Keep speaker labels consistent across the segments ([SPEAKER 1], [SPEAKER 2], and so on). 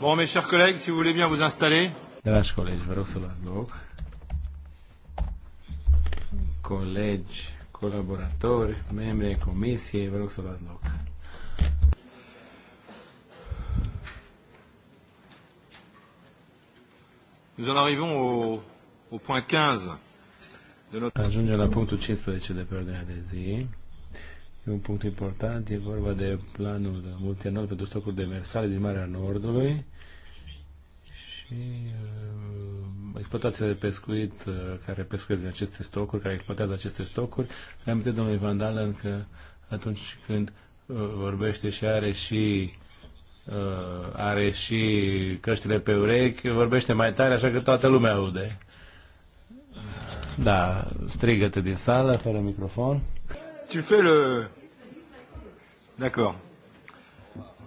[SPEAKER 1] Bon, mes chers
[SPEAKER 2] collègues, si vous voulez bien vous installer. Dragi colegi, vă rog să luați loc. Colegi, colaboratori, membri ai comisiei, vă rog să luați loc.
[SPEAKER 1] Nous en arrivons au, au point 15.
[SPEAKER 2] De notre... Ajungem la punctul 15 de pe ordinea de zi E un punct important, e vorba de planul multianual pentru stocuri de demersale din Marea Nordului și uh, exploatațiile de pescuit uh, care pescuit din aceste stocuri, care exploatează aceste stocuri. Am uitat domnului Van Dalen că atunci când uh, vorbește și are și uh, are și căștile pe urechi, vorbește mai tare, așa că toată lumea aude. Da, strigăte din sală, fără microfon.
[SPEAKER 1] Tu fais le... D'accord.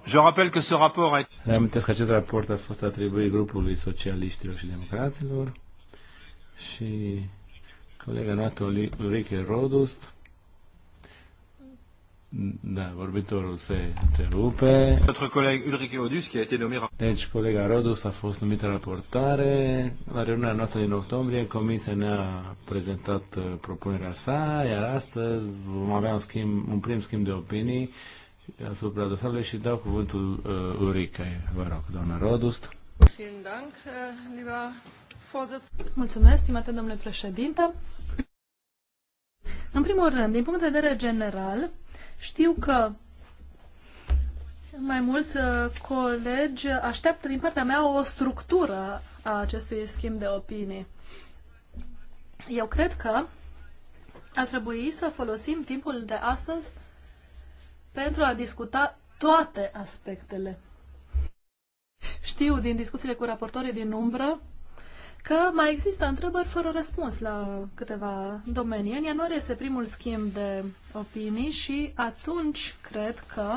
[SPEAKER 1] Je rappelle que ce rapport a... été.
[SPEAKER 2] Reamintesc que acest raport a fost atribuit grupului socialiștilor și democraților și colega noastră Ulrike Rodust da, vorbitorul se întrerupe.
[SPEAKER 1] Notre coleg Ulrich Odus, care a été nommé...
[SPEAKER 2] Deci, colega Rodus a fost numită raportare. La reuniunea noastră din octombrie, comisia ne-a prezentat uh, propunerea sa, iar astăzi vom avea un, schimb, un prim schimb de opinii asupra dosarului și dau cuvântul uh, Urica. Vă rog, doamna Rodus.
[SPEAKER 3] Uh, Mulțumesc, stimate domnule președinte. În primul rând, din punct de vedere general, știu că mai mulți uh, colegi așteaptă din partea mea o structură a acestui schimb de opinii. Eu cred că ar trebui să folosim timpul de astăzi pentru a discuta toate aspectele. Știu din discuțiile cu raportorii din umbră că mai există întrebări fără răspuns la câteva domenii. În ianuarie este primul schimb de opinii și atunci cred că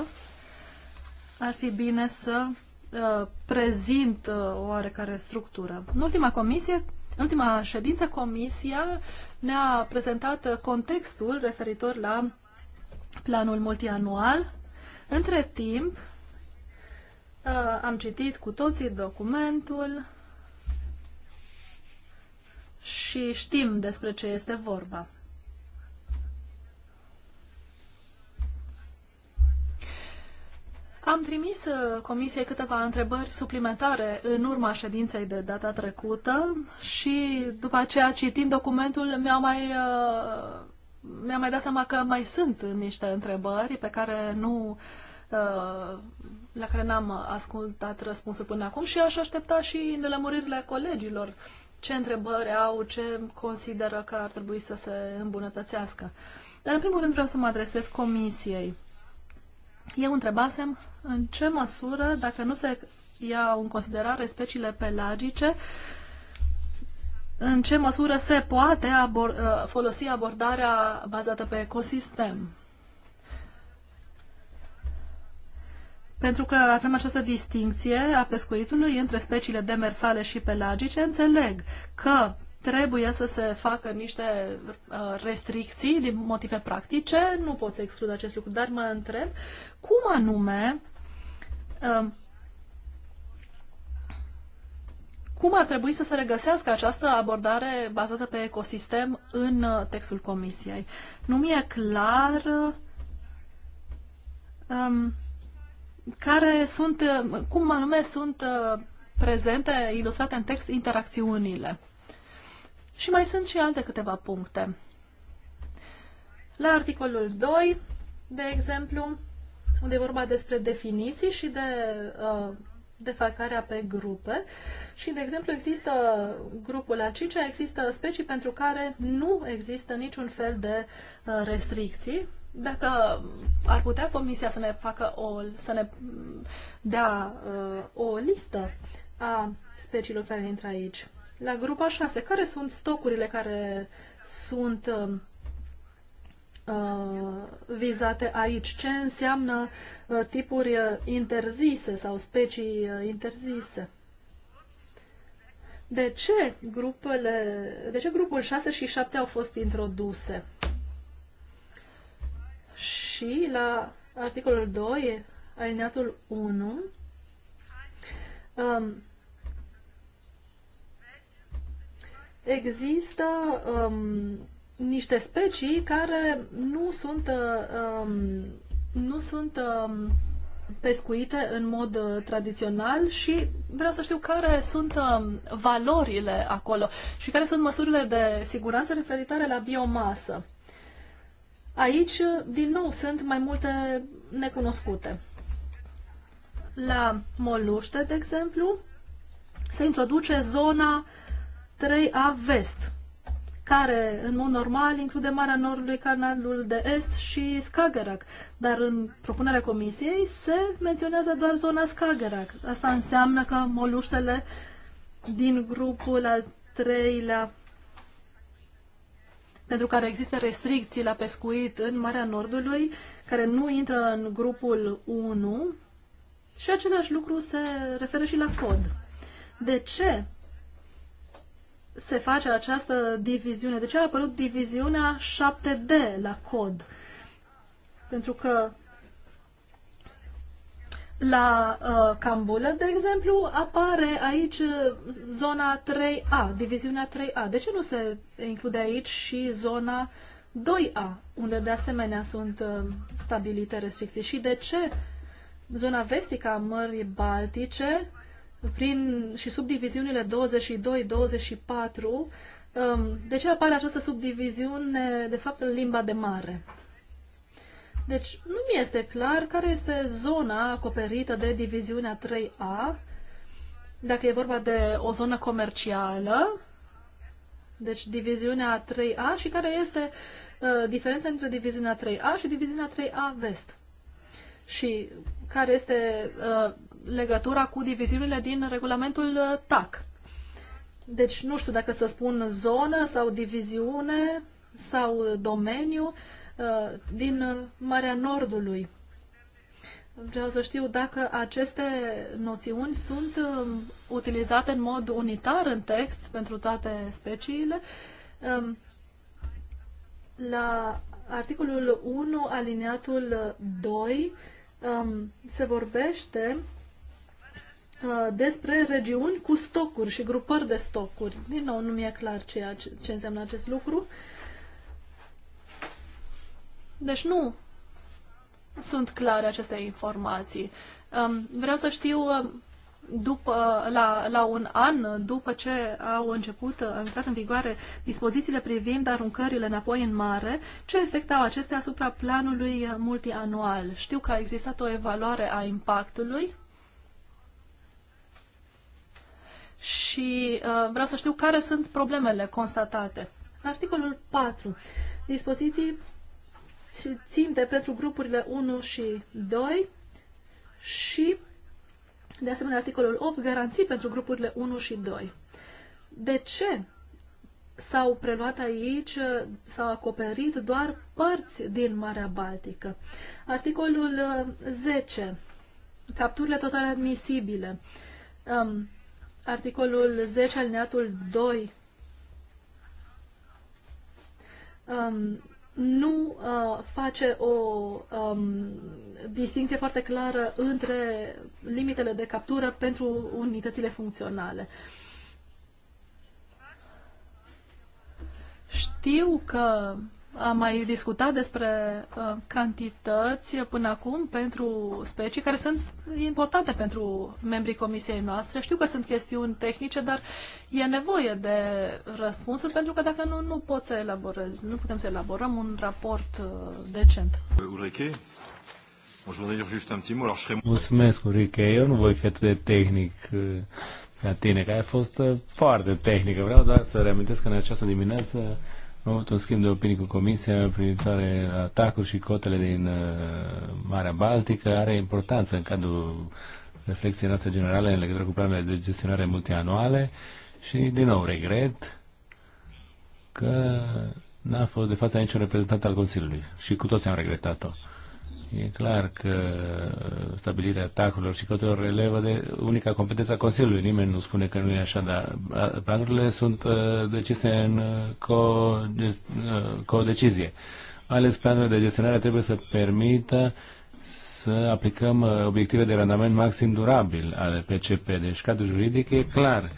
[SPEAKER 3] ar fi bine să uh, prezint uh, oarecare structură. În ultima comisie, în ultima ședință, comisia ne-a prezentat uh, contextul referitor la planul multianual. Între timp, uh, am citit cu toții documentul, și știm despre ce este vorba. Am trimis uh, comisiei câteva întrebări suplimentare în urma ședinței de data trecută și după aceea citind documentul mi-am mai uh, mi mai dat seama că mai sunt niște întrebări pe care nu uh, la care n-am ascultat răspunsul până acum și aș aștepta și nelămuririle colegilor ce întrebări au, ce consideră că ar trebui să se îmbunătățească. Dar, în primul rând, vreau să mă adresez comisiei. Eu întrebasem în ce măsură, dacă nu se iau în considerare speciile pelagice, în ce măsură se poate abor folosi abordarea bazată pe ecosistem. pentru că avem această distinție a pescuitului între speciile demersale și pelagice, înțeleg că trebuie să se facă niște uh, restricții din motive practice, nu pot să exclud acest lucru, dar mă întreb cum anume um, cum ar trebui să se regăsească această abordare bazată pe ecosistem în uh, textul comisiei. Nu mi-e clar um, care sunt, cum anume sunt uh, prezente, ilustrate în text, interacțiunile. Și mai sunt și alte câteva puncte. La articolul 2, de exemplu, unde e vorba despre definiții și de uh, pe grupe. Și, de exemplu, există grupul acice, există specii pentru care nu există niciun fel de uh, restricții, dacă ar putea Comisia să ne facă o, să ne dea uh, o listă a speciilor care intră aici. La grupa 6, care sunt stocurile care sunt um, uh, vizate aici. Ce înseamnă uh, tipuri uh, interzise sau specii uh, interzise? De ce, grupele, de ce grupul 6 și 7 au fost introduse? și la articolul 2, alineatul 1, um, există um, niște specii care nu sunt, um, nu sunt um, pescuite în mod uh, tradițional și vreau să știu care sunt um, valorile acolo și care sunt măsurile de siguranță referitoare la biomasă. Aici, din nou, sunt mai multe necunoscute. La Moluște, de exemplu, se introduce zona 3A Vest, care în mod normal include Marea Nordului, Canalul de Est și Skagerrak, dar în propunerea comisiei se menționează doar zona Skagerrak. Asta înseamnă că moluștele din grupul al treilea pentru care există restricții la pescuit în Marea Nordului, care nu intră în grupul 1 și același lucru se referă și la cod. De ce se face această diviziune? De ce a apărut diviziunea 7D la cod? Pentru că la uh, Cambulă, de exemplu, apare aici uh, zona 3A, diviziunea 3A. De ce nu se include aici și zona 2A, unde de asemenea sunt uh, stabilite restricții? Și de ce zona vestică a Mării Baltice prin, și subdiviziunile 22-24, um, de ce apare această subdiviziune, de fapt, în limba de mare? Deci nu mi este clar care este zona acoperită de diviziunea 3A, dacă e vorba de o zonă comercială, deci diviziunea 3A și care este uh, diferența între diviziunea 3A și diviziunea 3A Vest. Și care este uh, legătura cu diviziunile din regulamentul uh, TAC. Deci nu știu dacă să spun zonă sau diviziune sau domeniu. Uh, Uh, din Marea Nordului. Vreau să știu dacă aceste noțiuni sunt um, utilizate în mod unitar în text pentru toate speciile. Um, la articolul 1, aliniatul 2, um, se vorbește uh, despre regiuni cu stocuri și grupări de stocuri. Din nou, nu mi-e clar ce, ce înseamnă acest lucru. Uh, deci nu sunt clare aceste informații. Um, vreau să știu uh, după, la, la un an după ce au început, au intrat în vigoare dispozițiile privind aruncările înapoi în mare, ce efect au acestea asupra planului multianual? Știu că a existat o evaluare a impactului și uh, vreau să știu care sunt problemele constatate. Articolul 4. Dispoziții ținte pentru grupurile 1 și 2 și, de asemenea, articolul 8, garanții pentru grupurile 1 și 2. De ce s-au preluat aici, s-au acoperit doar părți din Marea Baltică? Articolul 10, uh, capturile totale admisibile. Um, articolul 10, alineatul 2, um, nu uh, face o um, distinție foarte clară între limitele de captură pentru unitățile funcționale. Știu că am mai discutat despre uh, cantități până acum pentru specii care sunt importante pentru membrii comisiei noastre. Știu că sunt chestiuni tehnice, dar e nevoie de răspunsuri pentru că dacă nu, nu pot să elaborez, nu putem să elaborăm un raport uh, decent.
[SPEAKER 2] Mulțumesc, Ulrike. Eu nu voi fi atât de tehnic uh, ca tine, că ai fost foarte tehnică. Vreau doar să reamintesc că în această dimineață am avut un schimb de opinii cu Comisia privitoare la atacuri și cotele din uh, Marea Baltică. Are importanță în cadrul reflexiei noastre generale în legătură cu planurile de gestionare multianuale și, din nou, regret că n-a fost de fapt niciun reprezentant al Consiliului și cu toți am regretat-o. E clar că stabilirea atacurilor și cotelor relevă de unica competență a Consiliului. Nimeni nu spune că nu e așa, dar planurile sunt uh, decise în uh, uh, co-decizie. Co Ales planurile de gestionare trebuie să permită să aplicăm obiective de randament maxim durabil ale PCP. Deci cadrul juridic e clar.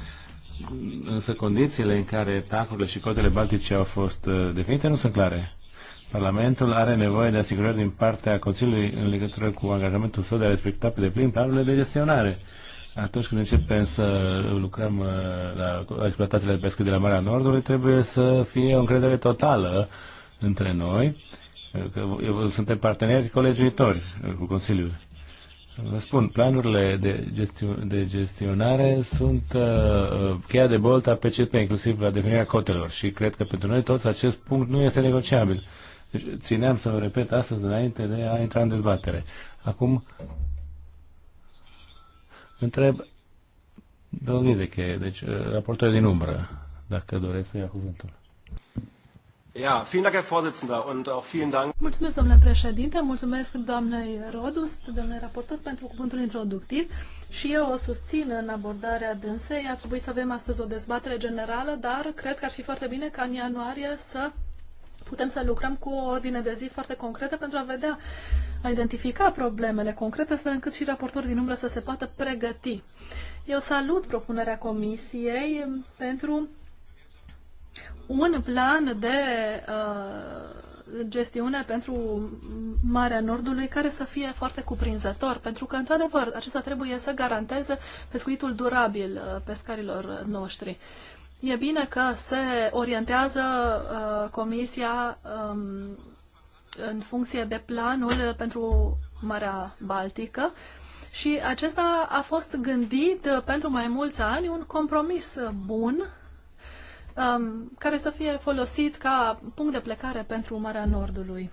[SPEAKER 2] Însă condițiile în care tacurile și cotele baltice au fost definite nu sunt clare. Parlamentul are nevoie de asigurări din partea Consiliului în legătură cu angajamentul său de a respecta pe deplin planurile de gestionare. Atunci când începem să lucrăm uh, la exploatațiile de pescuit de la Marea Nordului, trebuie să fie o încredere totală între noi, uh, că suntem parteneri colegiuitori uh, cu Consiliul. Vă spun, planurile de, gestio- de gestionare sunt uh, cheia de bolta a PCP, inclusiv la definirea cotelor și cred că pentru noi toți acest punct nu este negociabil. Deci țineam să o repet astăzi înainte de a intra în dezbatere. Acum întreb domnul Ghizeche, deci uh, raportul din umbră, dacă doresc să ia cuvântul.
[SPEAKER 1] Ja, vielen Dank, Herr Vorsitzender, und auch vielen Dank.
[SPEAKER 3] Mulțumesc, domnule președinte, mulțumesc doamnei Rodus, domnule raportor, pentru cuvântul introductiv și eu o susțin în abordarea dânsei. Ar trebui să avem astăzi o dezbatere generală, dar cred că ar fi foarte bine ca în ianuarie să putem să lucrăm cu o ordine de zi foarte concretă pentru a vedea, a identifica problemele concrete, astfel încât și raportorii din umbră să se poată pregăti. Eu salut propunerea comisiei pentru un plan de uh, gestiune pentru Marea Nordului care să fie foarte cuprinzător, pentru că, într-adevăr, acesta trebuie să garanteze pescuitul durabil uh, pescarilor noștri. Uh, E bine că se orientează uh, Comisia um, în funcție de planul pentru Marea Baltică și acesta a fost gândit uh, pentru mai mulți ani un compromis bun um, care să fie folosit ca punct de plecare pentru Marea Nordului.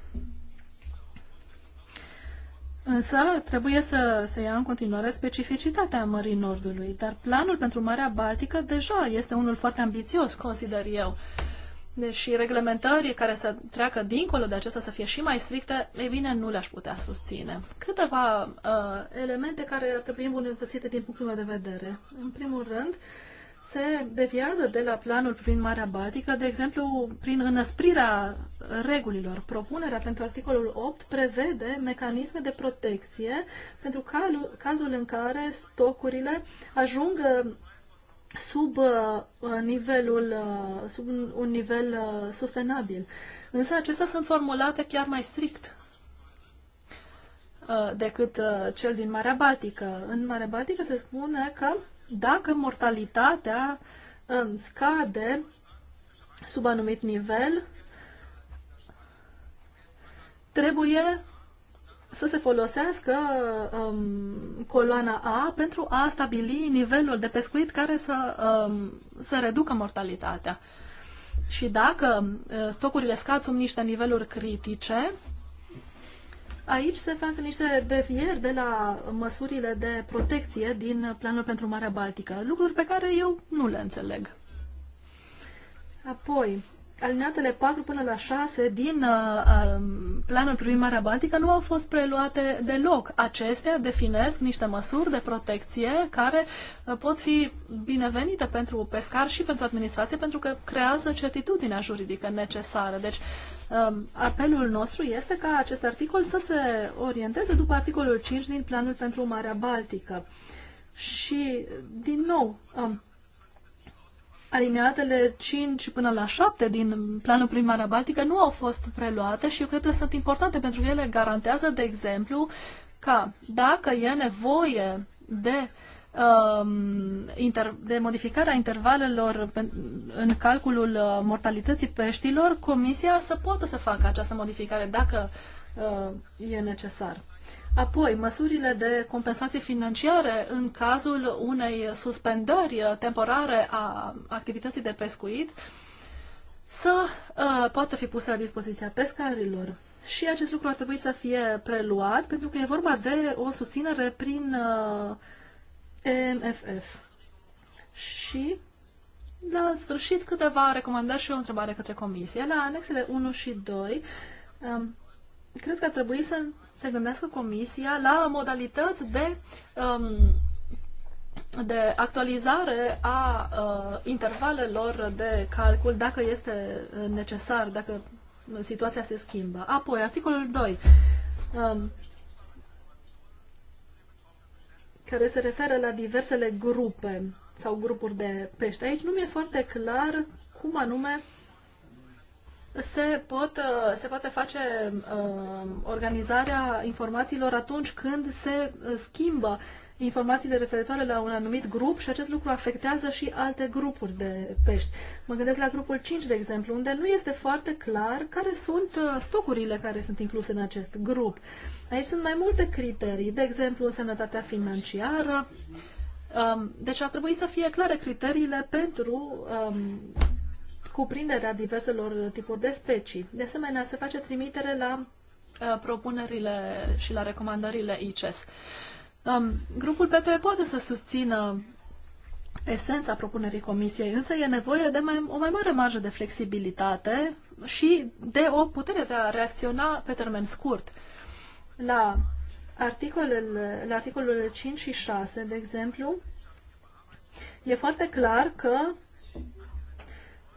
[SPEAKER 3] Însă trebuie să se ia în continuare specificitatea Mării Nordului, dar planul pentru Marea Baltică deja este unul foarte ambițios, consider eu. Deși reglementări care să treacă dincolo de acesta să fie și mai stricte, ei bine, nu le-aș putea susține. Câteva uh, elemente care ar trebui îmbunătățite din punctul meu de vedere. În primul rând, uh, se deviază de la planul privind Marea Baltică, de exemplu, prin înăsprirea regulilor. Propunerea pentru articolul 8 prevede mecanisme de protecție pentru cazul în care stocurile ajung uh, sub uh, nivelul, uh, sub un nivel sustenabil. Însă acestea sunt formulate chiar mai strict Uh, decât uh, cel din Marea Baltică. În Marea Baltică se spune că dacă mortalitatea um, scade sub anumit nivel, trebuie să se folosească um, coloana A pentru a stabili nivelul de pescuit care să, um, să reducă mortalitatea. Și dacă uh, stocurile scad sub niște niveluri critice, Aici se fac niște devieri de la măsurile de protecție din planul pentru Marea Baltică, lucruri pe care eu nu le înțeleg. Apoi, alineatele 4 până la 6 din uh, um, planul privind Marea Baltică nu au fost preluate deloc. Acestea definesc niște măsuri de protecție care uh, pot fi binevenite pentru pescar și pentru administrație pentru că creează certitudinea juridică necesară. Deci Um, apelul nostru este ca acest articol să se orienteze după articolul 5 din Planul pentru Marea Baltică. Și, din nou, um, alineatele 5 până la 7 din planul prin Marea Baltică nu au fost preluate și eu cred că sunt importante pentru că ele garantează, de exemplu, ca dacă e nevoie de Um, de modificarea intervalelor în calculul uh, mortalității peștilor, Comisia să poată să facă această modificare dacă uh, e necesar. Apoi, măsurile de compensație financiare în cazul unei suspendări uh, temporare a activității de pescuit să uh, poată fi puse la dispoziția pescarilor. Și acest lucru ar trebui să fie preluat, pentru că e vorba de o susținere prin uh, MFF. Și, la sfârșit, câteva recomandări și o întrebare către comisie. La anexele 1 și 2, um, cred că ar trebui să se gândească comisia la modalități de, um, de actualizare a uh, intervalelor de calcul, dacă este uh, necesar, dacă situația se schimbă. Apoi, articolul 2. Um, care se referă la diversele grupe sau grupuri de pești. Aici nu mi-e foarte clar cum anume se, pot, uh, se poate face uh, organizarea informațiilor atunci când se schimbă informațiile referitoare la un anumit grup și acest lucru afectează și alte grupuri de pești. Mă gândesc la grupul 5, de exemplu, unde nu este foarte clar care sunt uh, stocurile care sunt incluse în acest grup. Aici sunt mai multe criterii, de exemplu, sănătatea financiară. Um, deci ar trebui să fie clare criteriile pentru um, cuprinderea diverselor tipuri de specii. De asemenea, se face trimitere la uh, propunerile și la recomandările ICES. Um, grupul PP poate să susțină esența propunerii comisiei, însă e nevoie de mai, o mai mare marjă de flexibilitate și de o putere de a reacționa pe termen scurt. La, articolele, la articolele 5 și 6, de exemplu, e foarte clar că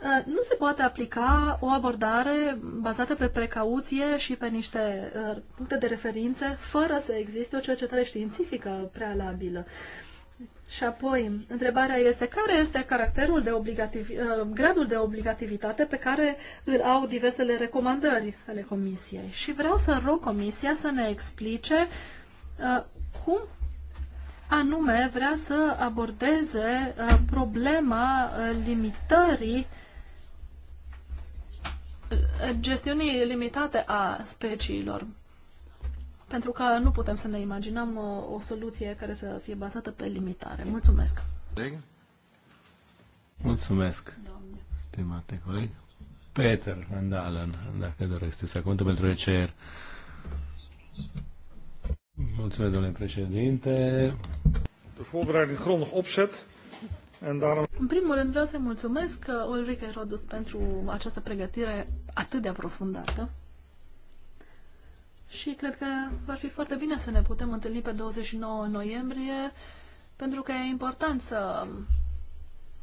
[SPEAKER 3] Uh, nu se poate aplica o abordare bazată pe precauție și pe niște uh, puncte de referințe fără să existe o cercetare științifică prealabilă. Și apoi, întrebarea este care este caracterul de obligativ, uh, gradul de obligativitate pe care îl au diversele recomandări ale Comisiei. Și vreau să rog Comisia să ne explice cum anume vrea să abordeze problema limitării gestiunii limitate a speciilor. Pentru că nu putem să ne imaginăm o, o soluție care să fie bazată pe limitare. Mulțumesc!
[SPEAKER 2] Mulțumesc, stimate coleg. Peter Van Dalen, dacă doresc să contă pentru ECR. Mulțumesc, domnule președinte. De voorbereiding grondig opzet.
[SPEAKER 3] În primul rând vreau să mulțumesc uh, Ulrike Rodus pentru această pregătire atât de aprofundată. Și cred că va fi foarte bine să ne putem întâlni pe 29 noiembrie, pentru că e important să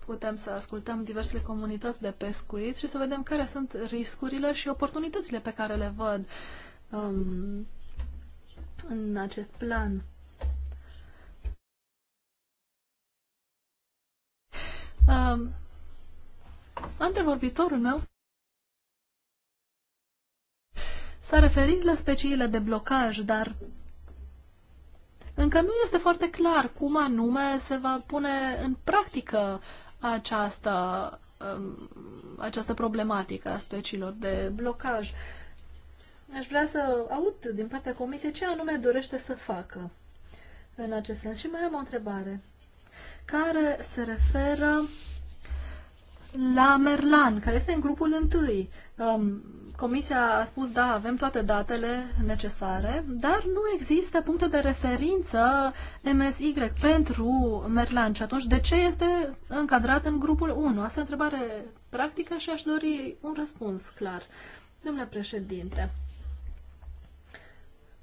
[SPEAKER 3] putem să ascultăm diversele comunități de pescuit și să vedem care sunt riscurile și oportunitățile pe care le văd um, în acest plan. Um, antevorbitorul meu S-a referit la speciile de blocaj, dar încă nu este foarte clar cum anume se va pune în practică această, um, această problematică a speciilor de blocaj. Aș vrea să aud din partea Comisiei ce anume dorește să facă în acest sens. Și mai am o întrebare care se referă la Merlan, care este în grupul întâi. Um, Comisia a spus, da, avem toate datele necesare, dar nu există puncte de referință MSY pentru Merlan și atunci de ce este încadrat în grupul 1? Asta e o întrebare practică și aș dori un răspuns clar. Domnule președinte,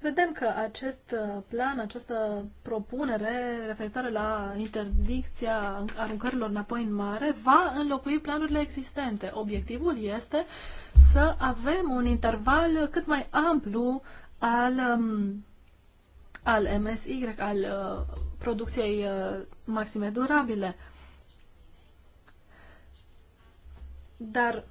[SPEAKER 3] Vedem că acest uh, plan, această propunere referitoare la interdicția aruncărilor înapoi în mare va înlocui planurile existente. Obiectivul este să avem un interval cât mai amplu al, um, al MSY, al uh, producției uh, maxime durabile. Dar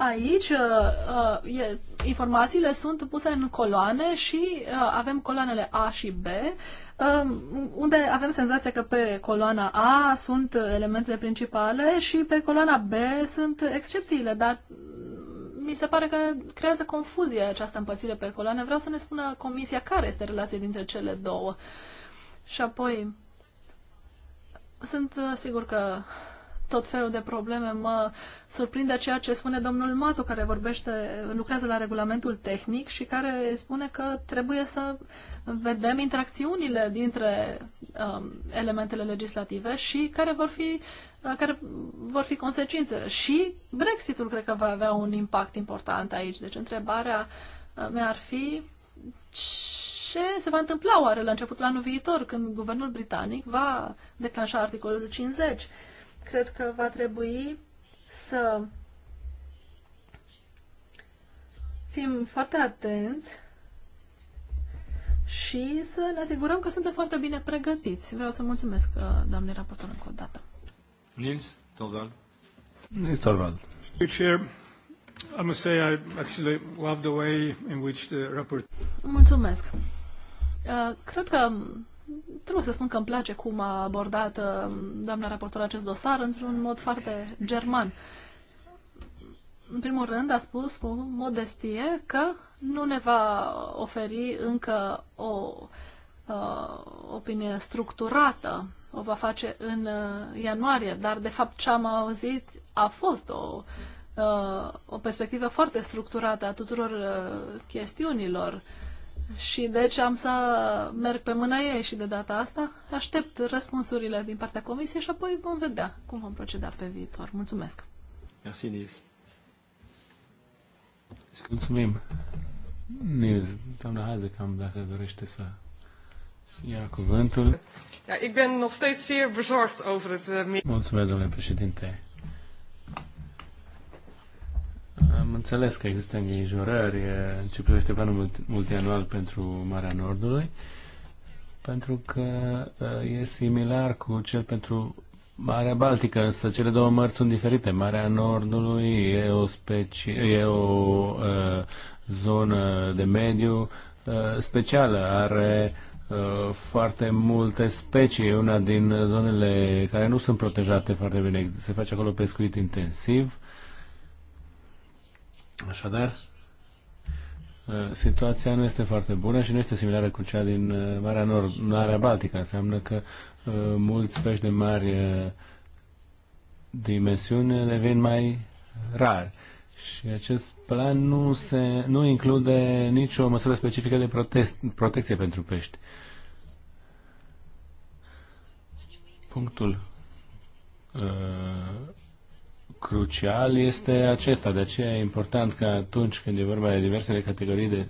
[SPEAKER 3] Aici uh, uh, e, informațiile sunt puse în coloane și uh, avem coloanele A și B, um, unde avem senzația că pe coloana A sunt elementele principale și pe coloana B sunt excepțiile, dar mi se pare că creează confuzie această împărțire pe coloane. Vreau să ne spună comisia care este relația dintre cele două. Și apoi, sunt sigur că tot felul de probleme. Mă surprinde ceea ce spune domnul Matu, care vorbește, lucrează la regulamentul tehnic și care spune că trebuie să vedem interacțiunile dintre um, elementele legislative și care vor fi care vor fi consecințele. Și Brexitul cred că va avea un impact important aici. Deci întrebarea uh, mea ar fi ce se va întâmpla oare la începutul anului viitor, când guvernul britanic va declanșa articolul 50 Cred că va trebui să fim foarte atenți și să ne asigurăm că suntem foarte bine pregătiți. Vreau să mulțumesc, uh, doamne raportor, încă o dată.
[SPEAKER 1] Nils Torvald.
[SPEAKER 2] Nils Torvald.
[SPEAKER 1] I must say I actually love the way in which the report...
[SPEAKER 3] Mulțumesc. Uh, cred că trebuie să spun că îmi place cum a abordat uh, doamna raportor acest dosar într-un mod foarte german. În primul rând a spus cu modestie că nu ne va oferi încă o uh, opinie structurată, o va face în uh, ianuarie, dar de fapt ce am auzit a fost o, uh, o perspectivă foarte structurată a tuturor uh, chestiunilor uh, și deci am să merg pe mâna ei și de data asta. Aștept răspunsurile din partea comisiei și apoi vom vedea cum vom proceda pe viitor. Mulțumesc!
[SPEAKER 2] Merci, Nils. Mulțumim. Nils, doamna Hazekam, dacă dorește să ia cuvântul.
[SPEAKER 4] Ja, ik ben nog steeds zeer bezorgd over het... Eh,
[SPEAKER 2] Mulțumesc, domnule președinte. Am înțeles că există îngrijorări în ce privește planul multianual pentru Marea Nordului, pentru că e similar cu cel pentru Marea Baltică, însă cele două mări sunt diferite. Marea Nordului e o, specie, e o uh, zonă de mediu uh, specială, are uh, foarte multe specii, una din zonele care nu sunt protejate foarte bine. Se face acolo pescuit intensiv Așadar, uh, situația nu este foarte bună și nu este similară cu cea din uh, Marea Nord, Marea Baltică. Înseamnă că uh, mulți pești de mari dimensiune devin mai rari. Și acest plan nu, se, nu include nicio măsură specifică de protest, protecție pentru pești. Punctul uh, crucial este acesta. De aceea e important că atunci când e vorba de diversele categorii de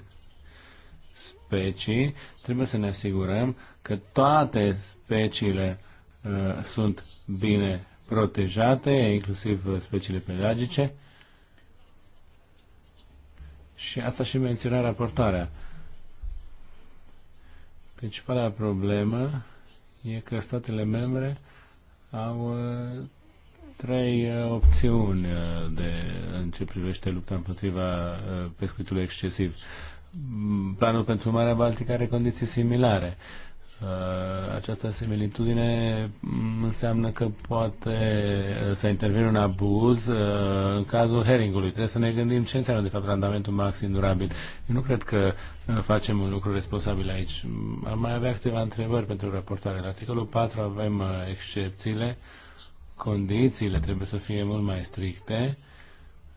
[SPEAKER 2] specii, trebuie să ne asigurăm că toate speciile uh, sunt bine protejate, inclusiv speciile pelagice. Și asta și menționa raportarea. Principala problemă e că statele membre au uh, trei uh, opțiuni uh, de, în ce privește lupta împotriva uh, pescuitului excesiv. Mm, planul pentru Marea Baltică are condiții similare. Această similitudine mm, înseamnă că poate să intervine un abuz în cazul Heringului. Trebuie să ne gândim ce înseamnă de fapt randamentul maxim durabil. Eu nu cred că facem un lucru responsabil aici. Mm, am mai avea câteva întrebări pentru raportare. În articolul 4 avem excepțiile condițiile trebuie să fie mult mai stricte.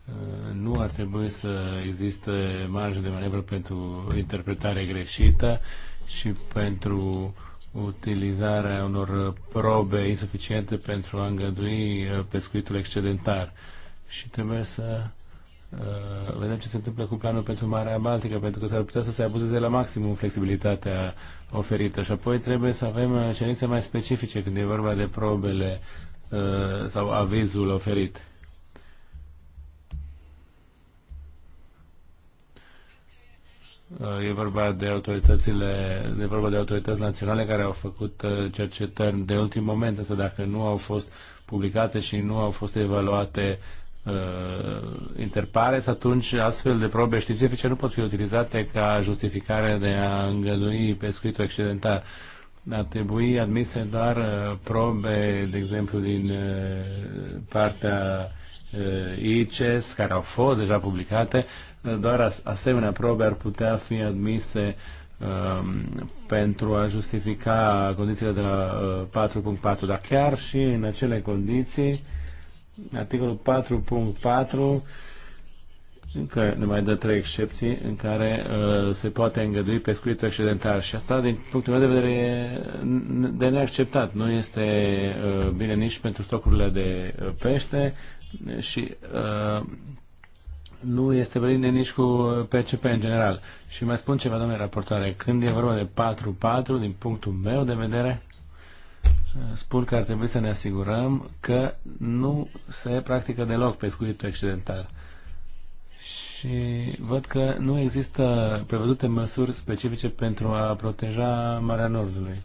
[SPEAKER 2] Uh, nu ar trebui să există marjă de manevră pentru interpretare greșită și pentru utilizarea unor probe insuficiente pentru a îngădui uh, pescuitul excedentar. Și trebuie să uh, vedem ce se întâmplă cu planul pentru Marea Baltică, pentru că s-ar putea să se abuzeze la maximum flexibilitatea oferită. Și apoi trebuie să avem uh, cerințe mai specifice când e vorba de probele Uh, sau avizul oferit. Uh, e vorba de autoritățile, e vorba de autorități naționale care au făcut uh, cercetări de ultim moment, însă dacă nu au fost publicate și nu au fost evaluate uh, interpares, atunci astfel de probe științifice nu pot fi utilizate ca justificare de a îngădui pescuitul accidentar. Uh, ar trebui admise doar uh, probe, de exemplu, din uh, partea uh, ICES, care au fost deja publicate, doar asemenea probe ar putea fi admise um, pentru a justifica condițiile de la 4.4, dar chiar și în acele condiții, articolul 4.4 că ne mai dă trei excepții în care uh, se poate îngădui pescuitul accidental și asta, din punctul meu de vedere, e de neacceptat. Nu este uh, bine nici pentru stocurile de uh, pește și uh, nu este bine nici cu PCP în general. Și mai spun ceva, domnule raportoare, când e vorba de 4-4, din punctul meu de vedere, uh, spun că ar trebui să ne asigurăm că nu se practică deloc pescuitul accidental. Uh, și văd că nu există prevăzute măsuri specifice pentru a proteja Marea Nordului.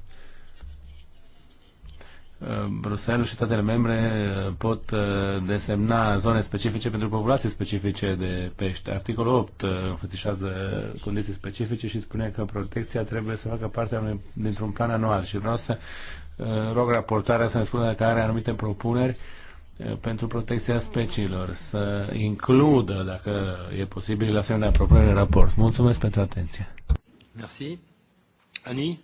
[SPEAKER 2] Uh, Bruxelles și statele membre uh, pot uh, desemna zone specifice pentru populații specifice de pește. Articolul 8 înfățișează condiții specifice și spune că protecția trebuie să facă parte dintr-un plan anual și vreau să rog raportarea să ne spună dacă are anumite propuneri pentru protecția speciilor, să includă, dacă e posibil, asemenea propunere în raport. Mulțumesc pentru atenție. Merci. Ani?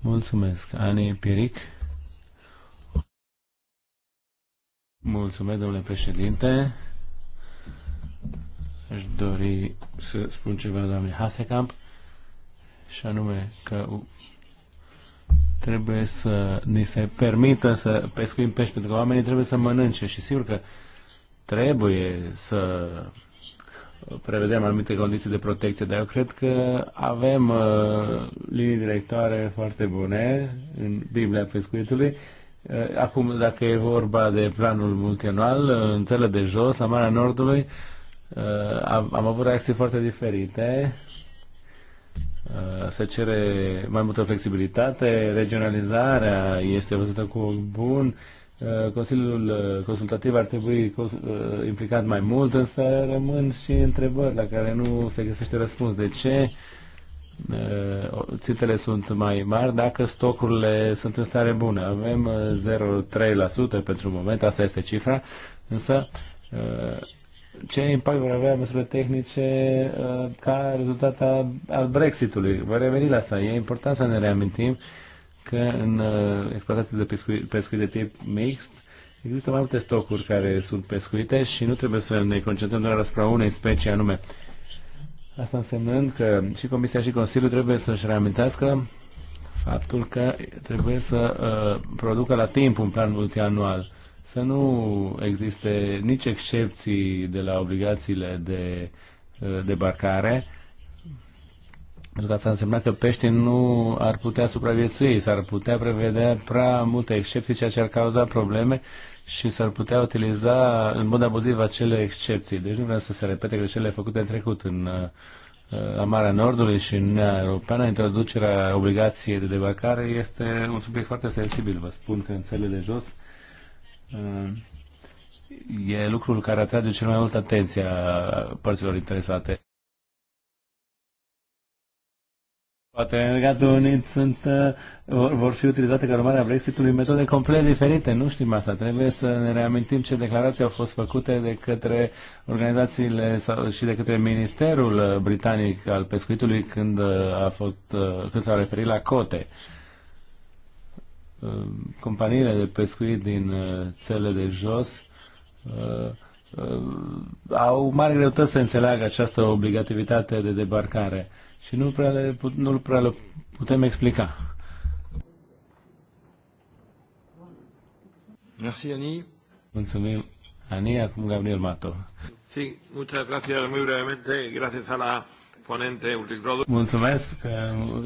[SPEAKER 2] Mulțumesc. Ani Piric. Mulțumesc, domnule președinte. Aș dori să spun ceva, doamne Hasekamp, și anume că trebuie să ni se permită să pescuim pești, pentru că oamenii trebuie să mănânce și sigur că trebuie să prevedem anumite condiții de protecție, dar eu cred că avem uh, linii directoare foarte bune în Biblia pescuitului. Uh, acum, dacă e vorba de planul multianual, uh, în țele de jos, la Marea Nordului, uh, am, am avut reacții foarte diferite Uh, se cere mai multă flexibilitate, regionalizarea este văzută cu bun, uh, Consiliul uh, consultativ ar trebui implicat mai mult, însă rămân și întrebări la care nu se găsește răspuns. De ce țintele sunt mai mari dacă stocurile sunt în stare bună? Avem 0,3% pentru moment, asta este cifra, însă ce impact vor avea măsurile tehnice uh, ca rezultat al Brexitului. Va reveni la asta. E important să ne reamintim că în uh, exploatații de pescuit, pescuit de tip mixt există mai multe stocuri care sunt pescuite și nu trebuie să ne concentrăm doar asupra unei specii anume. Asta însemnând că și Comisia și Consiliul trebuie să-și reamintească faptul că trebuie să uh, producă la timp un plan multianual să nu existe nici excepții de la obligațiile de uh, debarcare, pentru că asta însemna că peștii nu ar putea supraviețui, s-ar putea prevedea prea multe excepții, ceea ce ar cauza probleme și s-ar putea utiliza în mod abuziv acele excepții. Deci nu vreau să se repete greșelile făcute în trecut în la uh, uh, Marea Nordului și în Uniunea Europeană, introducerea obligației de debarcare este un subiect foarte sensibil. Vă spun că în țările de jos Uh, e lucrul care atrage cel mai mult atenția părților interesate. Poate în Regatul Unit sunt, uh, vor, vor fi utilizate ca urmare a Brexitului metode complet diferite. Nu știm asta. Trebuie să ne reamintim ce declarații au fost făcute de către organizațiile sau, și de către Ministerul Britanic al Pescuitului când, uh, a fost, când s-au referit la cote. Uh, Uh, companiile de pescuit din uh, țele de jos uh, au mare greutăți să înțeleagă această obligativitate de debarcare și nu prea le, nu prea le putem explica. Merci, Ani. Mulțumim, Ani. Acum Gabriel Mato. Sí, muchas gracias, muy brevemente. Gracias a la ponente, Mulțumesc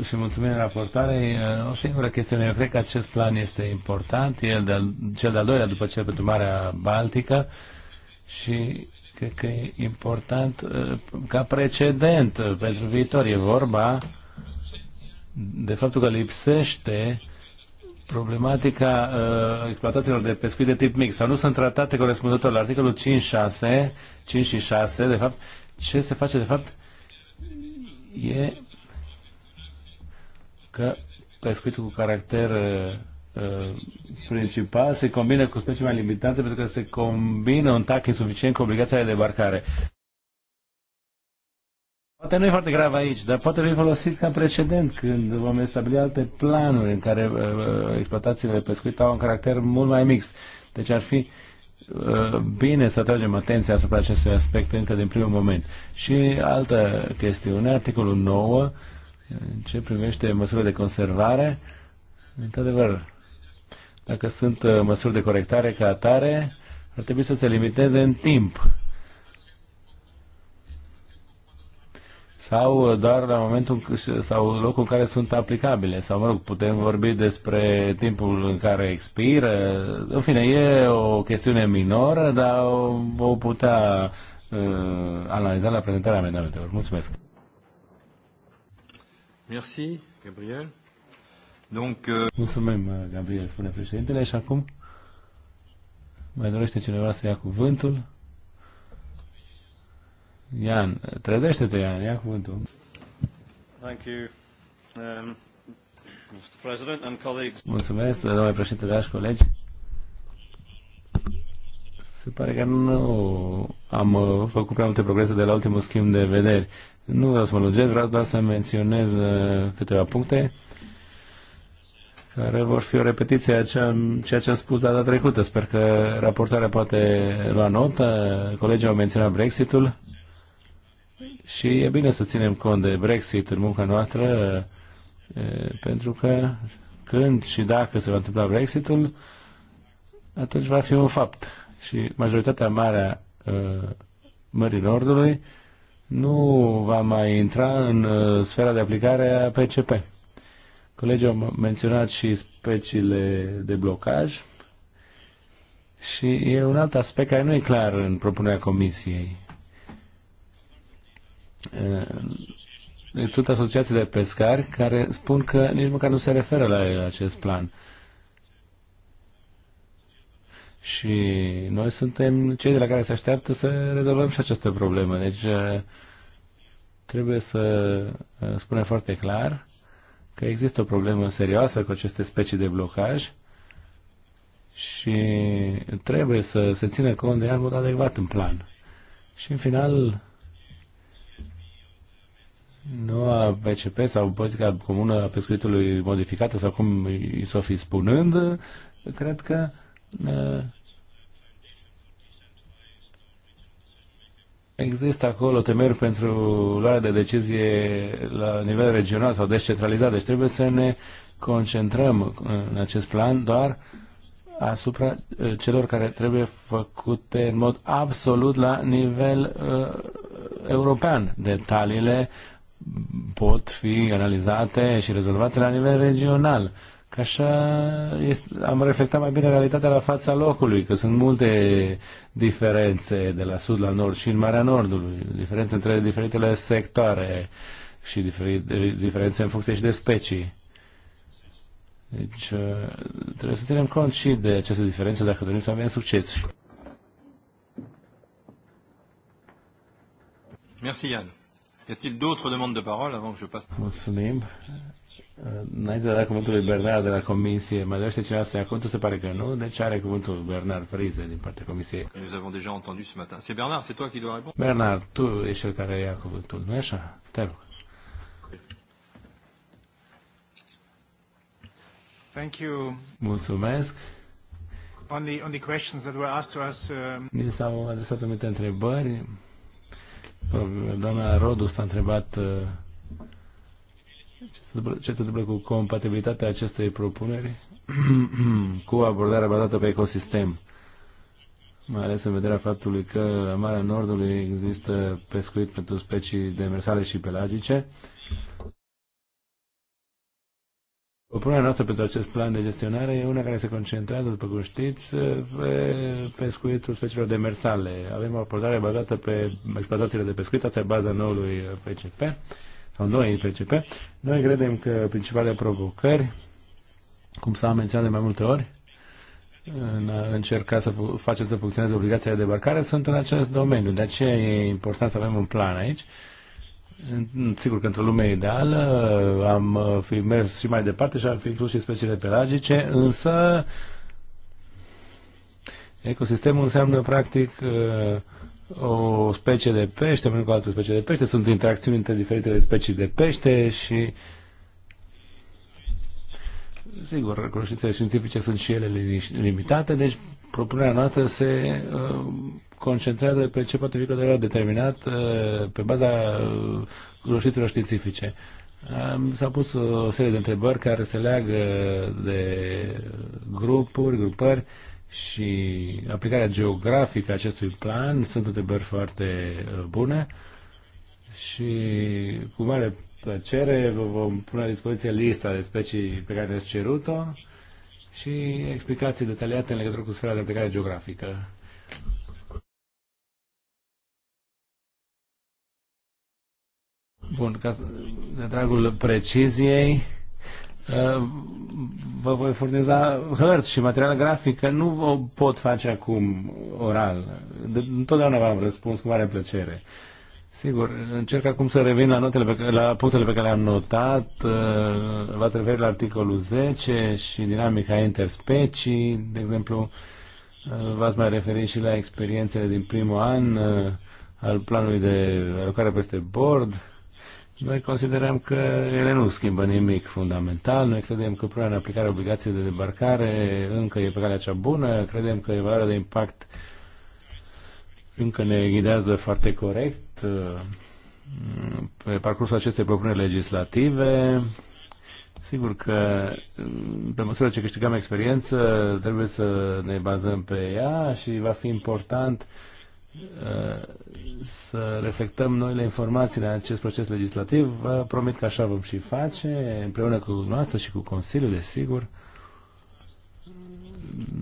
[SPEAKER 2] și mulțumim raportarei. Uh, o singură chestiune, eu cred că acest plan este important, e de, cel de-al doilea după cel pentru Marea Baltică și cred că e important uh, ca precedent uh, pentru viitor. E vorba de faptul că lipsește problematica uh, exploatațiilor de pescuit de tip mix sau nu sunt tratate corespunzător la articolul 5, 6, 5 și 6, de fapt, ce se face de fapt e că pescuitul cu caracter uh, uh, principal se combină cu specii mai limitate pentru că se combină un tac insuficient cu obligația de debarcare. Poate nu e foarte grav aici, dar poate fi folosit ca precedent când vom stabili alte planuri în care uh, uh, exploatațiile de pescuit au un caracter mult mai mix. Deci ar fi uh, Uh, bine să atragem atenția asupra acestui aspect încă din primul moment. Și altă chestiune, articolul 9, ce privește măsurile de conservare, într-adevăr, dacă sunt uh, măsuri de corectare ca atare, ar trebui să se limiteze în timp sau uh, doar la momentul sau locul în care sunt aplicabile sau mă rog, putem vorbi despre timpul în care expiră în fine, e o chestiune minoră dar o, o putea uh, analiza la prezentarea amendamentelor. Mulțumesc! Merci, Gabriel. Donc, uh... Mulțumim, Gabriel, spune președintele și acum mai dorește cineva să ia cuvântul? Ian, trădește te Ian, ia cuvântul.
[SPEAKER 1] Thank you.
[SPEAKER 4] Um, Mr. President and colleagues.
[SPEAKER 2] Mulțumesc, domnule președinte, dragi colegi. Se pare că nu am uh, făcut prea multe progrese de la ultimul schimb de vederi. Nu vreau să mă lungesc, vreau doar să menționez uh, câteva puncte care vor fi o repetiție a ceea ce am spus data trecută. Sper că raportarea poate lua notă. Colegii au menționat Brexitul și e bine să ținem cont de Brexit în munca noastră, pentru că când și dacă se va întâmpla Brexitul, atunci va fi un fapt. Și majoritatea mare a Mării Nordului nu va mai intra în sfera de aplicare a PCP. Colegii au menționat și speciile de blocaj și e un alt aspect care nu e clar în propunerea Comisiei. Deci sunt asociații de pescari care spun că nici măcar nu se referă la acest plan. Și noi suntem cei de la care se așteaptă să rezolvăm și această problemă. Deci eh, trebuie să eh, spunem foarte clar că există o problemă serioasă cu aceste specii de blocaj și trebuie să se țină cont de ea în mod adecvat în plan. Și în final, a BCP sau politica comună a pescuitului modificată sau cum s-o fi spunând, cred că uh, există acolo temeri pentru luarea de decizie la nivel regional sau descentralizat. Deci trebuie să ne concentrăm în acest plan doar asupra uh, celor care trebuie făcute în mod absolut la nivel uh, european. Detaliile pot fi analizate și rezolvate la nivel regional. Că așa este, am reflectat mai bine realitatea la fața locului, că sunt multe diferențe de la sud la nord și în Marea Nordului, diferențe între diferitele sectoare și diferențe în funcție și de specii. Deci uh, trebuie să ținem cont și de aceste diferențe dacă dorim să avem succes.
[SPEAKER 1] Merci, Ian. Y a-t-il d'autres demandes de parole avant que je passe
[SPEAKER 2] Mulțumim. Înainte de la da cuvântul lui Bernard de la Comisie, mai dorește cineva să ia cuvântul? Se pare că nu, deci are cuvântul Bernard Frize din partea Comisiei.
[SPEAKER 1] Nous avons déjà entendu ce matin. C'est Bernard, c'est toi qui dois répondre
[SPEAKER 2] Bernard, tu ești cel care ia cuvântul, nu i așa? Te rog.
[SPEAKER 4] Thank you.
[SPEAKER 2] Mulțumesc.
[SPEAKER 4] On the, on the questions that were asked to us, uh...
[SPEAKER 2] Ni s-au adresat anumite întrebări Doamna Rodu s-a întrebat uh, ce se întâmplă, ce se întâmplă cu compatibilitatea acestei propuneri cu abordarea bazată pe ecosistem mai ales în vederea faptului că la Marea Nordului există pescuit pentru specii demersale și pelagice. Propunerea noastră pentru acest plan de gestionare e una care se concentrează, după cum știți, pe pescuitul speciilor demersale. Avem o abordare bazată pe exploatațiile de pescuit, asta e baza noului PCP, sau noi PCP. Noi credem că principalele provocări, cum s-a menționat de mai multe ori, în a încerca să facem să funcționeze obligația de debarcare sunt în acest domeniu. De aceea e important să avem un plan aici Sigur că într-o lume ideală am uh, fi mers și mai departe și ar fi inclus și speciile pelagice, însă ecosistemul înseamnă practic uh, o specie de pește, mai cu altă specie de pește, sunt interacțiuni între diferitele specii de pește și sigur, cunoștințele științifice sunt și ele limitate, deci propunerea noastră se uh, concentrează pe ce poate fi cu adevărat determinat uh, pe baza cunoștințelor uh, științifice. S-au pus o serie de întrebări care se leagă de grupuri, grupări și aplicarea geografică a acestui plan. Sunt întrebări foarte bune și cu mare plăcere vă vom pune la dispoziție lista de specii pe care ne-ați cerut-o și explicații detaliate în legătură cu sfera de aplicare geografică. Bun, ca de dragul preciziei, uh, vă voi furniza hărți și material grafic, că nu o pot face acum oral. De, întotdeauna v-am răspuns cu mare plăcere. Sigur, încerc acum să revin la, notele pe, la punctele pe care le-am notat. Uh, v-ați referit la articolul 10 și dinamica interspecii, de exemplu. Uh, v-ați mai referit și la experiențele din primul an uh, al planului de alocare peste bord. Noi considerăm că ele nu schimbă nimic fundamental. Noi credem că punerea în aplicarea obligației de debarcare încă e pe calea cea bună. Credem că evaluarea de impact încă ne ghidează foarte corect pe parcursul acestei propuneri legislative. Sigur că, pe măsură ce câștigăm experiență, trebuie să ne bazăm pe ea și va fi important uh, să reflectăm noile informații în acest proces legislativ. Vă promit că așa vom și face, împreună cu noastră și cu Consiliul, desigur.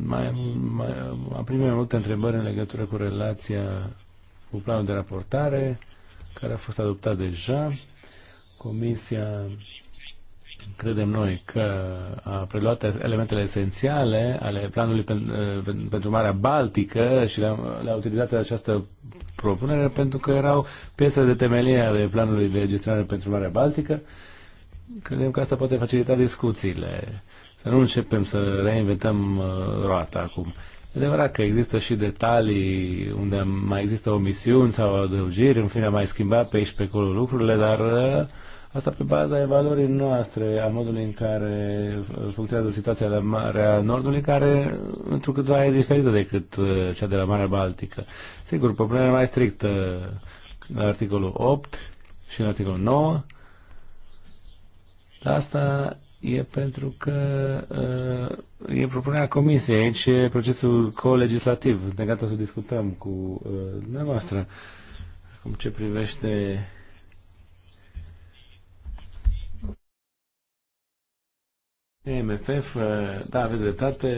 [SPEAKER 2] Mai, mai, am primit mai multe întrebări în legătură cu relația cu planul de raportare care a fost adoptat deja. Comisia credem noi că a preluat elementele esențiale ale planului pen, eh, pentru Marea Baltică și le-a, le utilizat de această propunere pentru că erau piesele de temelie ale planului de gestionare pentru Marea Baltică. Credem că asta poate facilita discuțiile. Să nu începem să reinventăm eh, roata acum. E adevărat că există și detalii unde mai există omisiuni sau adăugiri, în fine mai schimbat pe aici pe acolo lucrurile, dar uh, asta pe baza evaluării noastre, a modului în care funcționează situația la Marea Nordului, care câtva e diferită decât uh, cea de la Marea Baltică. Sigur, problema mai strictă la articolul 8 și în articolul 9, asta e pentru că uh, e propunerea comisiei, aici e procesul colegislativ, de gata să discutăm cu uh, dumneavoastră. Acum ce privește MFF, uh, da, aveți dreptate,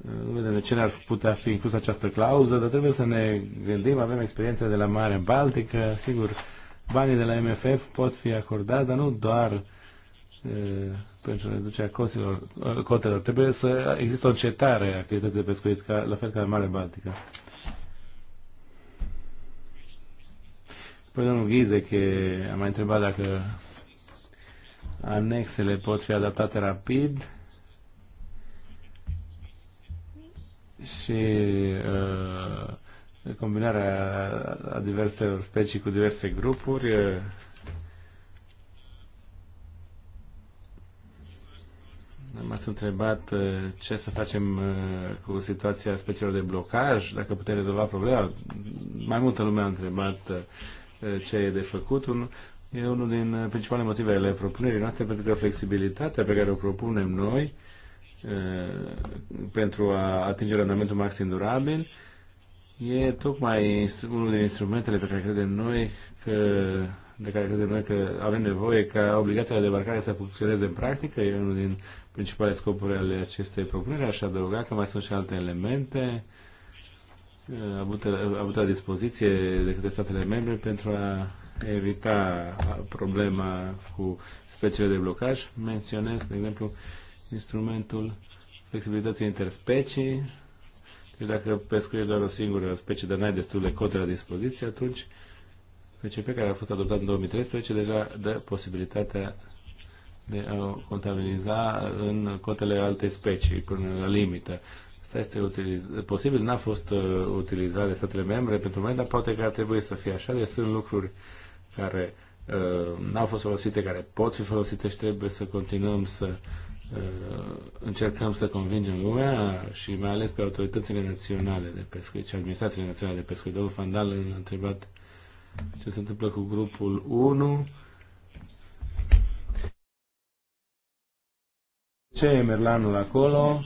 [SPEAKER 2] nu uh, vedem de ce n-ar putea fi inclus această clauză, dar trebuie să ne gândim, avem experiență de la Marea Baltică, sigur, banii de la MFF pot fi acordați, dar nu doar uh, Eh, pentru reducerea costelor, eh, cotelor. Trebuie să există o încetare a activității de pescuit, ca, la fel ca în Marea Baltică. Păi domnul că a mai întrebat dacă anexele pot fi adaptate rapid și uh, combinarea a diverselor specii cu diverse grupuri M-ați întrebat uh, ce să facem uh, cu situația specială de blocaj, dacă putem rezolva problema. Mai multă lume a întrebat uh, ce e de făcut. E unul din principale motive ale propunerii noastre, pentru că flexibilitatea pe care o propunem noi pentru a atinge randamentul maxim durabil e tocmai unul din instrumentele pe care credem noi că de care credem noi că avem nevoie ca obligația de debarcare să funcționeze în practică. E unul din principale scopuri ale acestei propuneri. Aș adăuga că mai sunt și alte elemente uh, avute, la dispoziție de către statele membre pentru a evita problema cu speciile de blocaj. Menționez, de exemplu, instrumentul flexibilității interspecii. Deci dacă pescuiești doar o singură specie, dar n-ai destule cote la dispoziție, atunci PCP care a fost adoptat în 2013 deja dă posibilitatea de a contabiliza în cotele alte specii până la limită. Asta este utiliz- posibil, n-a fost uh, utilizat de statele membre pentru mine, dar poate că ar trebui să fie așa, deci sunt lucruri care uh, n-au fost folosite, care pot fi folosite și trebuie să continuăm să uh, încercăm să convingem lumea și mai ales pe autoritățile naționale de pescuit și administrațiile naționale de pescuit. Domnul Fandal a întrebat ce se întâmplă cu grupul 1. Ce e Merlanul acolo?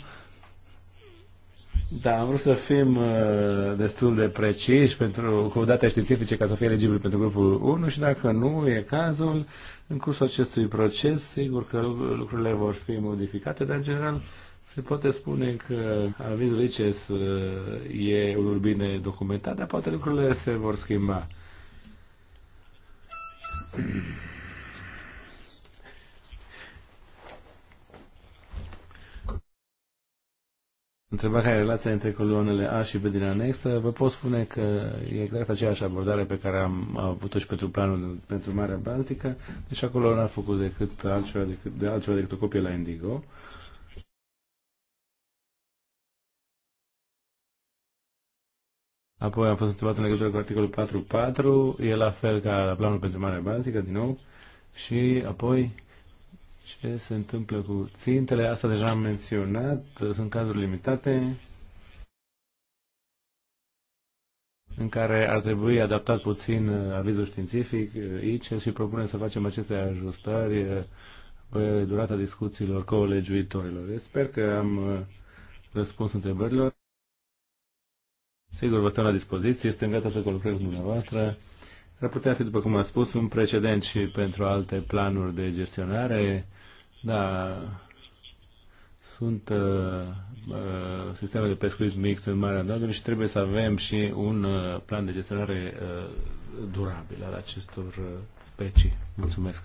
[SPEAKER 2] Da, am vrut să fim uh, destul de preciși pentru, cu date științifice ca să fie elegibil pentru grupul 1 și dacă nu e cazul, în cursul acestui proces, sigur că lucrurile vor fi modificate, dar în general se poate spune că avizul ICES uh, e unul bine documentat, dar poate lucrurile se vor schimba. Întrebarea care e relația între coloanele A și B din anexă. Vă pot spune că e exact aceeași abordare pe care am avut-o și pentru planul pentru Marea Baltică. Deci acolo n-a făcut decât altceva decât, de altceva decât o copie la Indigo. Apoi am fost întrebat în legătură cu articolul 4.4, e la fel ca la planul pentru Marea Baltică, din nou, și apoi ce se întâmplă cu țintele, asta deja am menționat, sunt cazuri limitate în care ar trebui adaptat puțin avizul științific aici eh, și propune să facem aceste ajustări eh, pe durata discuțiilor colegiuitorilor. Sper că am eh, răspuns întrebărilor. Sigur, vă stau la dispoziție, suntem gata să lucrăm cu dumneavoastră. Ar putea fi, după cum am spus, un precedent și pentru alte planuri de gestionare. Da, sunt uh, uh, sisteme de pescuit mixt în Marea Neagră și trebuie să avem și un uh, plan de gestionare uh, durabil al acestor uh, specii. Mulțumesc!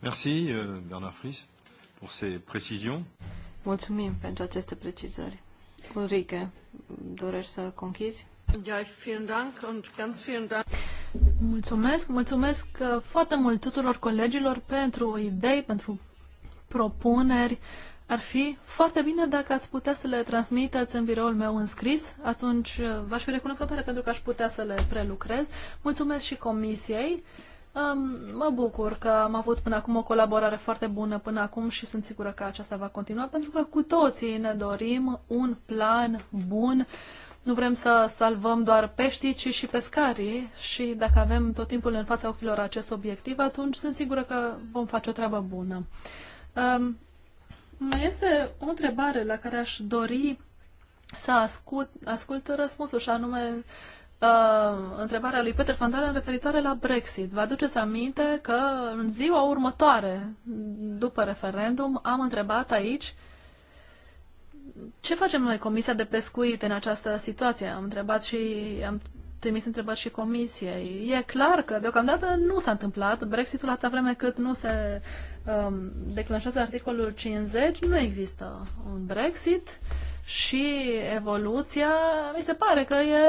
[SPEAKER 1] Merci, uh, Bernard Fris, pour ces précisions.
[SPEAKER 3] Mulțumim pentru aceste precizări. Ulrike, dorești să conchizi? Ja, vielen Dank und ganz vielen Dank. Mulțumesc, mulțumesc uh, foarte mult tuturor colegilor pentru idei, pentru propuneri. Ar fi foarte bine dacă ați putea să le transmiteți în biroul meu înscris, atunci uh, v-aș fi recunoscătoare pentru că aș putea să le prelucrez. Mulțumesc și comisiei Mă bucur că am avut până acum o colaborare foarte bună până acum și sunt sigură că aceasta va continua pentru că cu toții ne dorim un plan bun. Nu vrem să salvăm doar peștii, ci și pescarii și dacă avem tot timpul în fața ochilor acest obiectiv, atunci sunt sigură că vom face o treabă bună. Mai este o întrebare la care aș dori să ascult, ascult răspunsul și anume uh, uh, întrebarea lui Peter Van în referitoare la Brexit. Vă aduceți aminte că în ziua următoare, după referendum, am întrebat aici ce facem noi, Comisia de Pescuit, în această situație. Am întrebat și am trimis întrebări și comisiei. E clar că deocamdată nu s-a întâmplat. Brexitul atâta vreme cât nu se um, declanșează articolul 50, nu există un Brexit. Uh, și evoluția, mi se pare că e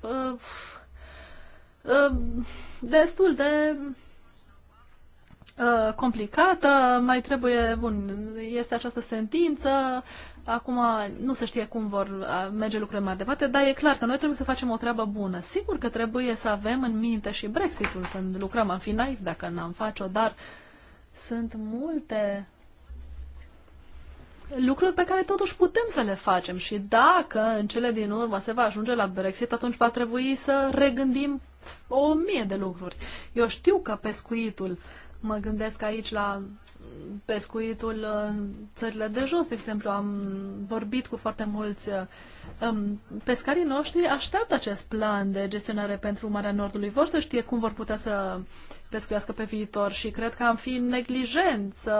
[SPEAKER 3] uh, uh, destul de uh, complicată, mai trebuie, bun, este această sentință, acum nu se știe cum vor uh, merge lucrurile mai departe, dar e clar că noi trebuie să facem o treabă bună. Sigur că trebuie să avem în minte și Brexitul când lucrăm, am fi naiv dacă n-am face-o, dar sunt multe lucruri pe care totuși putem să le facem și dacă în cele din urmă se va ajunge la Brexit, atunci va trebui să regândim o mie de lucruri. Eu știu că pescuitul, mă gândesc aici la pescuitul în țările de jos, de exemplu, am vorbit cu foarte mulți uh, pescarii noștri așteaptă acest plan de gestionare pentru Marea Nordului. Vor să știe cum vor putea să pescuiască pe viitor și cred că am fi neglijență,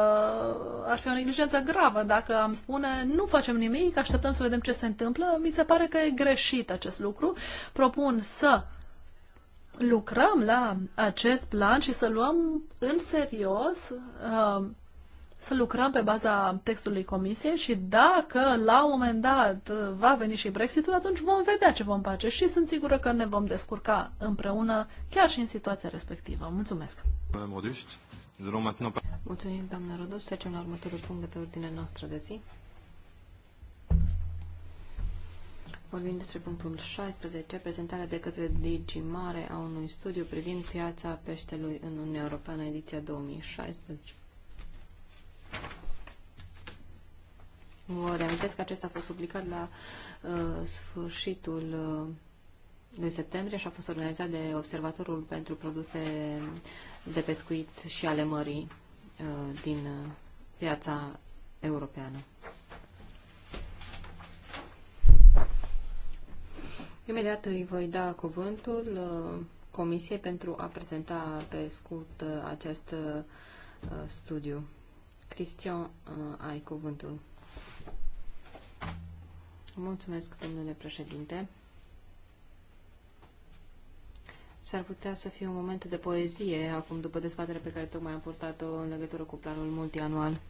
[SPEAKER 3] ar fi o neglijență gravă dacă am spune nu facem nimic, așteptăm să vedem ce se întâmplă. Mi se pare că e greșit acest lucru. Propun să lucrăm la acest plan și să luăm în serios uh, să lucrăm pe baza textului comisiei și dacă la un moment dat va veni și Brexitul, atunci vom vedea ce vom face și sunt sigură că ne vom descurca împreună chiar și în situația respectivă. Mulțumesc! Mulțumim, doamnă Rodus. Trecem la următorul punct de pe ordinea noastră de zi.
[SPEAKER 5] Vorbim despre punctul 16, prezentarea de către Digi Mare a unui studiu privind piața peștelui în Uniunea Europeană, ediția 2016. Vă reamintesc că acesta a fost publicat la uh, sfârșitul uh, lui septembrie și a fost organizat de Observatorul pentru Produse de Pescuit și ale Mării uh, din uh, piața europeană. Imediat îi voi da cuvântul uh, Comisiei pentru a prezenta pe scurt uh, acest uh, studiu. Cristian, uh, ai cuvântul. Mulțumesc, domnule președinte. S-ar putea să fie un moment de poezie acum, după dezbaterea pe care tocmai am purtat-o în legătură cu planul multianual.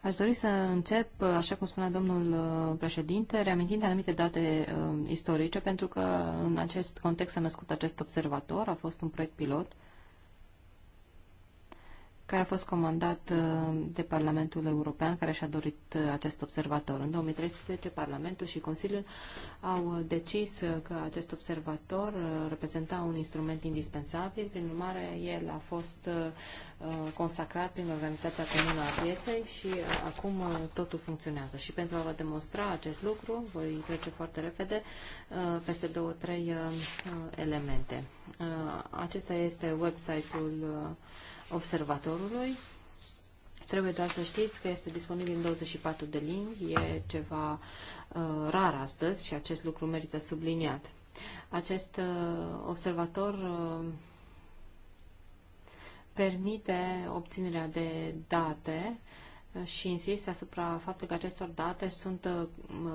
[SPEAKER 5] Aș dori să încep, așa cum spunea domnul uh, președinte, reamintind anumite date uh, istorice, pentru că în acest context s-a născut acest observator, a fost un proiect pilot care a fost comandat uh, de Parlamentul European, care și-a dorit uh, acest observator. În 2013, Parlamentul și Consiliul au uh, decis că acest observator reprezenta un instrument indispensabil, prin urmare el a fost consacrat prin Organizația Comună a Pieței și acum totul funcționează. Și pentru a vă demonstra acest lucru, voi trece foarte repede peste două, trei elemente. Acesta este website-ul observatorului. Trebuie doar să știți că este disponibil în 24 de limbi, e ceva uh, rar astăzi și acest lucru merită subliniat. Acest uh, observator uh, permite obținerea de date și insist asupra faptului că acestor date sunt uh,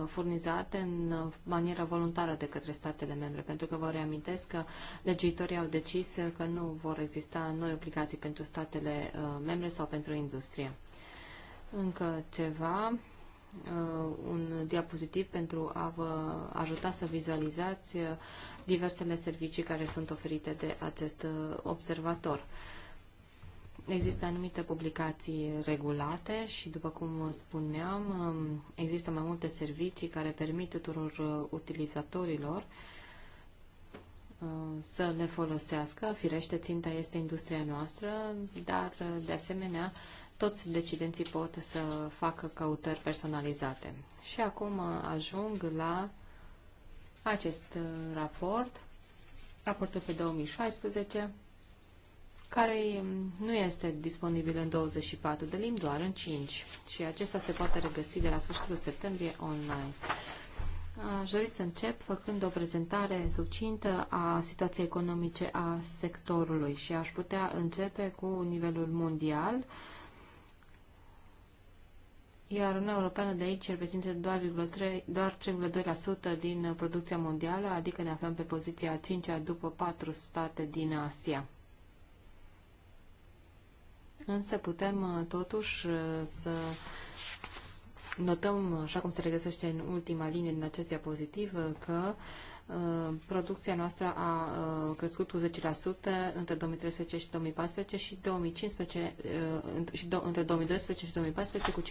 [SPEAKER 5] furnizate în uh, manieră voluntară de către statele membre, pentru că vă reamintesc că legiuitorii au decis că nu vor exista noi obligații pentru statele uh, membre sau pentru industrie. Încă ceva, un diapozitiv pentru a vă ajuta să vizualizați diversele servicii care sunt oferite de acest observator. Există anumite publicații regulate și, după cum spuneam, um, există mai multe servicii care permit tuturor uh, utilizatorilor uh, să le folosească. Firește, ținta este industria noastră, dar, uh, de asemenea, toți decidenții pot să facă căutări personalizate. Și acum ajung la acest raport, raportul pe 2016, care nu este disponibil în 24 de limbi, doar în 5. Și acesta se poate regăsi de la sfârșitul septembrie online. Aș dori să încep făcând o prezentare succintă a situației economice a sectorului și aș putea începe cu nivelul mondial, iar Uniunea Europeană de aici reprezintă doar, 3, doar 3,2% din producția mondială, adică ne aflăm pe poziția a 5 -a după patru state din Asia însă putem uh, totuși uh, să notăm, uh, așa cum se regăsește în ultima linie din acest diapozitiv, că producția noastră a crescut cu 10% între 2013 și 2014 și 2015 și do, între 2012 și 2014 cu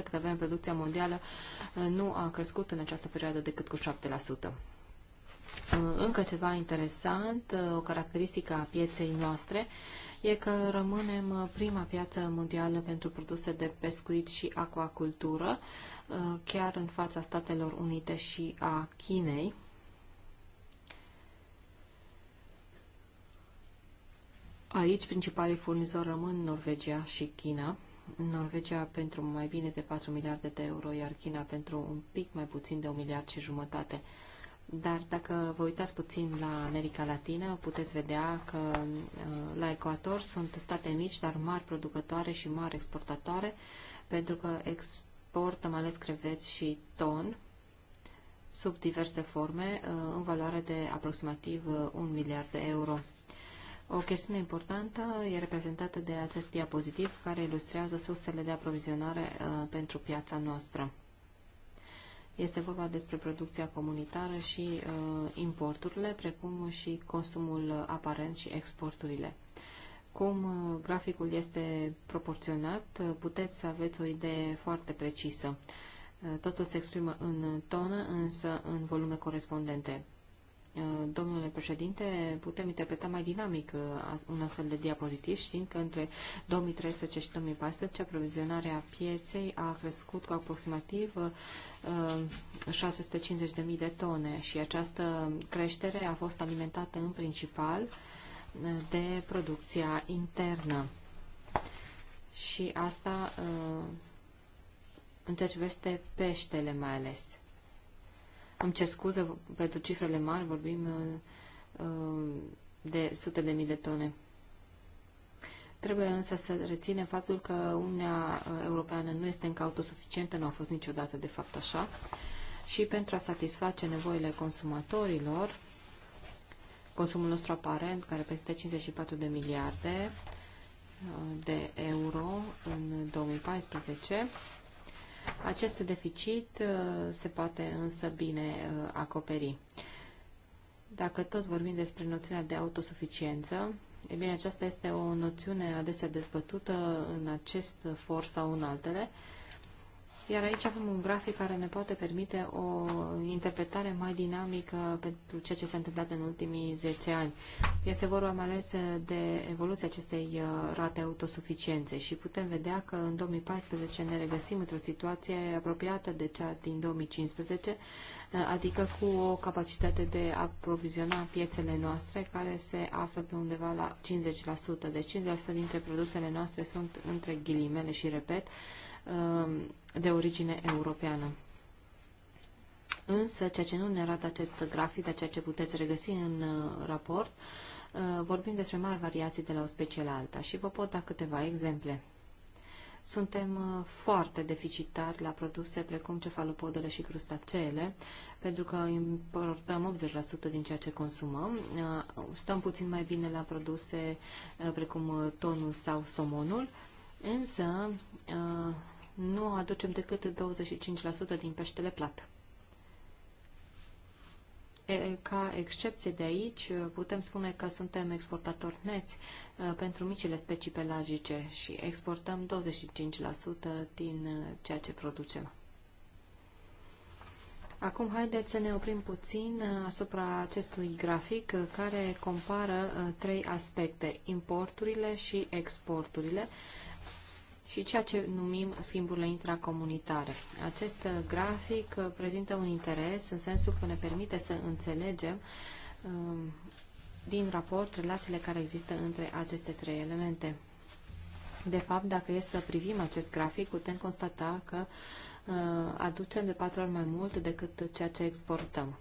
[SPEAKER 5] 15% cât avem producția mondială nu a crescut în această perioadă decât cu 7%. Încă ceva interesant, o caracteristică a pieței noastre e că rămânem uh, prima piață mondială pentru produse de pescuit și aquacultură, uh, chiar în fața Statelor Unite și a Chinei. Aici principalii furnizori rămân Norvegia și China. Norvegia pentru mai bine de 4 miliarde de euro, iar China pentru un pic mai puțin de 1 miliard și jumătate. Dar dacă vă uitați puțin la America Latină, puteți vedea că uh, la Ecuador sunt state mici, dar mari producătoare și mari exportatoare, pentru că exportăm ales creveți și ton sub diverse forme, uh, în valoare de aproximativ 1 uh, miliard de euro. O chestiune importantă e reprezentată de acest diapozitiv care ilustrează sursele de aprovizionare pentru piața noastră. Este vorba despre producția comunitară și uh, importurile, precum și consumul aparent și exporturile. Cum uh, graficul este proporționat, uh, puteți să aveți o idee foarte precisă. Uh, totul se exprimă în tonă, însă în volume corespondente. Uh, domnule președinte, putem interpreta mai dinamic uh, un astfel de diapozitiv, știind că între 2013 și 2014 aprovizionarea pieței a crescut cu aproximativ 650.000 uh, de tone și această creștere a fost alimentată în principal de producția internă. Și asta în ceea ce privește peștele mai ales. Îmi cer scuze pentru cifrele mari, vorbim uh, uh, de sute de mii de tone. Trebuie însă să reține faptul că Uniunea uh, Europeană nu este încă autosuficientă, nu a fost niciodată de fapt așa, și pentru a satisface nevoile consumatorilor, consumul nostru aparent, care peste 54 de miliarde de euro în 2014, acest deficit uh, se poate însă bine uh, acoperi. Dacă tot vorbim despre noțiunea de autosuficiență, e bine, aceasta este o noțiune adesea dezbătută în acest for sau în altele, iar aici avem un grafic care ne poate permite o interpretare mai dinamică pentru ceea ce s-a întâmplat în ultimii 10 ani. Este vorba mai ales de evoluția acestei uh, rate autosuficiențe și putem vedea că în 2014 ne regăsim într-o situație apropiată de cea din 2015, uh, adică cu o capacitate de a proviziona piețele noastre care se află pe undeva la 50%. Deci 50% dintre produsele noastre sunt între ghilimele și repet um, de origine europeană. Însă, ceea ce nu ne arată acest grafic, dar ceea ce puteți regăsi în uh, raport, uh, vorbim despre mari variații de la o specie la alta și vă pot da câteva exemple. Suntem uh, foarte deficitari la produse precum cefalopodele și crustaceele, pentru că importăm 80% din ceea ce consumăm. Stăm puțin mai bine la produse precum tonul sau somonul, însă nu aducem decât 25% din peștele plat. Ca excepție de aici, putem spune că suntem exportatori neți uh, pentru micile specii pelagice și exportăm 25% din uh, ceea ce producem. Acum haideți să ne oprim puțin uh, asupra acestui grafic care compară trei aspecte, importurile și exporturile, și ceea ce numim schimburile intracomunitare. Acest grafic uh, prezintă un interes în sensul că ne permite să înțelegem um, din raport relațiile care există între aceste trei elemente. De fapt, dacă e să privim acest grafic, putem constata că uh, aducem de patru ori mai mult decât ceea ce exportăm.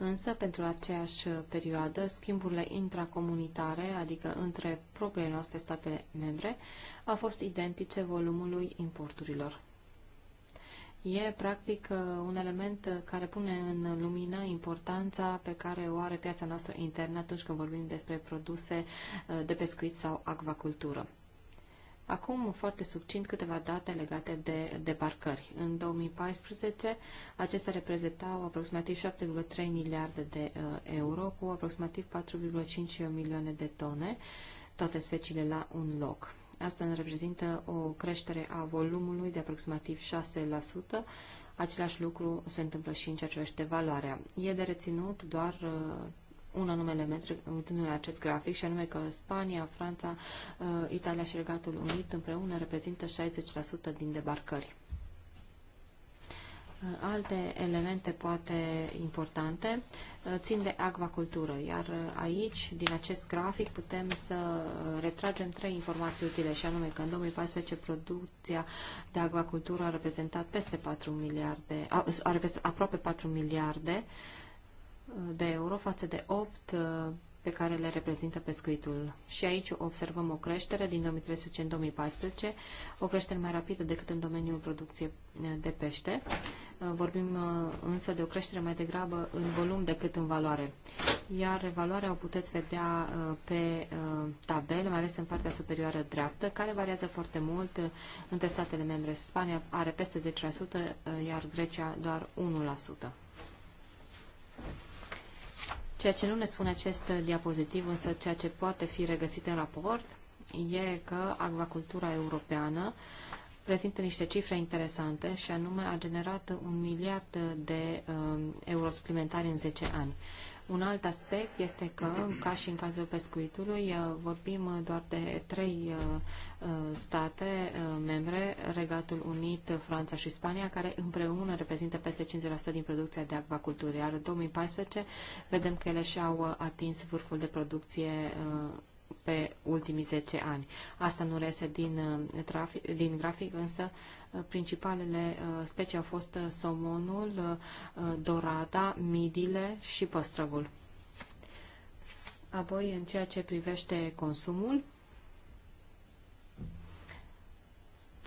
[SPEAKER 5] Însă, pentru aceeași perioadă, schimburile intracomunitare, adică între propriile noastre state membre, au fost identice volumului importurilor. E, practic, un element care pune în lumină importanța pe care o are piața noastră internă atunci când vorbim despre produse de pescuit sau acvacultură. Acum, foarte succint, câteva date legate de debarcări. În 2014, acestea reprezentau aproximativ 7,3 miliarde de uh, euro, cu aproximativ 4,5 milioane de tone, toate speciile la un loc. Asta ne reprezintă o creștere a volumului de aproximativ 6%, Același lucru se întâmplă și în ceea ce valoarea. E de reținut doar uh, un anume element uitându la acest grafic, și anume că Spania, Franța, uh, Italia și Regatul Unit împreună reprezintă 60% din debarcări. Uh, alte elemente poate importante uh, țin de acvacultură, iar aici, din acest grafic, putem să retragem trei informații utile, și anume că în 2014 producția de acvacultură a reprezentat peste 4 miliarde, a, a reprezentat aproape 4 miliarde, uh, de euro față de 8 uh, pe care le reprezintă pescuitul. Și aici observăm o creștere din 2013 în 2014, o creștere mai rapidă decât în domeniul producției uh, de pește. Uh, vorbim însă de o creștere mai degrabă în volum decât în valoare. Iar valoarea o puteți vedea pe tabel, mai ales în partea superioară dreaptă, care variază foarte mult între statele membre. Spania are peste 10%, iar Grecia doar 1%. Ceea ce nu ne spune acest diapozitiv, însă ceea ce poate fi regăsit în raport, e că acvacultura europeană prezintă niște cifre interesante și anume a generat un miliard de uh, euro suplimentari în 10 ani. Un alt aspect este că, ca și în cazul pescuitului, uh, vorbim doar de 3 Uh, state uh, membre, Regatul Unit, Franța și Spania, care împreună reprezintă peste 50% din producția de acvacultură. Iar în 2014 vedem că ele și-au uh, atins vârful de producție pe ultimii 10 ani. Asta nu reiese din, din grafic, însă principalele specii au fost somonul, dorada, midile și păstrăvul. Apoi, în ceea ce privește consumul,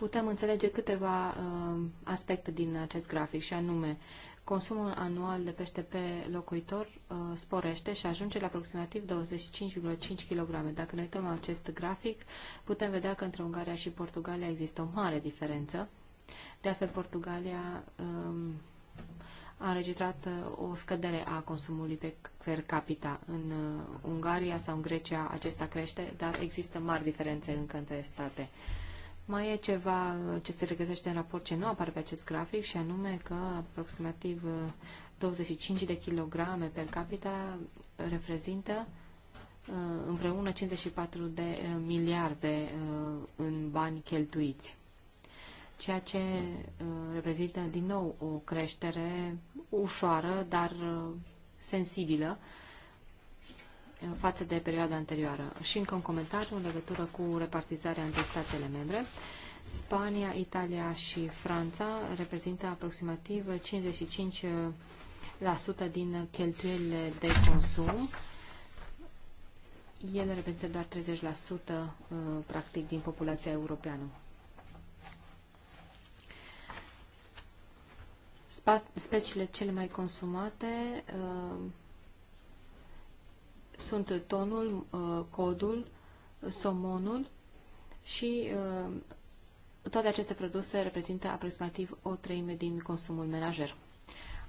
[SPEAKER 5] putem înțelege câteva uh, aspecte din acest grafic și anume consumul anual de pește pe locuitor uh, sporește și ajunge la aproximativ 25,5 kg. Dacă ne uităm la acest grafic, putem vedea că între Ungaria și Portugalia există o mare diferență. De altfel, Portugalia um, a înregistrat uh, o scădere a consumului pe per capita. În uh, Ungaria sau în Grecia acesta crește, dar există mari diferențe încă între state. Uh, mai e ceva uh, ce se regăsește în raport ce nu apare pe acest grafic și anume că aproximativ 25 uh, de kilograme per capita reprezintă uh, împreună 54 de miliarde în bani cheltuiți, ceea ce reprezintă din nou o creștere ușoară, dar sensibilă față de perioada anterioară. Și încă un comentariu în legătură cu repartizarea între statele membre. Spania, Italia și Franța reprezintă aproximativ 55% din cheltuielile de consum. Ele reprezintă doar 30% uh, practic din populația europeană. Speciile cele mai consumate uh, sunt tonul, uh, codul, somonul și uh, toate aceste produse reprezintă aproximativ o treime din consumul menajer.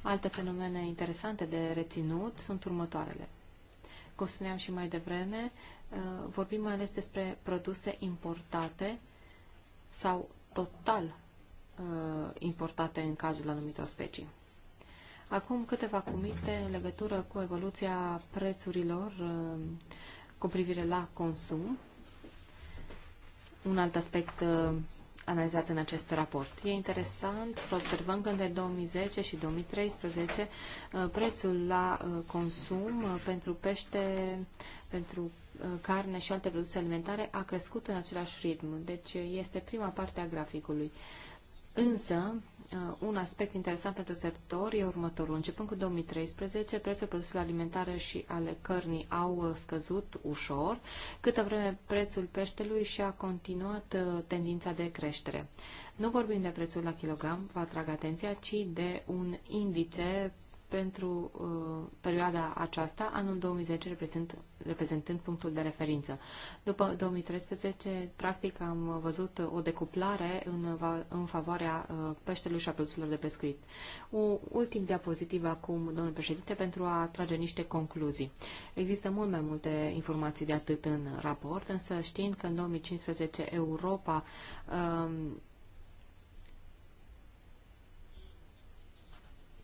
[SPEAKER 5] Alte fenomene interesante de reținut sunt următoarele. Cum spuneam și mai devreme, uh, vorbim mai ales despre produse importate sau total importate în cazul anumitor specii. Acum câteva cuvinte în legătură cu evoluția prețurilor uh, cu privire la consum. Un alt aspect uh, analizat în acest raport. E interesant să observăm că între 2010 și 2013 uh, prețul la consum pentru pește, pentru carne și alte produse alimentare a crescut în același ritm. Deci este prima parte a graficului. Însă, Uh, un aspect interesant pentru sector e următorul. Începând cu 2013, prețul produselor alimentare și ale cărnii au uh, scăzut ușor, câtă vreme prețul peștelui și-a continuat uh, tendința de creștere. Nu vorbim de prețul la kilogram, vă atrag atenția, ci de un indice pentru uh, perioada aceasta, anul 2010 reprezent, reprezentând punctul de referință. După 2013, practic, am văzut o decuplare în, în favoarea uh, peștelui și a produselor de pescuit. O ultim diapozitiv acum, domnul președinte, pentru a trage niște concluzii. Există mult mai multe informații de atât în raport, însă știind că în 2015 Europa uh,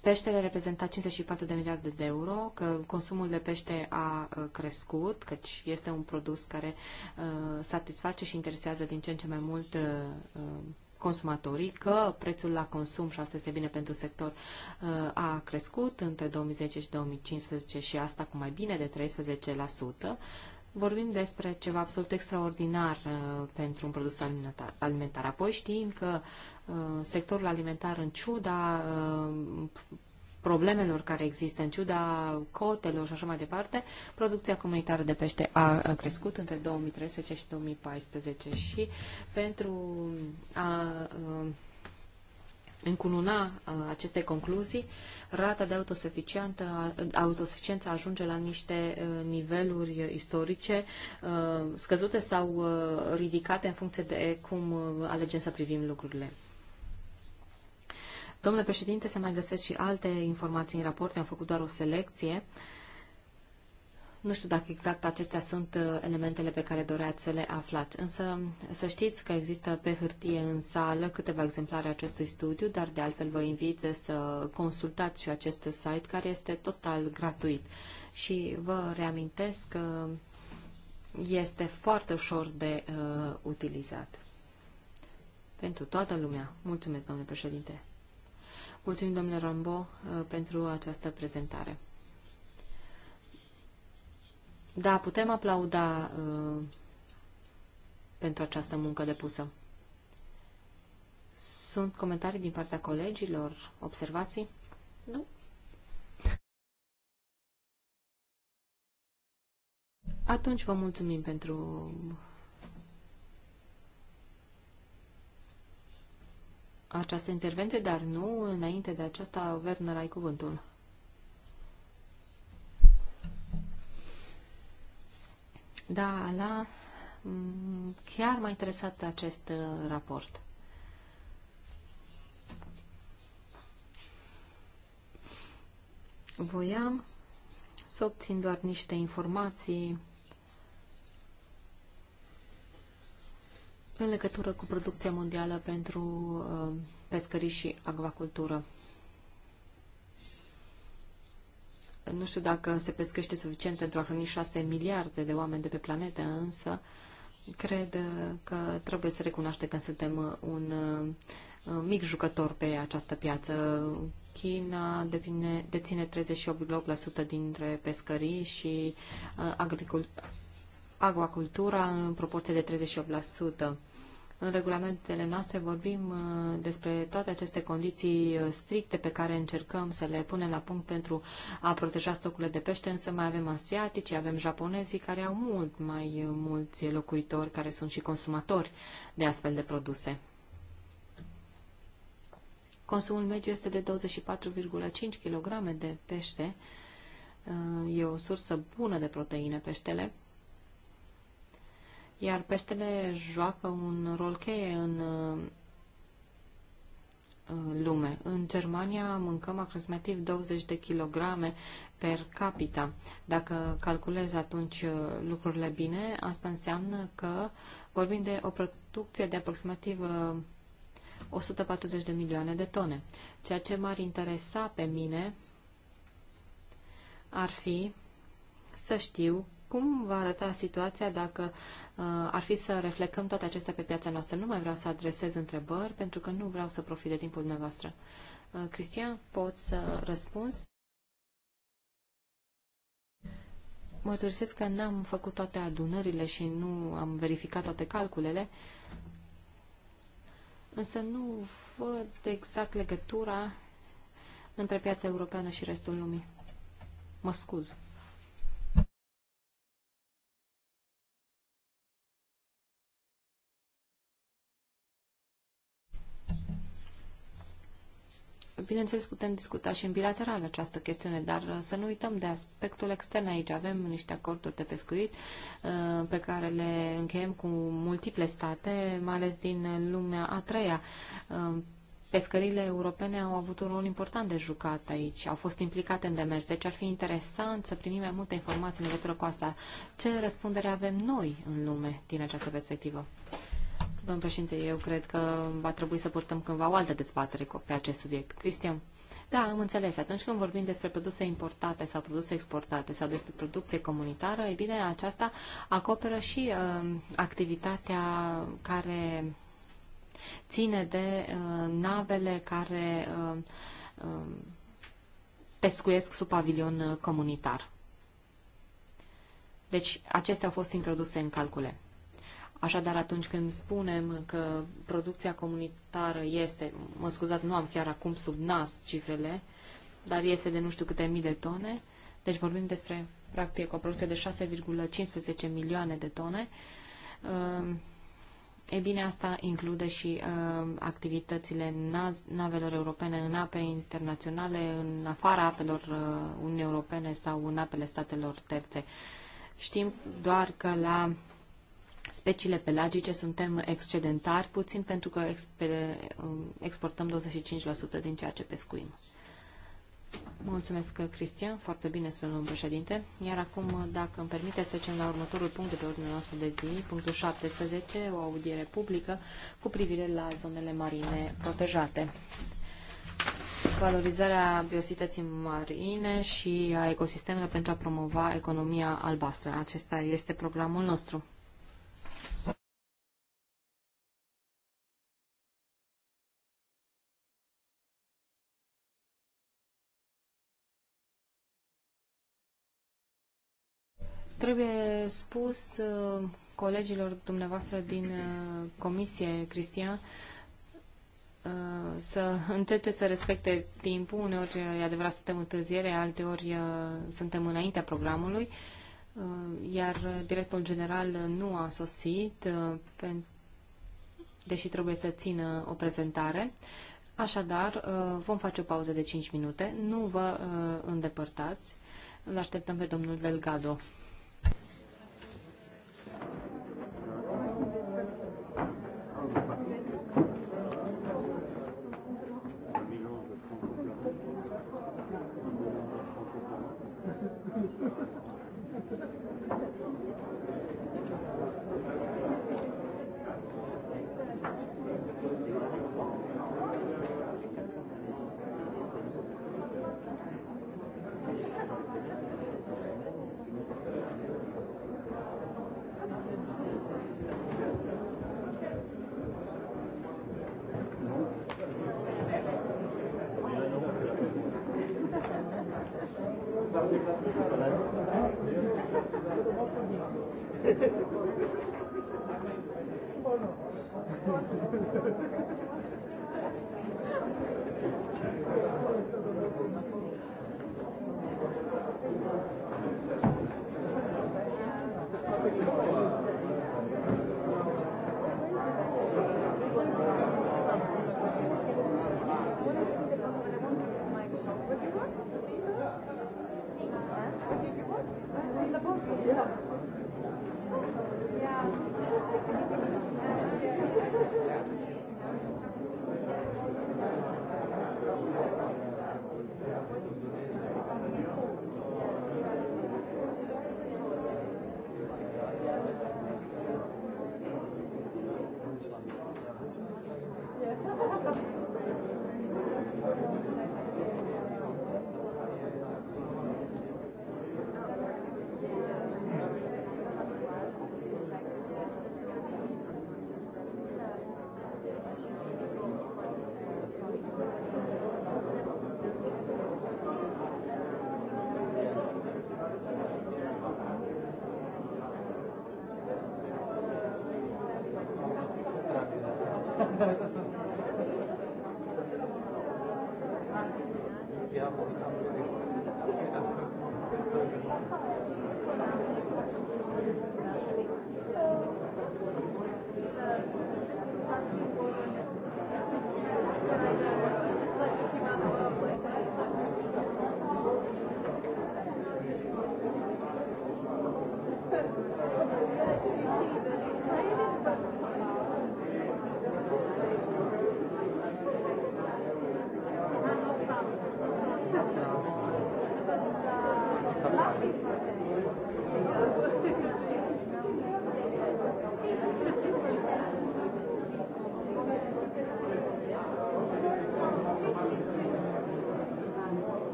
[SPEAKER 5] Peștele reprezenta 54 de miliarde de euro, că consumul de pește a crescut, căci este un produs care uh, satisface și interesează din ce în ce mai mult uh, consumatorii, că prețul la consum, și asta este bine pentru sector, a crescut între 2010 și 2015 și asta cu mai bine de 13% vorbim despre ceva absolut extraordinar uh, pentru un produs alimentar. Apoi știind că uh, sectorul alimentar, în ciuda uh, problemelor care există, în ciuda cotelor și așa mai departe, producția comunitară de pește a crescut între 2013 și 2014 și pentru a încununa uh, aceste concluzii, rata de autosuficiență ajunge la niște uh, niveluri istorice uh, scăzute sau ridicate în funcție de cum alegem să privim lucrurile. Domnule președinte, se mai găsesc și alte informații în raport, am făcut doar o selecție. Uh, nu știu dacă exact acestea sunt uh, elementele pe care doreați să le aflați, însă să știți că există pe hârtie în sală câteva exemplare acestui studiu, dar de altfel vă invit să consultați și acest site care este total gratuit. Și vă reamintesc că este foarte ușor de uh, utilizat. Pentru toată lumea. Mulțumesc, domnule președinte. Mulțumim, domnule Rambo, uh, pentru această prezentare. Da, putem aplauda uh, pentru această muncă depusă. Sunt comentarii din partea colegilor, observații? Nu? Atunci vă mulțumim pentru această intervenție, dar nu înainte de aceasta, Werner, ai cuvântul. Da, la chiar m-a interesat acest uh, raport. Voiam să obțin doar niște informații în legătură cu producția mondială pentru uh, pescării și acvacultură. Nu știu dacă se pescăște suficient pentru a hrăni 6 miliarde de oameni de pe planetă, însă cred că trebuie să recunoaște că suntem un uh, mic jucător pe această piață. China devine, deține 38,8% dintre pescării și uh, agricultura în proporție de 38%. În regulamentele noastre vorbim uh, despre toate aceste condiții uh, stricte pe care încercăm să le punem la punct pentru a proteja stocurile de pește, însă mai avem asiatici, avem japonezii care au mult mai uh, mulți locuitori care sunt și consumatori de astfel de produse. Consumul mediu este de 24,5 kg de pește. E o sursă bună de proteine peștele iar peștele joacă un rol cheie în uh, lume. În Germania mâncăm aproximativ 20 de kilograme per capita. Dacă calculez atunci uh, lucrurile bine, asta înseamnă că vorbim de o producție de aproximativ 140 uh, de milioane de tone. Ceea ce m-ar interesa pe mine ar fi să știu cum va arăta situația dacă uh, ar fi să reflectăm toate acestea pe piața noastră? Nu mai vreau să adresez întrebări, pentru că nu vreau să profit de timpul dumneavoastră. Uh, Cristian, poți să răspunzi? Mărturisesc că n-am făcut toate adunările și nu am verificat toate calculele, însă nu văd exact legătura între piața europeană și restul lumii. Mă scuz. Bineînțeles, putem discuta și în bilateral această chestiune, dar uh, să nu uităm de aspectul extern aici. Avem niște acorduri de pescuit uh, pe care le încheiem cu multiple state, mai ales din lumea a treia. Uh, pescările europene au avut un rol important de jucat aici, au fost implicate în demers, deci ar fi interesant să primim mai multe informații în legătură cu asta. Ce răspundere avem noi în lume din această perspectivă? Domnul președinte, eu cred că va trebui să purtăm cândva o altă dezbatere pe acest subiect. Cristian. Da, am înțeles. Atunci când vorbim despre produse importate sau produse exportate sau despre producție comunitară, e bine, aceasta acoperă și uh, activitatea care ține de uh, navele care uh, uh, pescuiesc sub pavilion uh, comunitar. Deci, acestea au fost introduse în calcule. Așadar, atunci când spunem că producția comunitară este, mă scuzați, nu am chiar acum sub nas cifrele, dar este de nu știu câte mii de tone, deci vorbim despre, practic, o producție de 6,15 milioane de tone, uh, E bine, asta include și uh, activitățile navelor europene în ape internaționale, în afara apelor uh, Uniunii Europene sau în apele statelor terțe. Știm doar că la speciile pelagice suntem excedentari puțin pentru că um, exportăm 25% din ceea ce pescuim. Mulțumesc, Cristian. Foarte bine, spune domnul președinte. Iar acum, dacă îmi permite, să trecem la următorul punct de pe ordinea noastră de zi, punctul 17, o audiere publică cu privire la zonele marine protejate. Valorizarea biosității marine și a ecosistemelor pentru a promova economia albastră. Acesta este programul nostru. trebuie spus uh, colegilor dumneavoastră din uh, comisie, Cristian, uh, să încerce să respecte timpul. Uneori, e adevărat, suntem întârziere, alteori suntem înaintea programului, iar directorul general nu a sosit, deși trebuie să țină o prezentare. Așadar, vom face o pauză de 5 minute. Nu vă îndepărtați. Îl așteptăm pe domnul Delgado.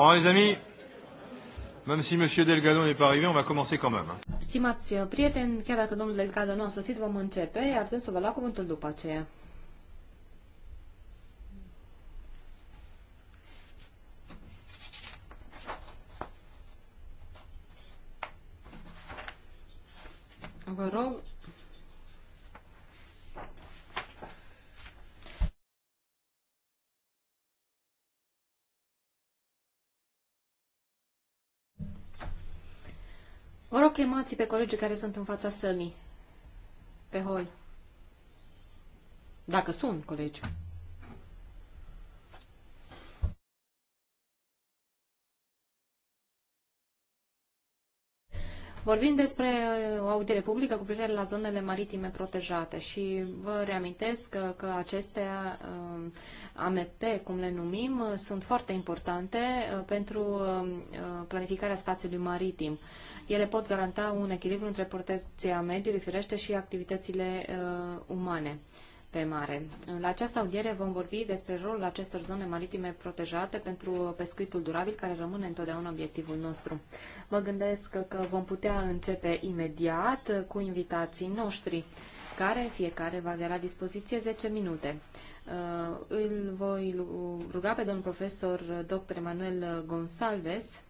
[SPEAKER 1] Bon, les amis, même si M. Delgado n'est pas arrivé, on va commencer quand même.
[SPEAKER 5] Stimați eh, prieteni, chiar dacă domnul Delgado nu a sosit, vom începe, iar trebuie să vă lua cuvântul după aceea. rog chemați pe colegii care sunt în fața sălii, pe hol. Dacă sunt colegi. Vorbim despre uh, o audiere publică cu privire la zonele maritime protejate și vă reamintesc că, că aceste um, AMP, cum le numim, uh, sunt foarte importante uh, pentru planificarea spațiului maritim. Ele pot garanta un echilibru între protecția mediului, firește, și activitățile umane pe mare. La această audiere vom vorbi despre rolul acestor zone maritime protejate pentru pescuitul durabil, care rămâne întotdeauna obiectivul nostru. Mă gândesc că vom putea începe imediat cu invitații noștri, care fiecare va avea la dispoziție 10 minute. Uh, îl voi ruga pe domnul profesor dr. Emanuel Gonsalves,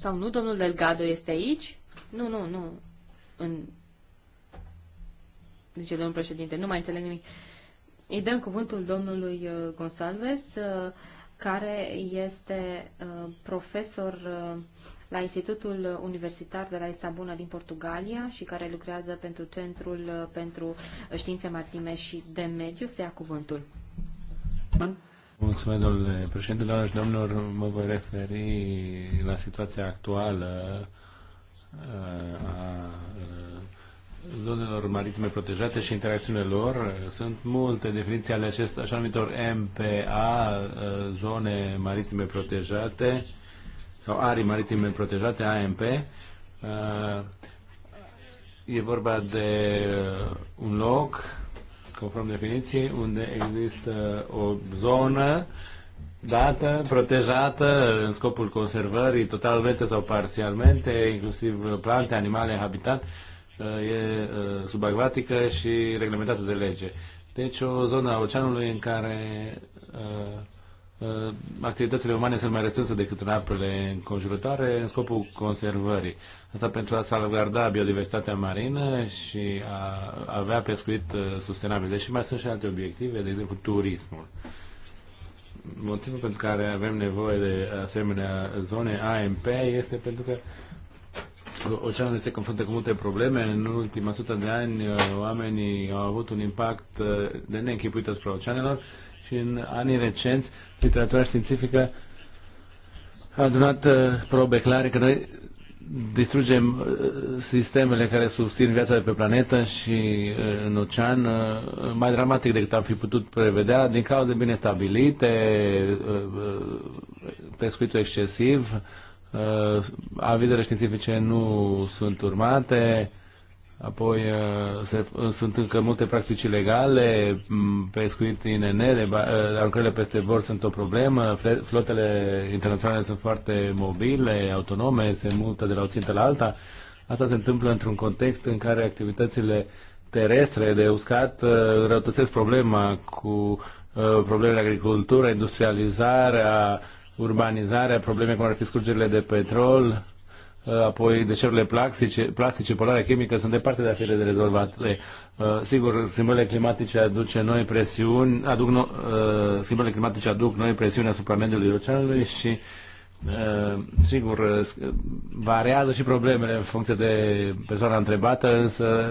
[SPEAKER 5] Sau nu, domnul Delgado este aici? Nu, nu, nu. În... Zice domnul președinte, nu mai înțeleg nimic. Îi dăm cuvântul domnului uh, Gonsalves, uh, care este uh, profesor la Institutul Universitar de la Isabuna din Portugalia și care lucrează pentru Centrul pentru Științe Maritime și de Mediu. Se ia cuvântul.
[SPEAKER 2] Bun. Mulțumesc, domnule președinte. Doamnelor și domnilor, mă voi referi la situația actuală uh, a uh, zonelor maritime protejate și interacțiunile lor. Sunt multe definiții ale acest așa numitor MPA, uh, zone maritime protejate sau arii maritime protejate, AMP. E vorba de un loc conform definiției, unde există o zonă dată, protejată în scopul conservării totalmente sau parțialmente, inclusiv plante, animale, habitat, uh, e uh, subacvatică și reglementată de lege. Deci o zonă a oceanului în care uh, Uh, activitățile umane sunt mai restrânse decât în apele înconjurătoare în scopul conservării. Asta pentru a salvaguarda biodiversitatea marină și a avea pescuit uh, sustenabil. Deși mai sunt și alte obiective, de exemplu turismul. Motivul pentru care avem nevoie de asemenea zone AMP este pentru că oceanul se confruntă cu multe probleme. În ultima sută de ani uh, oamenii au avut un impact de neînchipuit asupra oceanelor și în anii recenți, literatura științifică a adunat uh, probe clare că noi distrugem uh, sistemele care susțin viața de pe planetă și uh, în ocean mai dramatic decât am fi putut prevedea din cauze bine stabilite, pescuitul excesiv, avizele științifice nu sunt urmate, Apoi uh, se, uh, sunt încă multe practici legale, pescuit INN, uh, aruncările peste bord sunt o problemă, flotele internaționale sunt foarte mobile, autonome, se mută de la o țintă la alta. Asta se întâmplă într-un context în care activitățile terestre de uscat răutățesc problema cu problemele agricultură, industrializarea, urbanizarea, probleme cum ar fi scurgerile de petrol, Uh, apoi deșeurile plastice, plastice polarea chimică sunt departe de a fi de rezolvate. Uh, sigur, schimbările climatice aduce noi presiuni, aduc no, uh, schimbările climatice aduc noi presiuni asupra mediului oceanului și sigur, variază și problemele în funcție de persoana întrebată, însă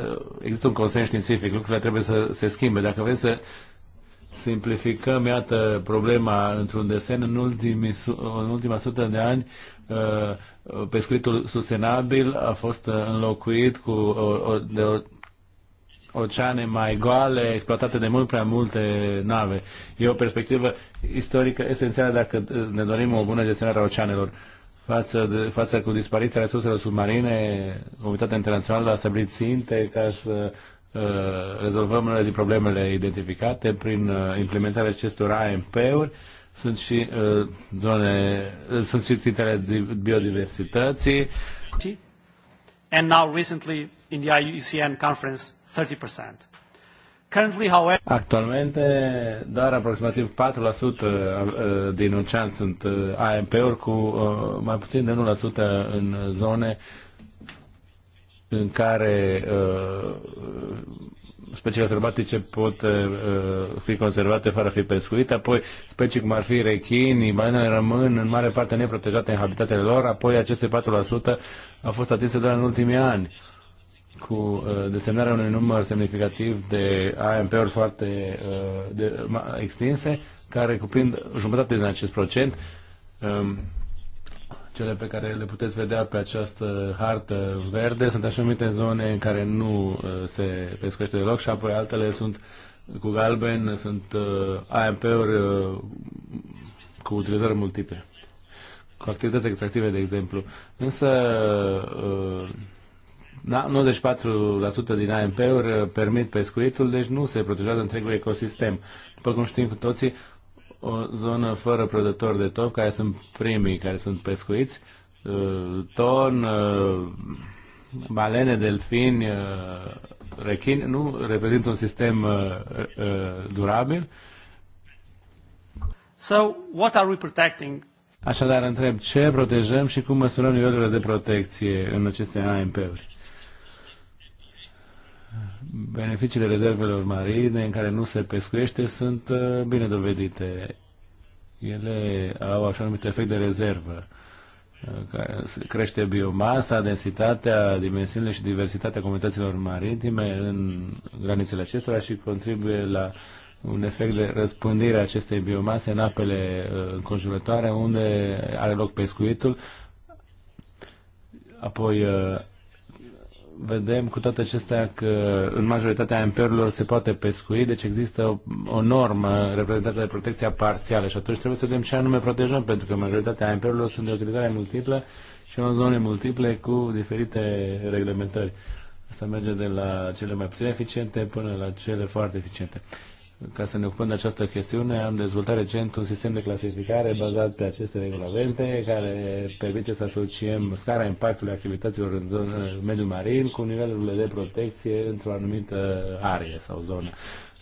[SPEAKER 2] există un consens științific, lucrurile trebuie să se schimbe. Dacă vrem să simplificăm, iată, problema într-un desen, în, ultimii, în ultima sută de ani Uh, pescuitul sustenabil a fost înlocuit cu o, o, de o, oceane mai goale, exploatate de mult prea multe nave. E o perspectivă istorică esențială dacă ne dorim o bună gestionare a oceanelor. Față, de, față cu dispariția resurselor submarine, comunitatea internațională a stabilit ținte ca să uh, rezolvăm unele din problemele identificate prin uh, implementarea acestor AMP-uri. Uh, sunt și uh, zone, uh, sunt și țintele biodiversității. And now recently in the IUCN
[SPEAKER 4] conference 30%.
[SPEAKER 2] Currently, however... Actualmente, doar aproximativ 4% uh, din ocean sunt uh, AMP-uri, cu uh, mai puțin de 1% în zone în care speciile sălbatice pot uh, uh, fi conservate fără a fi pescuite, apoi specii cum ar fi rechinii, balenele rămân în mare parte neprotejate în habitatele lor, apoi aceste 4% au fost atinse doar în ultimii ani cu uh, desemnarea unui număr semnificativ de AMP-uri foarte uh, de, extinse, care cuprind jumătate din acest procent. Um, cele pe care le puteți vedea pe această hartă verde sunt așa numite zone în care nu uh, se pescuiește deloc și apoi altele sunt cu galben, sunt uh, AMP-uri uh, cu utilizări multiple, cu activități extractive, de exemplu. Însă, 94% din AMP-uri permit pescuitul, deci nu se protejează întregul ecosistem. După cum știm cu toții, o zonă fără prădători de top, care sunt primii care sunt pescuiți, uh, ton, uh, balene, delfini, uh, rechini, nu reprezintă un sistem durabil.
[SPEAKER 4] So, what are we protecting?
[SPEAKER 2] Așadar, întreb ce protejăm și cum măsurăm nivelurile de protecție în aceste AMP-uri beneficiile rezervelor marine în care nu se pescuiește sunt uh, bine dovedite. Ele au așa numit efect de rezervă. Uh, crește biomasa, densitatea, dimensiunile și diversitatea comunităților maritime în granițele acestora și contribuie la un efect de răspândire a acestei biomase în apele uh, înconjurătoare unde are loc pescuitul. Apoi vedem cu toate acestea că în majoritatea amperilor se poate pescui, deci există o, o normă reprezentată de protecția parțială și atunci trebuie să vedem ce anume protejăm, pentru că majoritatea amperilor sunt de utilizare multiplă și în zone multiple cu diferite reglementări. Asta merge de la cele mai puțin eficiente până la cele foarte eficiente ca să ne ocupăm de această chestiune, am dezvoltat recent un sistem de clasificare bazat pe aceste regulamente care permite să asociem scara impactului activităților în zonă, mediul marin cu nivelurile de protecție într-o anumită arie sau zonă.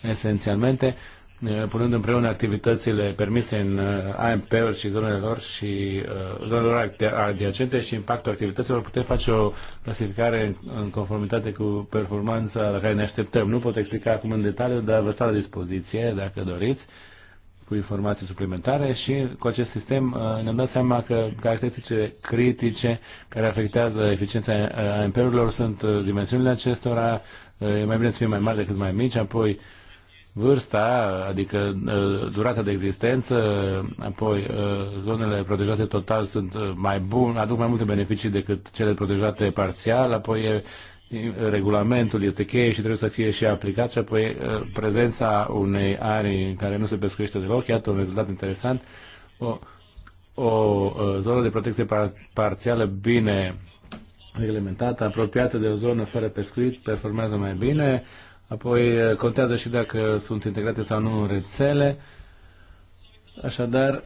[SPEAKER 2] Esențialmente, punând împreună activitățile permise în uh, AMP-uri și zonele lor și uh, zonelor adiacente și impactul activităților, putem face o clasificare în conformitate cu performanța la care ne așteptăm. Nu pot explica acum în detaliu, dar vă stau la dispoziție, dacă doriți, cu informații suplimentare și cu acest sistem uh, ne-am dat seama că caracteristicile critice care afectează eficiența AMP-urilor sunt dimensiunile acestora, e mai bine să fie mai mari decât mai mici, apoi vârsta, adică uh, durata de existență, apoi uh, zonele protejate total sunt uh, mai bune, aduc mai multe beneficii decât cele protejate parțial, apoi regulamentul este cheie și trebuie să fie și aplicat și apoi prezența unei arii în care nu se pescuiește deloc, iată un rezultat interesant, o, o zonă de protecție par, parțială bine reglementată, apropiată de o zonă fără pescuit, performează mai bine, Apoi eh, contează și dacă sunt integrate sau nu în rețele. Așadar,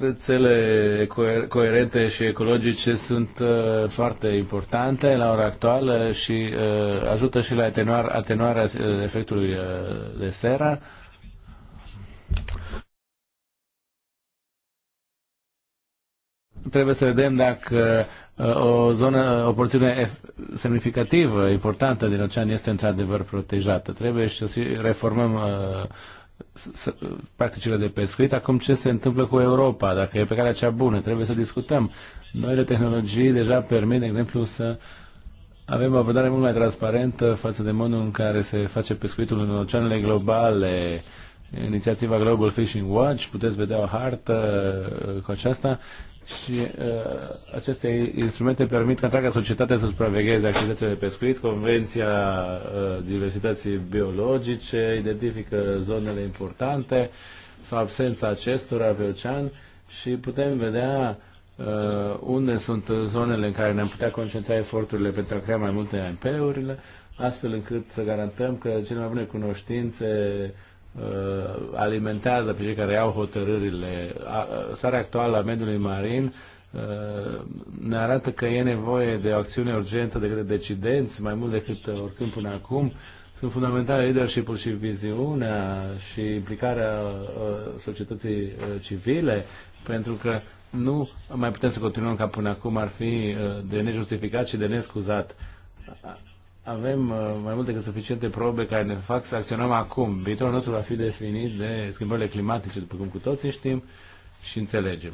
[SPEAKER 2] rețele coerente și ecologice sunt eh, foarte importante la ora actuală și eh, ajută și la atenuarea efectului de sera. trebuie să vedem dacă uh, o zonă, o porțiune semnificativă, importantă din ocean este într-adevăr protejată. Trebuie să reformăm uh, practicile de pescuit. Acum ce se întâmplă cu Europa, dacă e pe calea cea bună, trebuie să discutăm. Noile tehnologii deja permit, de exemplu, să avem o abordare mult mai transparentă față de modul în care se face pescuitul în oceanele globale. Inițiativa Global Fishing Watch, puteți vedea o hartă uh, cu aceasta și uh, aceste instrumente permit ca întreaga societate să supravegheze activitățile de pescuit. Convenția uh, diversității biologice identifică zonele importante sau absența acestora pe ocean și putem vedea uh, unde sunt zonele în care ne-am putea concentra eforturile pentru a crea mai multe AMP-urile, astfel încât să garantăm că cele mai bune cunoștințe Uh, alimentează pe cei care au hotărârile. Starea actuală a mediului marin uh, ne arată că e nevoie de o acțiune urgentă de către decidenți, mai mult decât oricând până acum. Sunt fundamentale leadership-ul și viziunea și implicarea uh, societății civile, pentru că nu mai putem să continuăm ca până acum ar fi de nejustificat și de nescuzat avem uh, mai multe decât suficiente probe care ne fac să acționăm acum. Viitorul nostru va fi definit de schimbările climatice, după cum cu toții știm și înțelegem.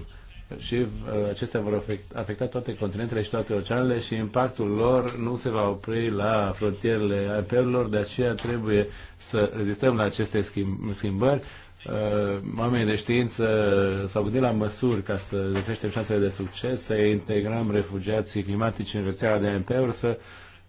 [SPEAKER 2] Și uh, acestea vor afecta toate continentele și toate oceanele și impactul lor nu se va opri la frontierele apelor, de aceea trebuie să rezistăm la aceste schimbări. schimbări. Uh, oamenii de știință s-au gândit la măsuri ca să creștem șansele de succes, să integrăm refugiații climatici în rețeaua de AMP-uri, să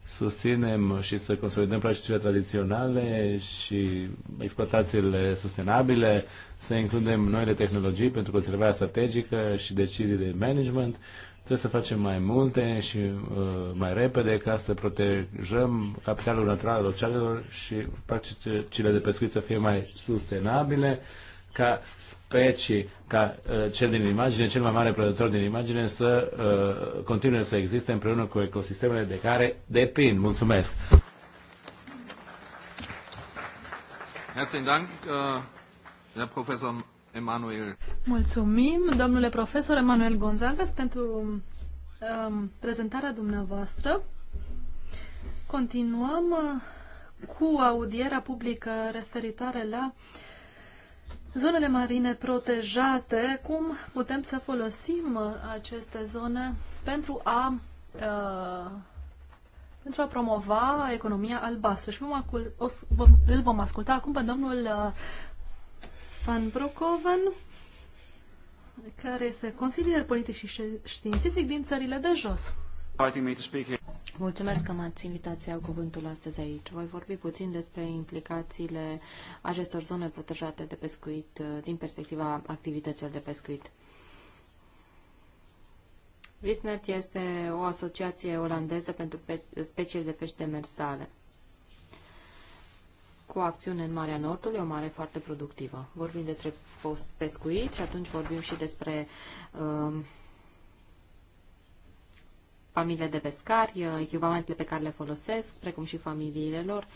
[SPEAKER 2] susținem și să consolidăm practicile tradiționale și exploatațiile sustenabile, să includem noile tehnologii pentru conservarea strategică și decizii de management. Trebuie să facem mai multe și uh, mai repede ca să protejăm capitalul natural al oceanelor și practicile de pescuit să fie mai sustenabile, ca specii ca uh, cel din imagine, cel mai mare producător din imagine, să uh, continue să existe împreună cu ecosistemele de care depind. Mulțumesc!
[SPEAKER 1] Herzlichen Dank, uh, Herr Professor Emanuel.
[SPEAKER 3] Mulțumim, domnule profesor Emanuel Gonzagas, pentru um, prezentarea dumneavoastră. Continuăm uh, cu audierea publică referitoare la uh, zonele marine protejate, cum putem să folosim aceste zone pentru a uh, pentru a promova economia albastră. Și vom, acul, o, vom, îl vom asculta acum pe domnul uh, Van Brokoven, care este consilier politic și științific din țările de jos.
[SPEAKER 5] Mulțumesc că m-ați invitat să iau cuvântul astăzi aici. Voi vorbi puțin despre implicațiile acestor zone protejate de pescuit uh, din perspectiva activităților de pescuit. Visnet este o asociație olandeză pentru speciile de pește demersale cu acțiune în Marea Nordului, o mare foarte productivă. Vorbim despre pescuit și atunci vorbim și despre uh, familiile de pescari, uh, echipamentele pe care le folosesc, precum și familiile lor.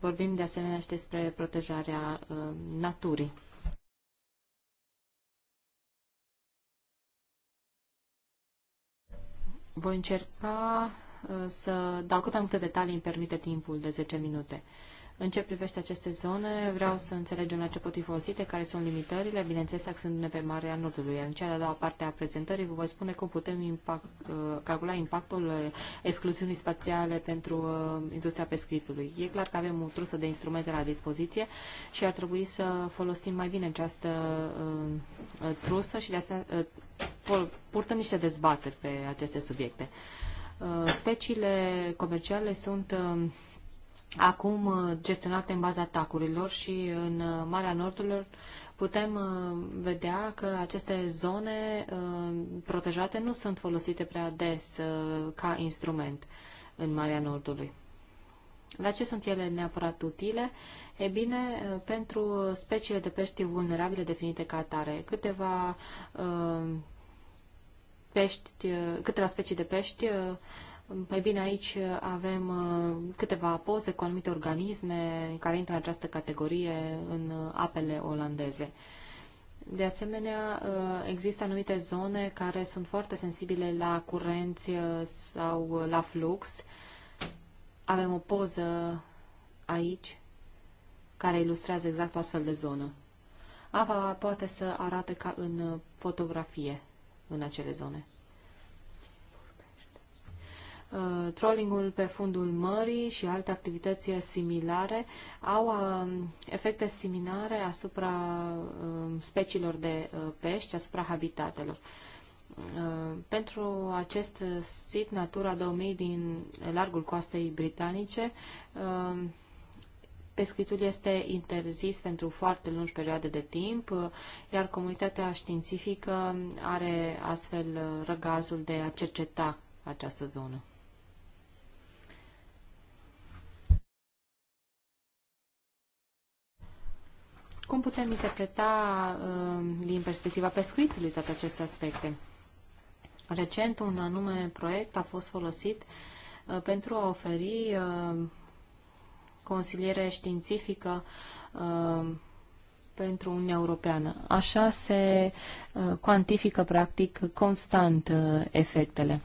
[SPEAKER 5] Vorbim de asemenea și despre protejarea uh, naturii. Voi încerca uh, să dau cât mai multe detalii, îmi permite timpul de 10 minute. În ce privește aceste zone, vreau să înțelegem la ce pot fi folosite, care sunt limitările, bineînțeles axându-ne pe Marea Nordului. În cea de-a doua parte a prezentării vă voi spune cum putem impact, uh, calcula impactul uh, excluziunii spațiale pentru uh, industria pescuitului. E clar că avem o trusă de instrumente la dispoziție și ar trebui să folosim mai bine această trusă și de asemenea purtăm niște dezbateri pe aceste subiecte. Speciile comerciale sunt acum uh, gestionate în baza atacurilor și în uh, Marea Nordurilor putem uh, vedea că aceste zone protejate nu sunt folosite prea des ca instrument în Marea Nordului. La ce sunt ele neapărat utile? E bine, pentru speciile de pești vulnerabile definite ca atare, câteva, pești, câteva specii de pești Păi bine, aici avem uh, câteva poze cu anumite organisme care intră în această categorie în uh, apele olandeze. De asemenea, uh, există anumite zone care sunt foarte sensibile la curenți sau la flux. Avem o poză aici care ilustrează exact o astfel de zonă. Apa poate să arate ca în fotografie în acele zone. Uh, trollingul pe fundul mării și alte activități similare au uh, efecte similare asupra uh, speciilor de pești, asupra habitatelor. Pentru acest sit Natura 2000 din largul coastei britanice, pescuitul este interzis pentru foarte lungi perioade de timp, iar comunitatea științifică are astfel răgazul de a cerceta această zonă. Cum putem interpreta uh, din perspectiva pescuitului toate aceste aspecte? Recent, un anume proiect a fost folosit uh, pentru a oferi uh, consiliere științifică pentru Uniunea Europeană. Așa se cuantifică, practic, constant efectele.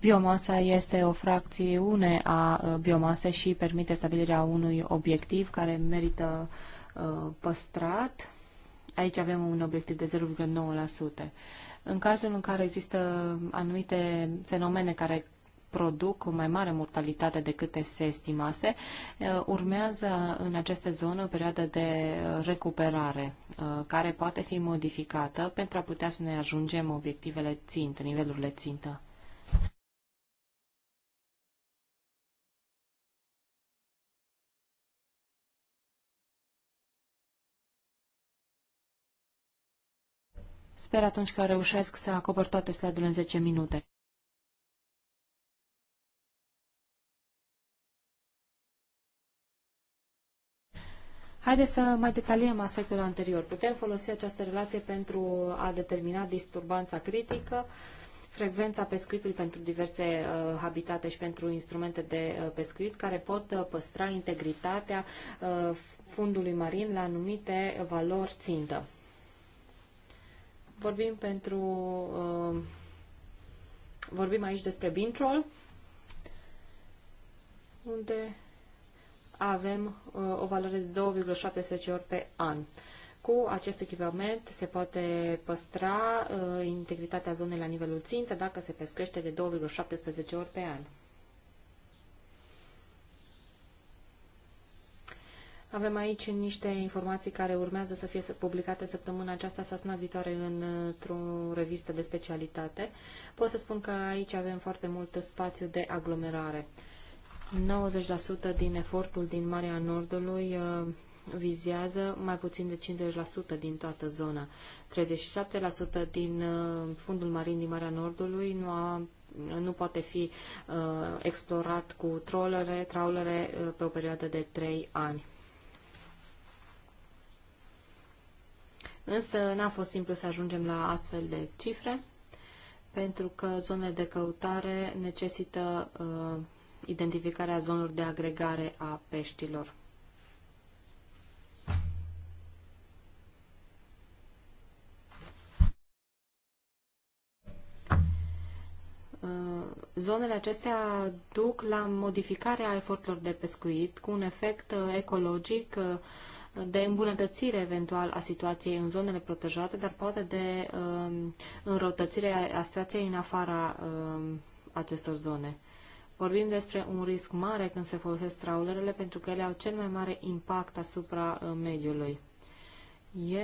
[SPEAKER 5] Biomasa este o fracțiune a biomasei și permite stabilirea unui obiectiv care merită uh, Uh, păstrat. Aici avem un obiectiv de 0,9%. În cazul în care există anumite fenomene care produc o mai mare mortalitate decât se estimase, uh, urmează în aceste zone o perioadă de recuperare uh, care poate fi modificată pentru a putea să ne ajungem obiectivele țintă, nivelurile țintă. Sper atunci că reușesc să acopăr toate slide-urile în 10 minute. Haideți să mai detaliem aspectul anterior. Putem folosi această relație pentru a determina disturbanța critică, frecvența pescuitului pentru diverse uh, habitate și pentru instrumente de uh, pescuit care pot uh, păstra integritatea uh, fundului marin la anumite valori țintă. Vorbim pentru... Uh, vorbim aici despre Bintrol, unde avem uh, o valoare de 2,17 ori pe an. Cu acest echipament se poate păstra uh, integritatea zonei la nivelul țintă dacă se pescuiește de 2,17 ori pe an. Avem aici niște informații care urmează să fie publicate săptămâna aceasta sau săptămâna viitoare într-o revistă de specialitate. Pot să spun că aici avem foarte mult spațiu de aglomerare. 90% din efortul din Marea Nordului uh, vizează mai puțin de 50% din toată zona. 37% din uh, fundul marin din Marea Nordului nu, a, nu poate fi uh, explorat cu trolere, traulere uh, pe o perioadă de 3 ani. Însă n-a fost simplu să ajungem la astfel de cifre, pentru că zonele de căutare necesită uh, identificarea zonelor de agregare a peștilor. Uh, zonele acestea duc la modificarea eforturilor de pescuit cu un efect uh, ecologic uh, de îmbunătățire eventual a situației în zonele protejate, dar poate de um, înrăutățire a situației în afara um, acestor zone. Vorbim despre un risc mare când se folosesc traulerele pentru că ele au cel mai mare impact asupra uh, mediului. E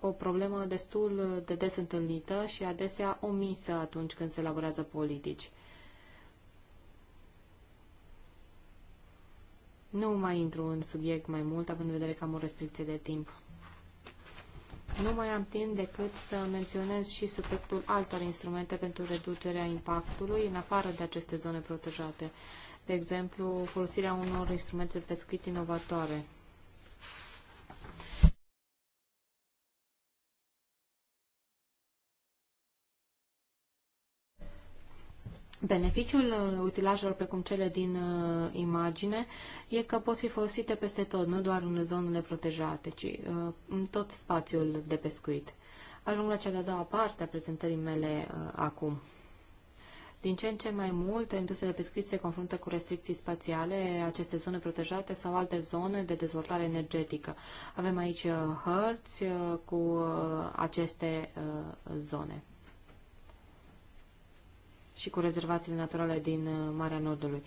[SPEAKER 5] o problemă destul de des întâlnită și adesea omisă atunci când se elaborează politici. Nu mai intru în subiect mai mult, având în vedere că am o restricție de timp. Nu mai am timp decât să menționez și subiectul altor instrumente pentru reducerea impactului în afară de aceste zone protejate. De exemplu, folosirea unor instrumente de pescuit inovatoare. Beneficiul uh, utilajelor precum cele din uh, imagine e că pot fi folosite peste tot, nu doar în zonele protejate, ci uh, în tot spațiul de pescuit. Ajung la cea de-a doua parte a prezentării mele uh, acum. Din ce în ce mai mult, industriile pescuit se confruntă cu restricții spațiale, aceste zone protejate sau alte zone de dezvoltare energetică. Avem aici uh, hărți uh, cu aceste zone și cu rezervațiile naturale din uh, Marea Nordului.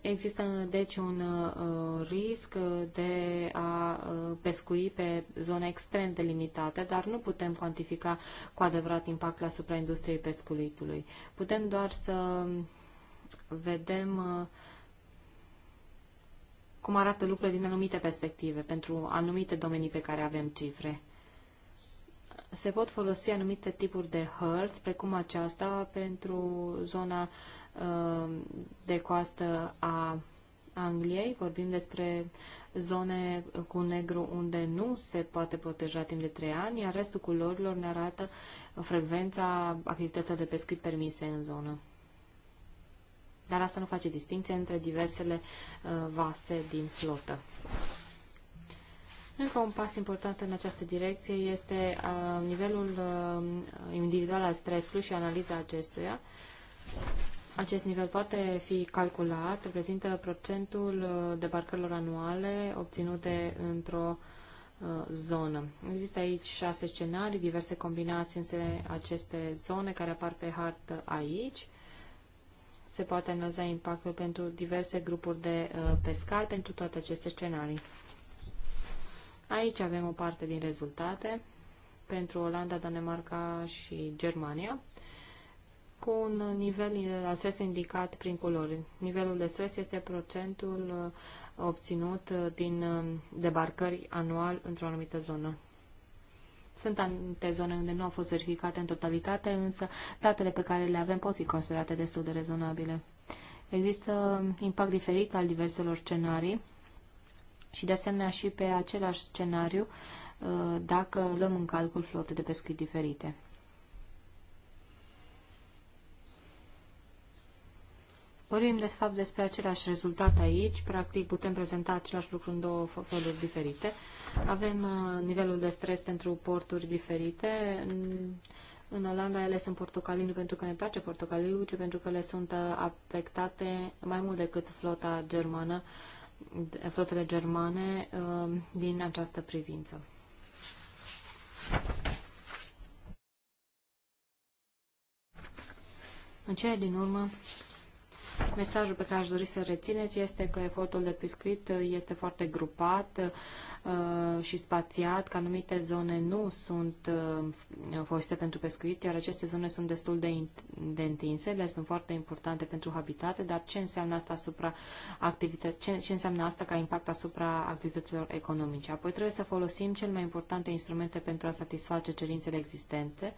[SPEAKER 5] Există deci un uh, risc de a uh, pescui pe zone extrem de limitate, dar nu putem cuantifica cu adevărat impactul asupra industriei pescuitului. Putem doar să vedem uh, cum arată lucrurile din anumite perspective, pentru anumite domenii pe care avem cifre se pot folosi anumite tipuri de hărți, precum aceasta, pentru zona uh, de coastă a Angliei. Vorbim despre zone cu negru unde nu se poate proteja timp de trei ani, iar restul culorilor ne arată frecvența activităților de pescuit permise în zonă. Dar asta nu face distinție între diversele uh, vase din flotă. Încă un pas important în această direcție este uh, nivelul uh, individual al stresului și analiza acestuia. Acest nivel poate fi calculat, reprezintă procentul uh, debarcărilor anuale obținute într-o zonă. Există aici șase scenarii, diverse combinații între aceste zone care apar pe hartă aici. Se poate analiza impactul pentru diverse grupuri de pescari pentru toate aceste scenarii. Aici avem o parte din rezultate pentru Olanda, Danemarca și Germania cu un nivel al stresul indicat prin culori. Nivelul de stres este procentul uh, obținut uh, din uh, debarcări anual într-o anumită zonă. Sunt anumite zone unde nu au fost verificate în totalitate, însă datele pe care le avem pot fi considerate destul de rezonabile. Există impact diferit al diverselor scenarii și de asemenea și pe același scenariu uh, dacă luăm în calcul flote de pescuit diferite. Vorbim, de fapt, despre același rezultat aici. Practic, putem prezenta același lucru în două feluri diferite. Avem uh, nivelul de stres pentru porturi diferite. În Olanda ele sunt portocalii nu pentru că ne place portocaliu, ci pentru că le sunt uh, afectate mai mult decât flota germană flotele germane uh, din această privință. În cele din urmă, Mesajul pe care aș dori să rețineți este că efortul de pescuit uh, este foarte grupat uh, și spațiat, că anumite zone nu sunt uh, folosite pentru pescuit, iar aceste zone sunt destul de, de întinse, le sunt foarte importante pentru habitate, dar ce înseamnă asta asupra activități, ce, ce înseamnă asta ca impact asupra activităților economice? Apoi trebuie să folosim cel mai importante instrumente pentru a satisface cerințele existente,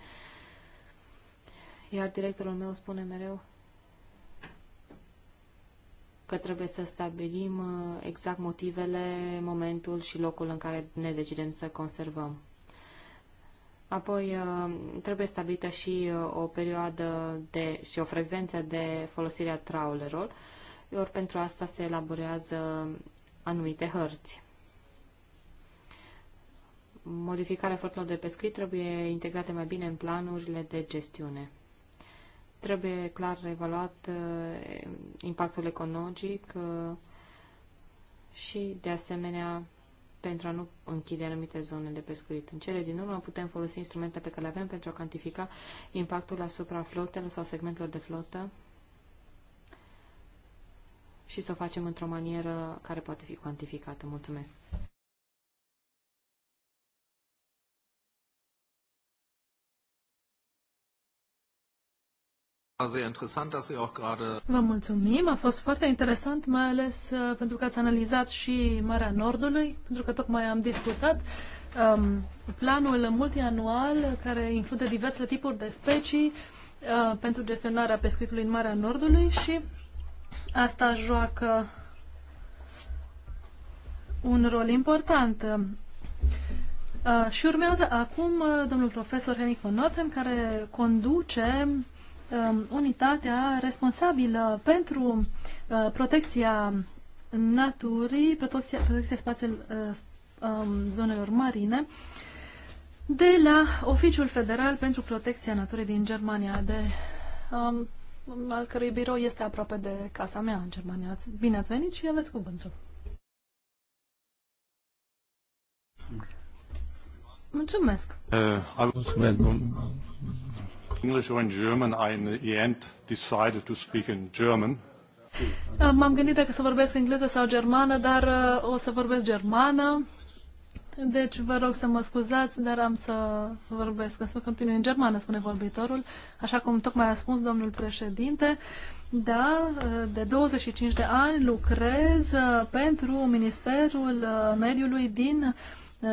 [SPEAKER 5] iar directorul meu spune mereu că trebuie să stabilim uh, exact motivele, momentul și locul în care ne decidem să conservăm. Apoi uh, trebuie stabilită și uh, o perioadă de, și o frecvență de folosire a traulerilor, ori pentru asta se elaborează anumite hărți. Modificarea fortelor de pescuit trebuie integrate mai bine în planurile de gestiune. Trebuie clar evaluat uh, impactul ecologic uh, și, de asemenea, pentru a nu închide anumite zone de pescuit. În cele din urmă putem folosi instrumente pe care le avem pentru a cantifica impactul asupra flotelor sau segmentelor de flotă și să o facem într-o manieră care poate fi cuantificată. Mulțumesc!
[SPEAKER 3] Vă mulțumim, a fost foarte interesant, mai ales uh, pentru că ați analizat și Marea Nordului, pentru că tocmai am discutat um, planul multianual care include diverse tipuri de specii uh, pentru gestionarea pescuitului în Marea Nordului și asta joacă un rol important. Uh, și urmează acum uh, domnul profesor Henning von Notem, care conduce Um, unitatea responsabilă pentru uh, protecția naturii, protecția, protecția spațiului uh, um, zonelor marine, de la Oficiul Federal pentru Protecția Naturii din Germania, de, um, al cărui birou este aproape de casa mea în Germania. bine ați venit și aveți cuvântul. Mulțumesc!
[SPEAKER 2] Uh, Mulțumesc! English or in
[SPEAKER 1] German, I in the end decided to speak in German.
[SPEAKER 3] Uh, m-am gândit dacă să vorbesc engleză sau germană, dar uh, o să vorbesc germană. Deci vă rog să mă scuzați, dar am să vorbesc, să continui în germană, spune vorbitorul, așa cum tocmai a spus domnul președinte. Da, uh, de 25 de ani lucrez uh, pentru Ministerul Mediului din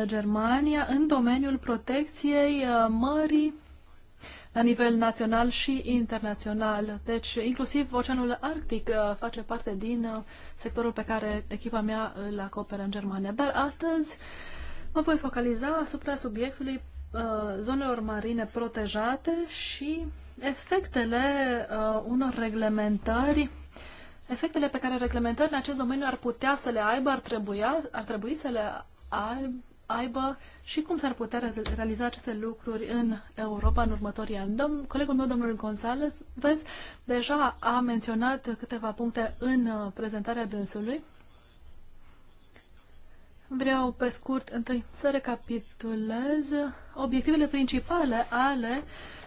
[SPEAKER 3] Germania în domeniul protecției mării la nivel național și internațional. Deci, inclusiv Oceanul Arctic uh, face parte din uh, sectorul pe care echipa mea îl acoperă în Germania. Dar astăzi mă voi focaliza asupra subiectului uh, zonelor marine protejate și efectele unor reglementări efectele pe care reglementările în acest domeniu ar putea să le aibă, ar, trebuia, ar trebui să le aibă și cum s-ar putea realiza aceste lucruri în Europa în următorii ani. Domn, colegul meu, domnul González, vezi, deja a menționat câteva puncte în uh, prezentarea dânsului. Vreau pe scurt întâi să recapitulez obiectivele principale ale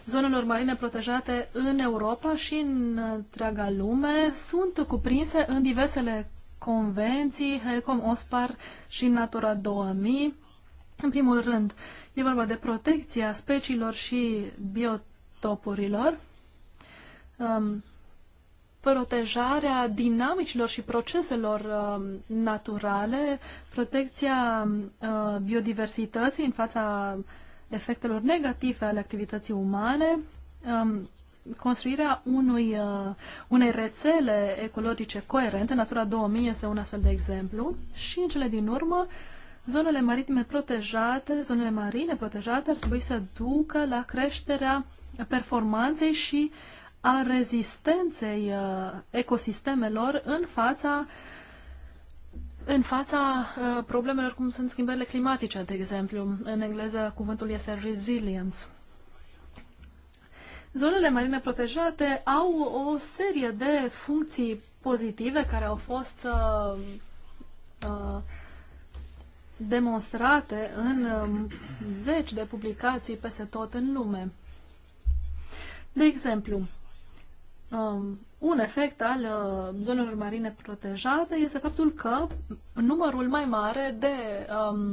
[SPEAKER 3] zonelor marine protejate în Europa și în uh, întreaga lume sunt cuprinse în diversele convenții, HELCOM, OSPAR și Natura 2000. În primul rând, e vorba de protecția speciilor și biotopurilor, um, protejarea dinamicilor și proceselor um, naturale, protecția um, biodiversității în fața efectelor negative ale activității umane, construirea unui, uh, unei rețele ecologice coerente, Natura 2000 este un astfel de exemplu, și în cele din urmă, zonele maritime protejate, zonele marine protejate ar trebui să ducă la creșterea performanței și a rezistenței uh, ecosistemelor în fața în fața uh, problemelor cum sunt schimbările climatice, de exemplu. În engleză cuvântul este resilience. Zonele marine protejate au o serie de funcții pozitive care au fost uh, uh, demonstrate în um, zeci de publicații peste tot în lume. De exemplu, um, un efect al uh, zonelor marine protejate este faptul că numărul mai mare de um,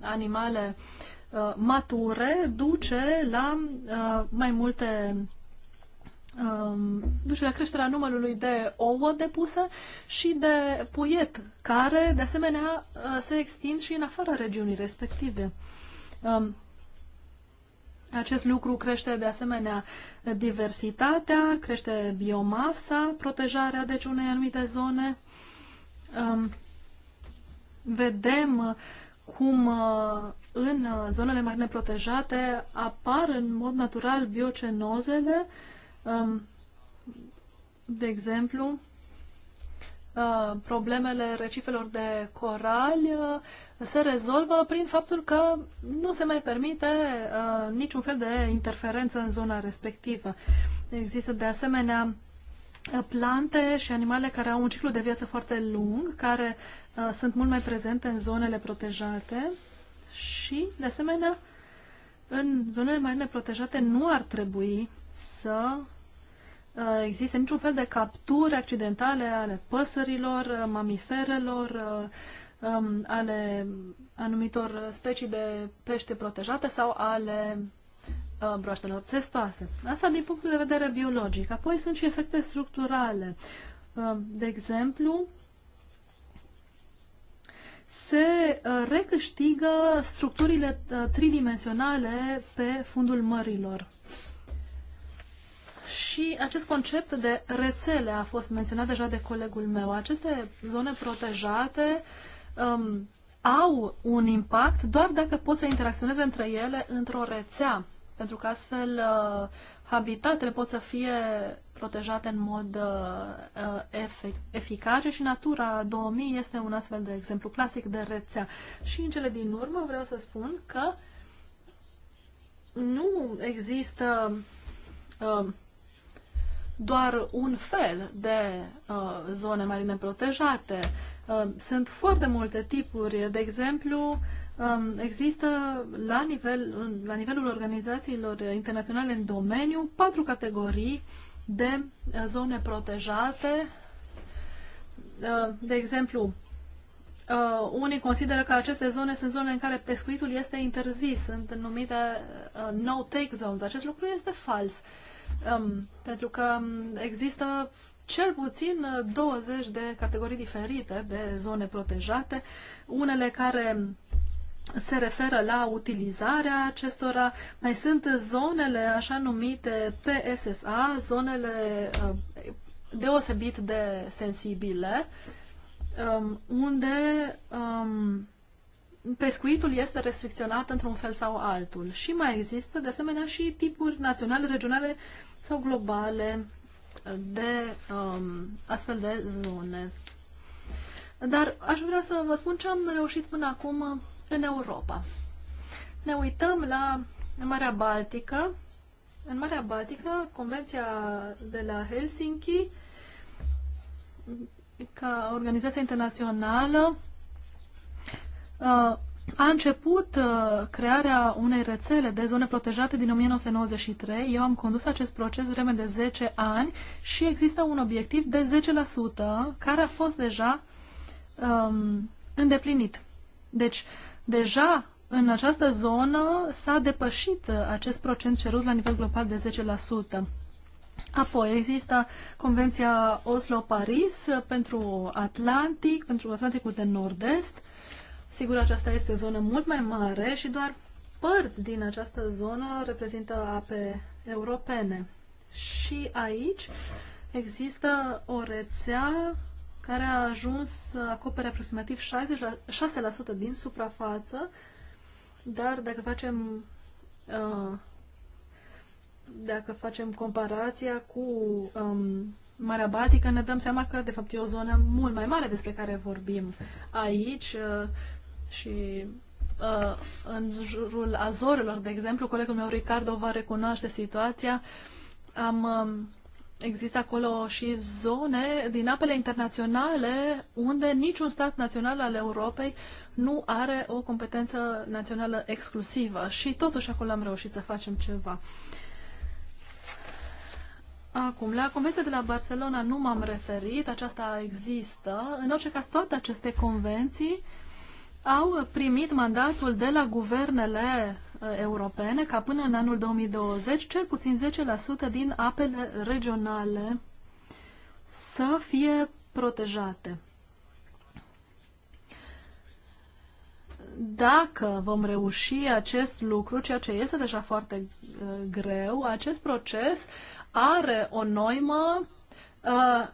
[SPEAKER 3] animale uh, mature duce la uh, mai multe um, la creșterea numărului de ouă depuse și de puiet, care, de asemenea, uh, se extind și în afara regiunii respective. Um, acest lucru crește, de asemenea, diversitatea, crește biomasa, protejarea, deci, unei anumite zone. Um, vedem uh, cum uh, în zonele mai protejate apar în mod natural biocenozele, uh, de exemplu, problemele recifelor de corali se rezolvă prin faptul că nu se mai permite niciun fel de interferență în zona respectivă. Există de asemenea plante și animale care au un ciclu de viață foarte lung, care sunt mult mai prezente în zonele protejate și, de asemenea, în zonele marine protejate nu ar trebui să Uh, există niciun fel de capturi accidentale ale păsărilor, uh, mamiferelor, uh, um, ale anumitor specii de pește protejate sau ale broaștelor testoase. Asta din punctul de vedere biologic. Apoi sunt și efecte structurale. De exemplu, se recâștigă structurile tridimensionale pe fundul mărilor. Și acest concept de rețele a fost menționat deja de colegul meu. Aceste zone protejate um, au un impact doar dacă pot să interacționeze între ele într-o rețea, pentru că astfel uh, habitatele pot să fie protejate în mod uh, uh efic eficace și Natura 2000 este un astfel de exemplu clasic de rețea. Și în cele din urmă vreau să spun că nu există uh, doar un fel de uh, zone marine protejate. Uh, sunt foarte multe tipuri. De exemplu, um, există la, nivel, la nivelul organizațiilor internaționale în domeniu patru categorii de uh, zone protejate. Uh, de exemplu, Uh, unii consideră că aceste zone sunt zone în care pescuitul este interzis, sunt numite uh, no-take zones. Acest lucru este fals. Uh, um, pentru că um, există cel puțin 20 uh, de categorii diferite de zone protejate, unele care se referă la utilizarea acestora. Mai sunt zonele așa numite PSSA, zonele uh, deosebit de sensibile, um, unde um, pescuitul este restricționat într-un fel sau altul. Și mai există, de asemenea, și tipuri naționale, regionale, sau globale de um, astfel de zone. Dar aș vrea să vă spun ce am reușit până acum în Europa. Ne uităm la Marea Baltică. În Marea Baltică, Convenția de la Helsinki, ca organizație internațională, uh, a început uh, crearea unei rețele de zone protejate din 1993. Eu am condus acest proces vreme de 10 ani și există un obiectiv de 10% care a fost deja um, îndeplinit. Deci, deja în această zonă s-a depășit acest procent cerut la nivel global de 10%. Apoi există Convenția Oslo-Paris pentru Atlantic, pentru Atlanticul de Nord-Est, uh, Sigur, aceasta este o zonă mult mai mare și doar părți din această zonă reprezintă ape europene. Și aici există o rețea care a ajuns să acopere aproximativ 60, 6% din suprafață, dar dacă facem uh, dacă facem comparația cu um, Marea Baltică, ne dăm seama că, de fapt, e o zonă mult mai mare despre care vorbim aici. Uh, și uh, în jurul Azorelor, de exemplu, colegul meu Ricardo va recunoaște situația. Am, um, există acolo și zone din apele internaționale unde niciun stat național al Europei nu are o competență națională exclusivă și totuși acolo am reușit să facem ceva. Acum, la Convenția de la Barcelona nu m-am referit, aceasta există. În orice caz, toate aceste convenții uh, au primit mandatul de la guvernele uh, europene ca până în anul 2020 cel puțin 10% din apele regionale să fie protejate. Dacă vom reuși acest lucru, ceea ce este deja foarte uh, greu, acest proces are o noimă uh,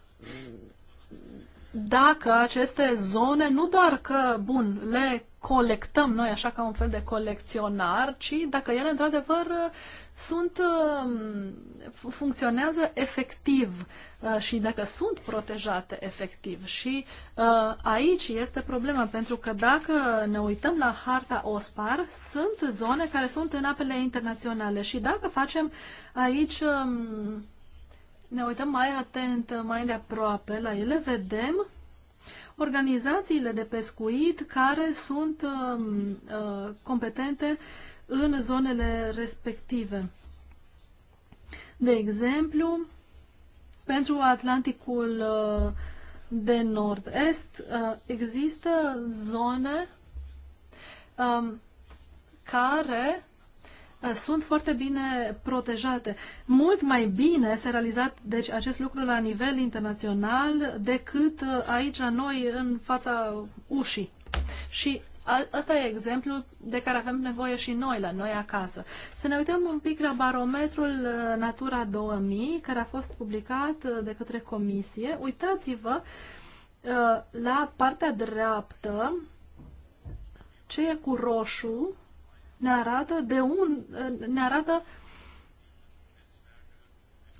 [SPEAKER 3] dacă aceste zone, nu doar că, bun, le colectăm noi așa ca un fel de colecționar, ci dacă ele, într-adevăr, sunt, um, funcționează efectiv uh, și dacă sunt protejate efectiv. Și uh, aici este problema, pentru că dacă ne uităm la harta OSPAR, sunt zone care sunt în apele internaționale și dacă facem aici um, ne uităm mai atent, mai de aproape la ele, vedem organizațiile de pescuit care sunt um, uh, competente în zonele respective. De exemplu, pentru Atlanticul uh, de nord-est uh, există zone um, care sunt foarte bine protejate. Mult mai bine s-a realizat deci, acest lucru la nivel internațional decât uh, aici la noi în fața ușii. Și Asta e exemplul de care avem nevoie și noi, la noi acasă. Să ne uităm un pic la barometrul uh, Natura 2000, care a fost publicat uh, de către comisie. Uitați-vă la partea dreaptă ce e cu roșu ne arată de un, ne arată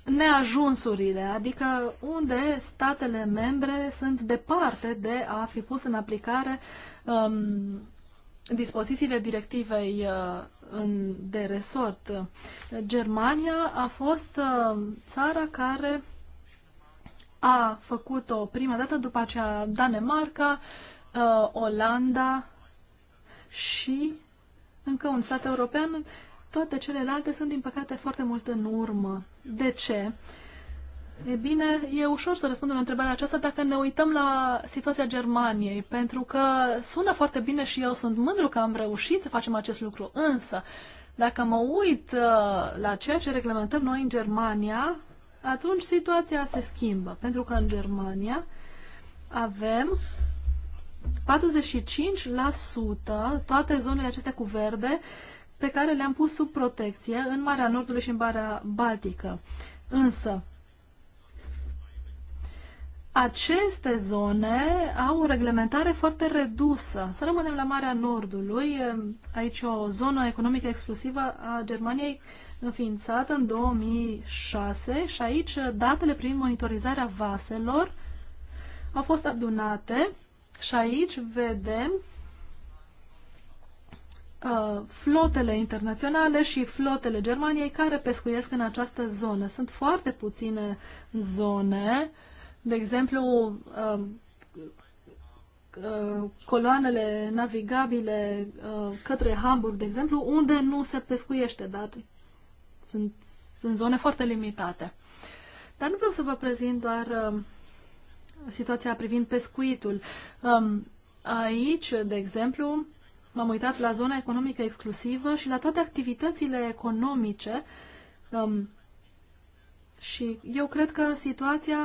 [SPEAKER 3] neajunsurile, adică unde statele membre sunt departe de a fi pus în aplicare um, dispozițiile directivei uh, în, de resort. Germania a fost uh, țara care a făcut-o prima dată, după aceea Danemarca, uh, Olanda și încă un stat european, toate celelalte sunt, din păcate, foarte mult în urmă. De ce? E bine, e ușor să răspundem la întrebarea aceasta dacă ne uităm la situația Germaniei, pentru că sună foarte bine și eu sunt mândru că am reușit să facem acest lucru, însă dacă mă uit uh, la ceea ce reglementăm noi în Germania, atunci situația se schimbă, pentru că în Germania avem 45% toate zonele acestea cu verde pe care le-am pus sub protecție în Marea Nordului și în Marea Baltică. Însă, aceste zone au o reglementare foarte redusă. Să rămânem la Marea Nordului, aici o zonă economică exclusivă a Germaniei înființată în 2006 și aici datele prin monitorizarea vaselor au fost adunate și aici vedem uh, flotele internaționale și flotele Germaniei care pescuiesc în această zonă. Sunt foarte puține zone, de exemplu, uh, uh coloanele navigabile uh, către Hamburg, de exemplu, unde nu se pescuiește, dar sunt, sunt zone foarte limitate. Dar nu vreau să vă prezint doar uh, situația privind pescuitul. Um, aici, de exemplu, m-am uitat la zona economică exclusivă și la toate activitățile economice um, și eu cred că situația,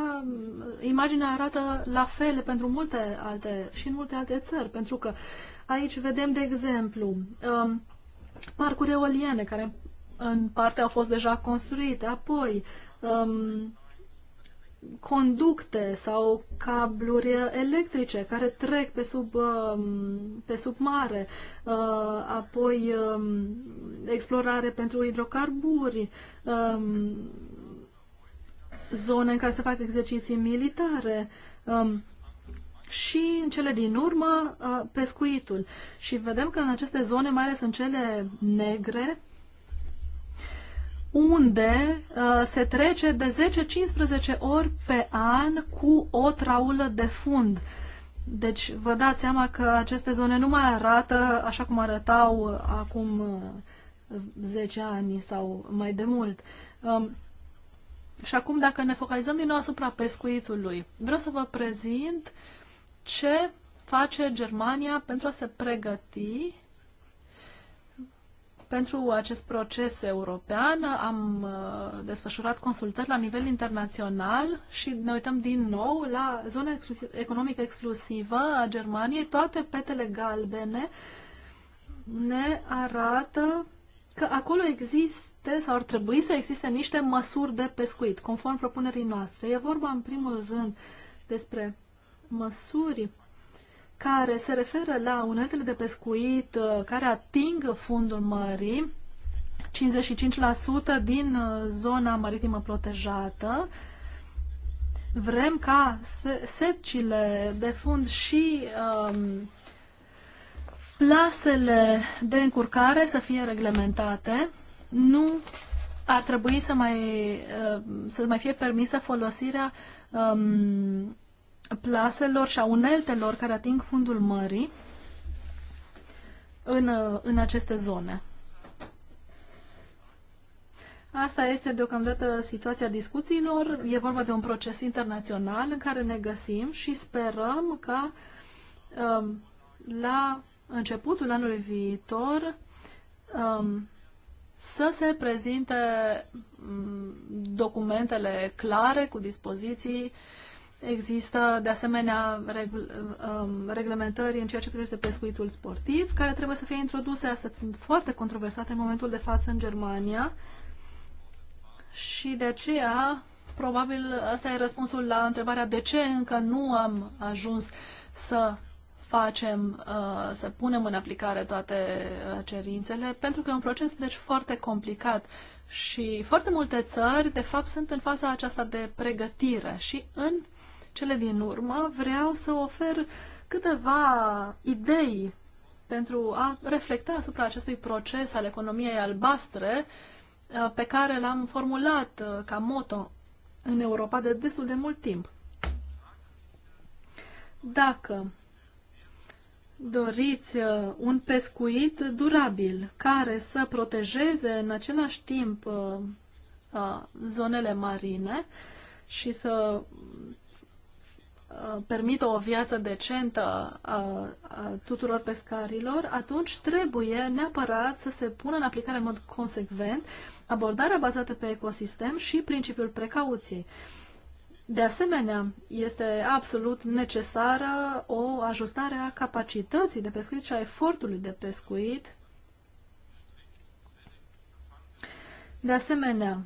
[SPEAKER 3] imaginea arată la fel pentru multe alte, și în multe alte țări, pentru că aici vedem, de exemplu, um, parcuri eoliene care în parte au fost deja construite, apoi um, conducte sau cabluri electrice care trec pe sub, um, pe sub mare, uh, apoi um, explorare pentru hidrocarburi, um, zone în care se fac exerciții militare și în cele din urmă uh, pescuitul. Și vedem că în aceste zone, mai ales în cele negre, unde uh, se trece de 10-15 ori pe an cu o traulă de fund. Deci vă dați seama că aceste zone nu mai arată așa cum arătau uh, acum 10 uh, ani sau mai de mult. Um, și acum dacă ne focalizăm din nou asupra pescuitului, vreau să vă prezint ce face Germania pentru a se pregăti pentru acest proces european. Am uh, desfășurat consultări la nivel internațional și ne uităm din nou la zona economică exclusivă a Germaniei. Toate petele galbene ne arată că acolo există sau ar trebui să existe niște măsuri de pescuit, conform propunerii noastre. E vorba, în primul rând, despre măsuri care se referă la uneltele de pescuit uh, care ating fundul mării, 55% din uh, zona maritimă protejată. Vrem ca secile de fund și um, plasele de încurcare să fie reglementate. Nu ar trebui să mai, uh, să mai fie permisă folosirea um, plaselor și a uneltelor care ating fundul mării în, uh, în aceste zone. Asta este deocamdată situația discuțiilor. E vorba de un proces internațional în care ne găsim și sperăm ca um, la începutul anului viitor um, să se prezinte um, documentele clare cu dispoziții uh, Există, de asemenea, regl um, reglementări în ceea ce privește pescuitul sportiv, care trebuie să fie introduse, astea sunt foarte controversate în momentul de față în Germania și de aceea, probabil, asta e răspunsul la întrebarea de ce încă nu am ajuns să facem, uh, să punem în aplicare toate uh, cerințele, pentru că e un proces, deci, foarte complicat și foarte multe țări, de fapt, sunt în faza aceasta de pregătire și în cele din urmă, vreau să ofer câteva idei pentru a reflecta asupra acestui proces al economiei albastre uh, pe care l-am formulat uh, ca moto în Europa de destul de mult timp. Dacă doriți uh, un pescuit durabil care să protejeze în același timp zonele marine și să Uh, permită o viață decentă a, uh, a tuturor pescarilor, atunci trebuie neapărat să se pună în aplicare în mod consecvent abordarea bazată pe ecosistem și principiul precauției. De asemenea, este absolut necesară o ajustare a capacității de pescuit și a efortului de pescuit. De asemenea,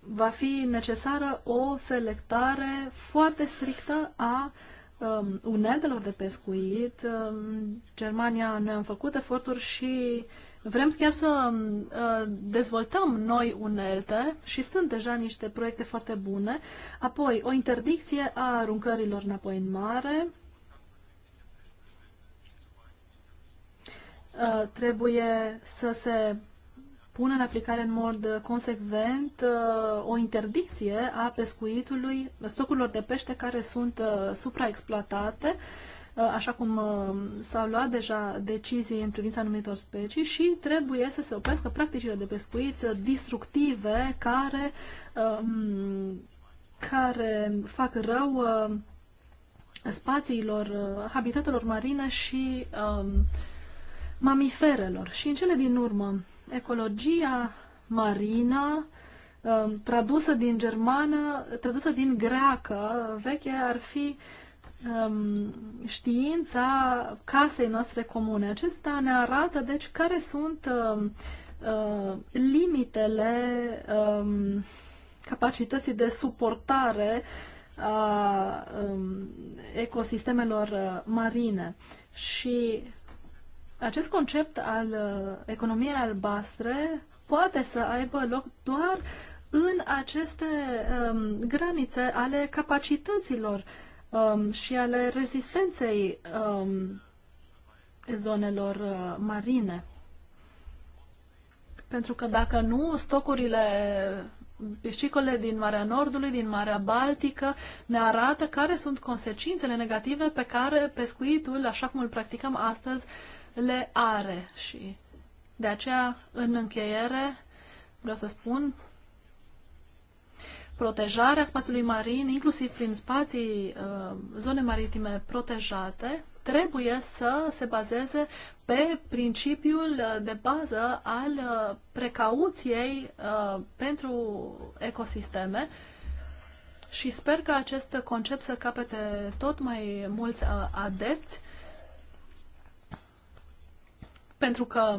[SPEAKER 3] va fi necesară o selectare foarte strictă a um, uneltelor de pescuit. Um, Germania, noi am făcut eforturi și vrem chiar să um, uh, dezvoltăm noi unelte și sunt deja niște proiecte foarte bune. Apoi, o interdicție a aruncărilor înapoi în mare. Uh, trebuie să se pune în aplicare în mod consecvent uh, o interdicție a pescuitului, stocurilor de pește care sunt uh, supraexploatate, uh, așa cum s-au luat deja decizii în privința anumitor specii și trebuie să se oprească practicile de pescuit destructive care, care fac rău spațiilor, habitatelor marine și um, mamiferelor. Și în cele din urmă, ecologia marina, um, tradusă din germană, tradusă din greacă, veche, ar fi um, știința casei noastre comune. Acesta ne arată, deci, care sunt um, uh, limitele capacității de suportare a ecosistemelor uh, marine. Și acest concept al uh, economiei albastre poate să aibă loc doar în aceste um, granițe ale capacităților um, și ale rezistenței um, zonelor uh, marine. Pentru că dacă nu, stocurile piscicole din Marea Nordului, din Marea Baltică, ne arată care sunt consecințele negative pe care pescuitul, așa cum îl practicăm astăzi, uh, le are și de aceea, în încheiere, vreau să spun, protejarea spațiului marin, inclusiv prin spații, uh, zone maritime protejate, trebuie să se bazeze pe principiul uh, de bază al uh, precauției pentru ecosisteme și sper că acest concept să capete tot mai mulți adepți pentru că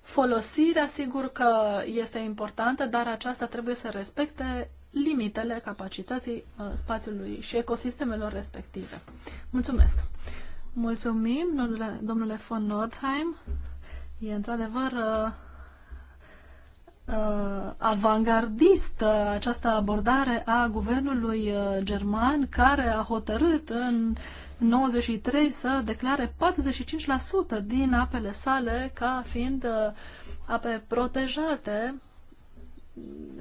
[SPEAKER 3] folosirea sigur că este importantă, dar aceasta trebuie să respecte limitele capacității uh, spațiului și ecosistemelor respective. Mulțumesc! Mulțumim, domnule, domnule von Nordheim. E într-adevăr uh, uh, avangardist uh, această abordare a guvernului uh, german care a hotărât în uh, 93 să declare 45% din apele sale ca fiind uh, ape protejate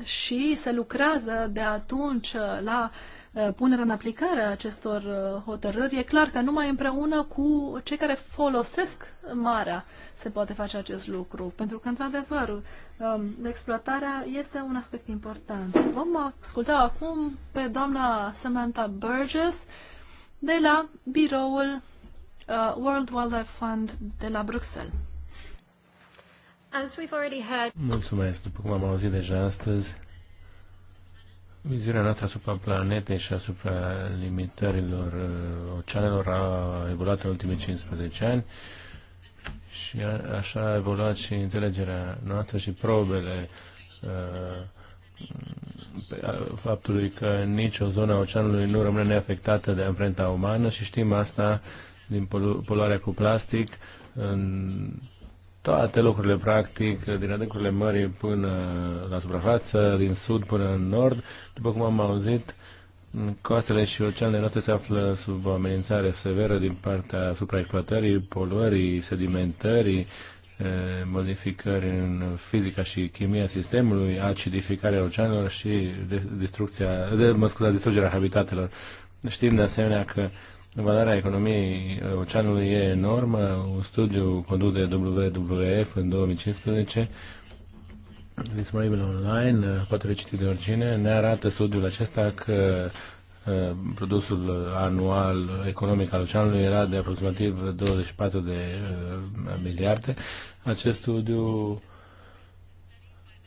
[SPEAKER 3] și se lucrează de atunci uh, la uh, punerea în aplicare a acestor hotărâri. E clar că numai împreună cu cei care folosesc marea se poate face acest lucru, pentru că, într-adevăr, um, exploatarea este un aspect important. Vom asculta acum pe doamna Samantha Burgess, de la biroul uh, World Wildlife Fund de la Bruxelles. As we've already heard...
[SPEAKER 2] Mulțumesc, după cum am auzit deja astăzi, Viziunea noastră asupra planetei și asupra limitărilor uh, oceanelor a evoluat în ultimii 15 ani și a, așa a evoluat și înțelegerea noastră și probele uh, faptului că nicio zonă a oceanului nu rămâne neafectată de amprenta umană și știm asta din poluarea cu plastic în toate locurile, practic, din adâncurile mării până la suprafață, din sud până în nord. După cum am auzit, coastele și oceanele noastre se află sub o amenințare severă din partea supraexploatării, poluării, sedimentării, modificări în fizica și chimia sistemului, acidificarea oceanelor și destrucția, de, mă scuza, distrugerea habitatelor. Știm de asemenea că valoarea economiei oceanului e enormă. Un studiu condus de WWF în 2015 disponibil online, poate fi citit de oricine, ne arată studiul acesta că Eh, produsul anual economic al oceanului era de aproximativ 24 de eh, miliarde. Acest studiu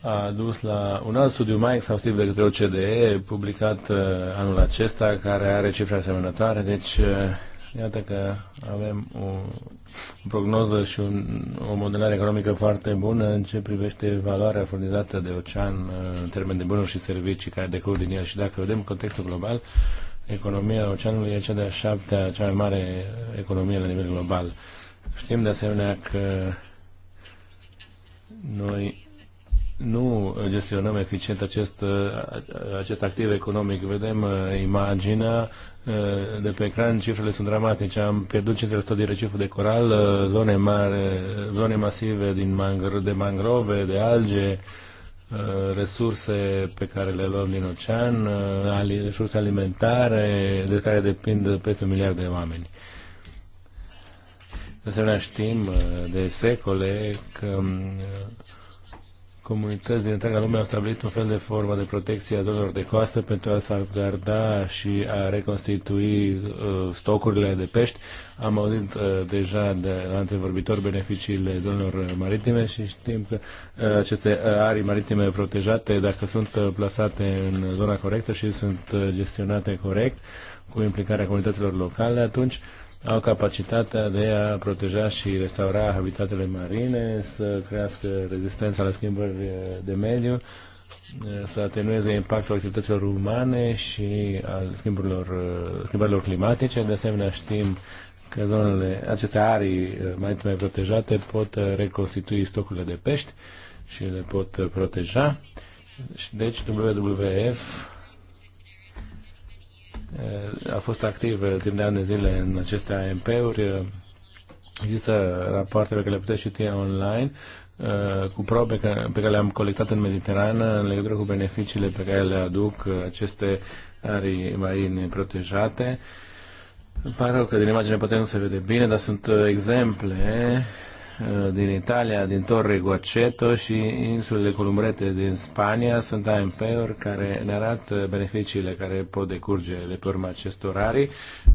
[SPEAKER 2] a dus la un alt studiu mai exhaustiv de către OCDE, publicat eh, anul acesta, care are cifre asemănătoare, deci Iată că avem o prognoză și un, o modelare economică foarte bună în ce privește valoarea furnizată de ocean uh, în termen de bunuri și servicii care decurg din el. Și dacă vedem contextul global, economia oceanului e cea de-a șaptea, cea mai mare economie la nivel global. Știm de asemenea că noi nu gestionăm eficient acest, acest activ economic. Vedem uh, imaginea uh, de pe ecran, cifrele sunt dramatice. Am pierdut 500 de recifuri de coral, uh, zone mari, zone masive din mangro, de mangrove, de alge, resurse pe care le luăm din ocean, resurse alimentare, de care depind peste un miliard de oameni. De asemenea, știm de secole că comunități din întreaga lume au stabilit un fel de formă de protecție a zonelor de coastă pentru a salvgarda și a reconstitui uh, stocurile de pești. Am auzit uh, deja de la antevorbitor beneficiile zonelor maritime și știm că uh, aceste arii maritime protejate, dacă sunt uh, plasate în zona corectă și sunt uh, gestionate corect, cu implicarea comunităților locale, atunci uh, au capacitatea de a proteja și restaura habitatele marine, să crească rezistența la schimbări de mediu, să atenueze impactul activităților umane și al schimburilor, schimbărilor climatice. De asemenea, știm că zonele, aceste arii mai, mai protejate pot reconstitui stocurile de pești și le pot proteja. Deci WWF Eh, a fost activ eh, timp de ani de zile în aceste AMP-uri. Eh, există rapoarte pe care le puteți citi online cu probe pe care le-am colectat în Mediterană în legătură cu beneficiile pe care le aduc aceste arii marine protejate. Îmi pare că din imagine poate nu se vede bine, dar sunt exemple Uh, din Italia, din Torre Guaceto și insulele Columbrete din Spania sunt AMP-uri care ne arată beneficiile care pot decurge de pe urma acestor arii.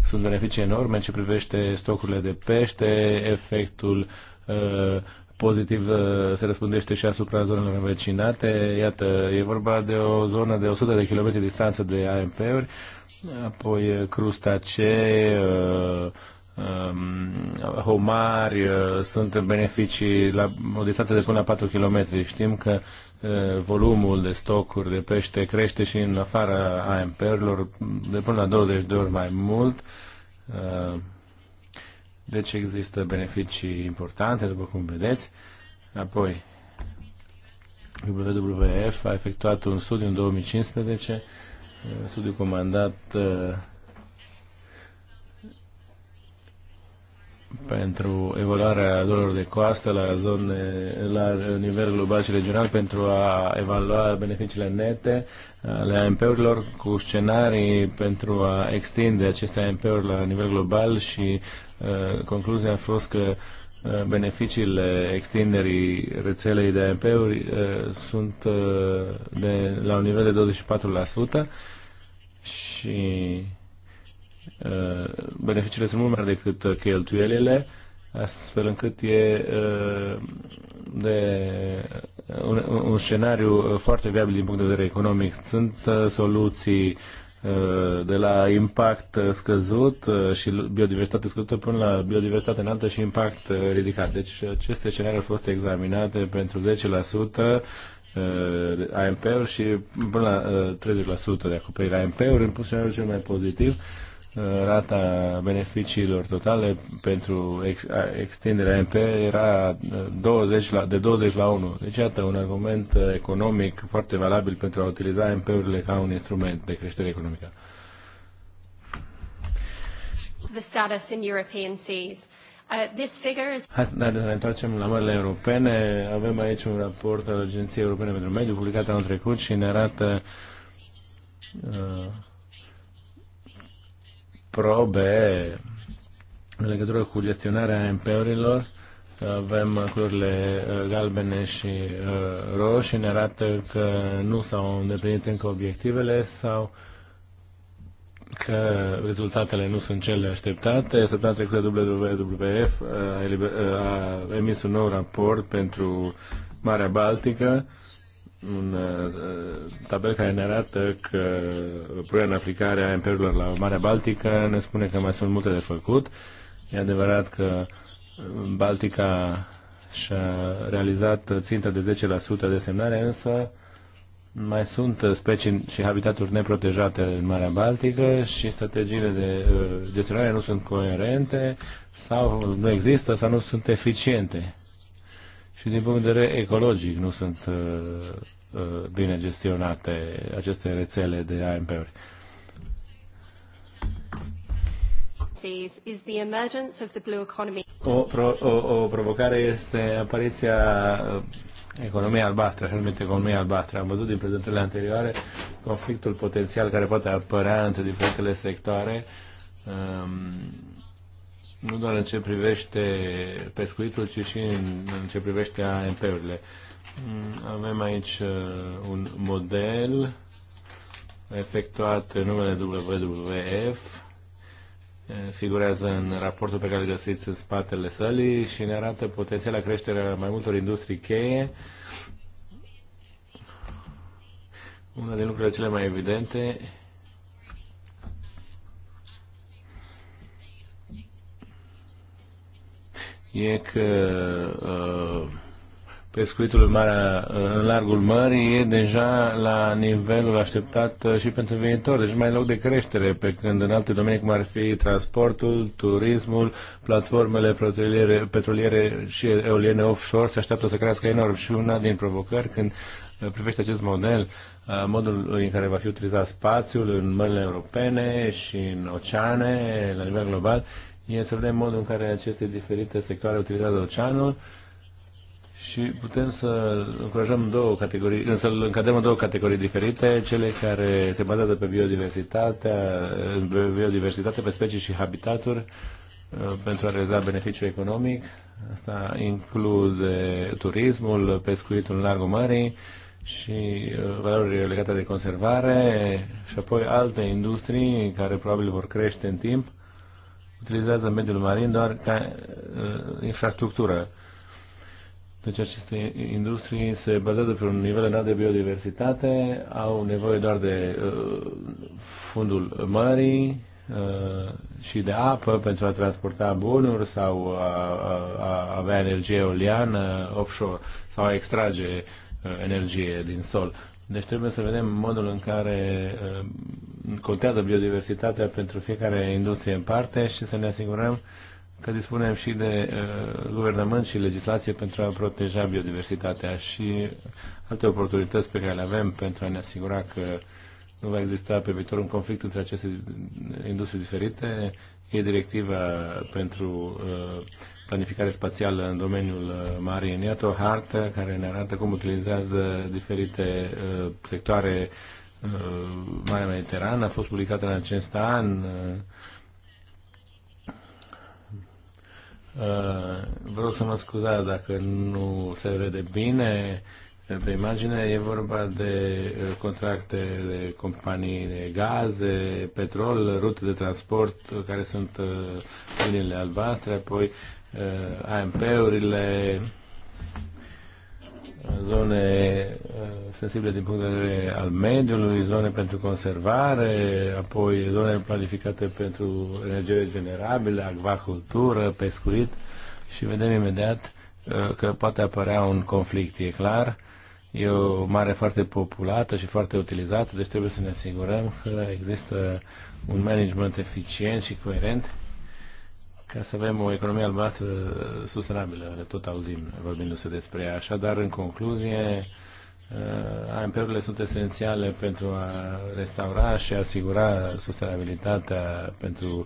[SPEAKER 2] Sunt beneficii enorme în ce privește stocurile de pește, efectul uh, pozitiv uh, se răspundește și asupra zonelor învecinate. Iată, e vorba de o zonă de 100 de km distanță de AMP-uri, apoi uh, crustacee, Um, homari, uh, sunt beneficii la o distanță de până la 4 km. Știm că uh, volumul de stocuri de pește crește și în afara AMP-urilor de până la 20 de ori mai mult. Uh, deci există beneficii importante, după cum vedeți. Apoi, WWF a efectuat un studiu în 2015, studiu comandat pentru evaluarea lor de coastă la zone, la nivel global și regional pentru a evalua beneficiile nete ale AMP-urilor cu scenarii pentru a extinde aceste AMP-uri la nivel global și uh, concluzia a fost că uh, beneficiile extinderii rețelei de AMP-uri uh, sunt uh, de, la un nivel de 24% și Uh, beneficiile sunt mult mai mari decât uh, cheltuielile, astfel încât e uh, de un, un scenariu foarte viabil din punct de vedere economic. Sunt soluții de la impact scăzut și biodiversitate scăzută până la biodiversitate înaltă și impact ridicat. Deci aceste scenarii au fost examinate pentru 10% AMP-uri și până la 30% de acoperire AMP-uri, în scenariul cel mai pozitiv Uh, rata beneficiilor totale pentru ex, extinderea MP era 20 uh, la, de 20 la 1. Deci, iată, un argument uh, economic foarte valabil pentru a utiliza MP-urile ca un instrument de creștere economică.
[SPEAKER 5] The status in European seas.
[SPEAKER 2] să ne întoarcem la mările europene. Avem aici un raport al Agenției Europene pentru Mediu publicat anul trecut și ne arată uh, probe în legătură cu gestionarea MP-urilor. Avem culorile uh, galbene și uh, roșii, ne arată că nu s-au îndeplinit încă obiectivele sau că rezultatele nu sunt cele așteptate. Săptămâna trecută WWF uh, a, emis un nou raport pentru Marea Baltică un uh, tabel care ne arată că punerea în aplicare a imperiilor la Marea Baltică ne spune că mai sunt multe de făcut. E adevărat că Baltica și-a realizat ținta de 10% de semnare, însă mai sunt specii și habitaturi neprotejate în Marea Baltică și strategiile de uh, gestionare nu sunt coerente sau nu există sau nu sunt eficiente și din punct de vedere ecologic nu sunt uh, uh, bine gestionate aceste rețele de AMP-uri. O, pro, o, o provocare este apariția uh, economiei albastre, așa numită economia albastră. Am văzut din prezentările anterioare conflictul potențial care poate apărea între diferitele sectoare um, nu doar în ce privește pescuitul, ci și în, în ce privește AMP-urile. Mm, avem aici uh, un model efectuat în numele WWF, uh, figurează în raportul pe care îl găsiți în spatele sălii și ne arată potențiala creșterea mai multor industrii cheie. Una din lucrurile cele mai evidente e că ă, pescuitul în, marea, în largul mării e deja la nivelul așteptat ă, și pentru viitor, deci mai loc de creștere, pe când în alte domenii, cum ar fi transportul, turismul, platformele petroliere, petroliere și eoliene offshore, se așteaptă să crească enorm. Și una din provocări când ă, privește acest model, modul în care va fi utilizat spațiul în mările europene și în oceane, la nivel global, e să vedem modul în care aceste diferite sectoare utilizează oceanul și putem să încurajăm două categorii, să încadrăm în două categorii diferite, cele care se bazează pe biodiversitatea, pe biodiversitate, pe specii și habitaturi, pentru a realiza beneficiu economic. Asta include turismul, pescuitul în largul mării și uh, valorile legate de conservare și apoi alte industrii care probabil vor crește în timp utilizează mediul marin doar ca uh, infrastructură. Deci aceste industrii se bazează pe un nivel înalt de biodiversitate, au nevoie doar de uh, fundul mării uh, și de apă pentru a transporta bunuri sau a, a, a avea energie eoliană offshore sau a extrage uh, energie din sol. Deci trebuie să vedem modul în care uh, contează biodiversitatea pentru fiecare industrie în parte și să ne asigurăm că dispunem și de uh, guvernământ și legislație pentru a proteja biodiversitatea și alte oportunități pe care le avem pentru a ne asigura că nu va exista pe viitor un conflict între aceste industrie diferite. E directiva pentru uh, planificare spațială în domeniul uh, marin. Iată o hartă care ne arată cum utilizează diferite uh, sectoare uh, Uh, Marea Mediterană a fost publicată în acest an. Uh, uh, vreau să mă scuzați dacă nu se vede bine pe imagine. E vorba de contracte de companii de gaze, petrol, rute de transport, care sunt liniile albastre, apoi AMP-urile, zone uh, sensibile din punct de vedere al mediului, zone pentru conservare, apoi zone planificate pentru energie regenerabilă, acvacultură, pescuit și vedem imediat uh, că poate apărea un conflict, e clar. E o mare foarte populată și foarte utilizată, deci trebuie să ne asigurăm că există un management eficient și coerent ca să avem o economie albastră sustenabilă, tot auzim vorbindu-se despre ea. Așadar, în concluzie, uh, AMP-urile sunt esențiale pentru a restaura și asigura sustenabilitatea pentru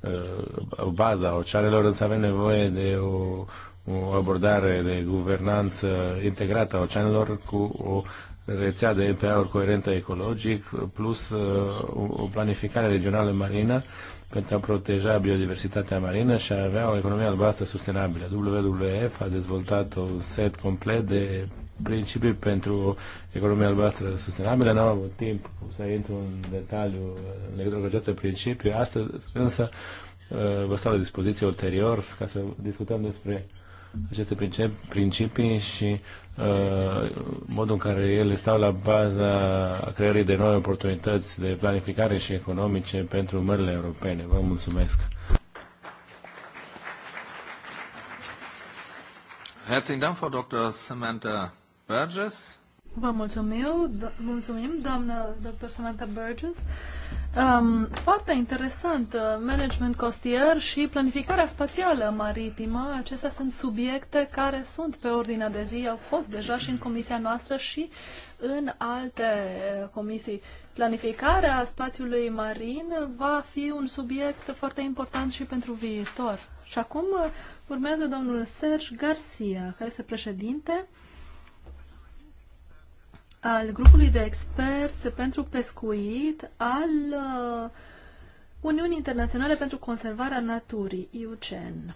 [SPEAKER 2] uh, baza oceanelor, însă avem nevoie de o, o abordare de guvernanță integrată a oceanelor cu o rețea de mpa uri coerentă ecologic, plus uh, o planificare regională marină, uh, pentru a proteja biodiversitatea marină și a avea o economie albastră sustenabilă. WWF a dezvoltat un set complet de principii pentru economia economie albastră sustenabilă. N-am avut timp să intru în detaliu în legătură cu aceste principii. Astăzi, însă, uh, vă stau la dispoziție ulterior ca să discutăm despre aceste principii și Uh, modul în care ele stau la baza creării de noi oportunități de planificare și economice pentru mările europene. Vă mulțumesc!
[SPEAKER 1] Herzlichen Dank, Frau Dr. Samantha Burgess.
[SPEAKER 3] Vă mulțumim, do- mulțumim doamnă dr. Samantha Burgess. Um, foarte interesant, uh, management costier și planificarea spațială maritimă, acestea sunt subiecte care sunt pe ordinea de zi, au fost deja și în comisia noastră și în alte uh, comisii. Planificarea spațiului marin va fi un subiect foarte important și pentru viitor. Și acum uh, urmează domnul Serge Garcia, care este președinte al grupului de experți pentru pescuit al uh, Uniunii Internaționale pentru Conservarea Naturii, IUCN.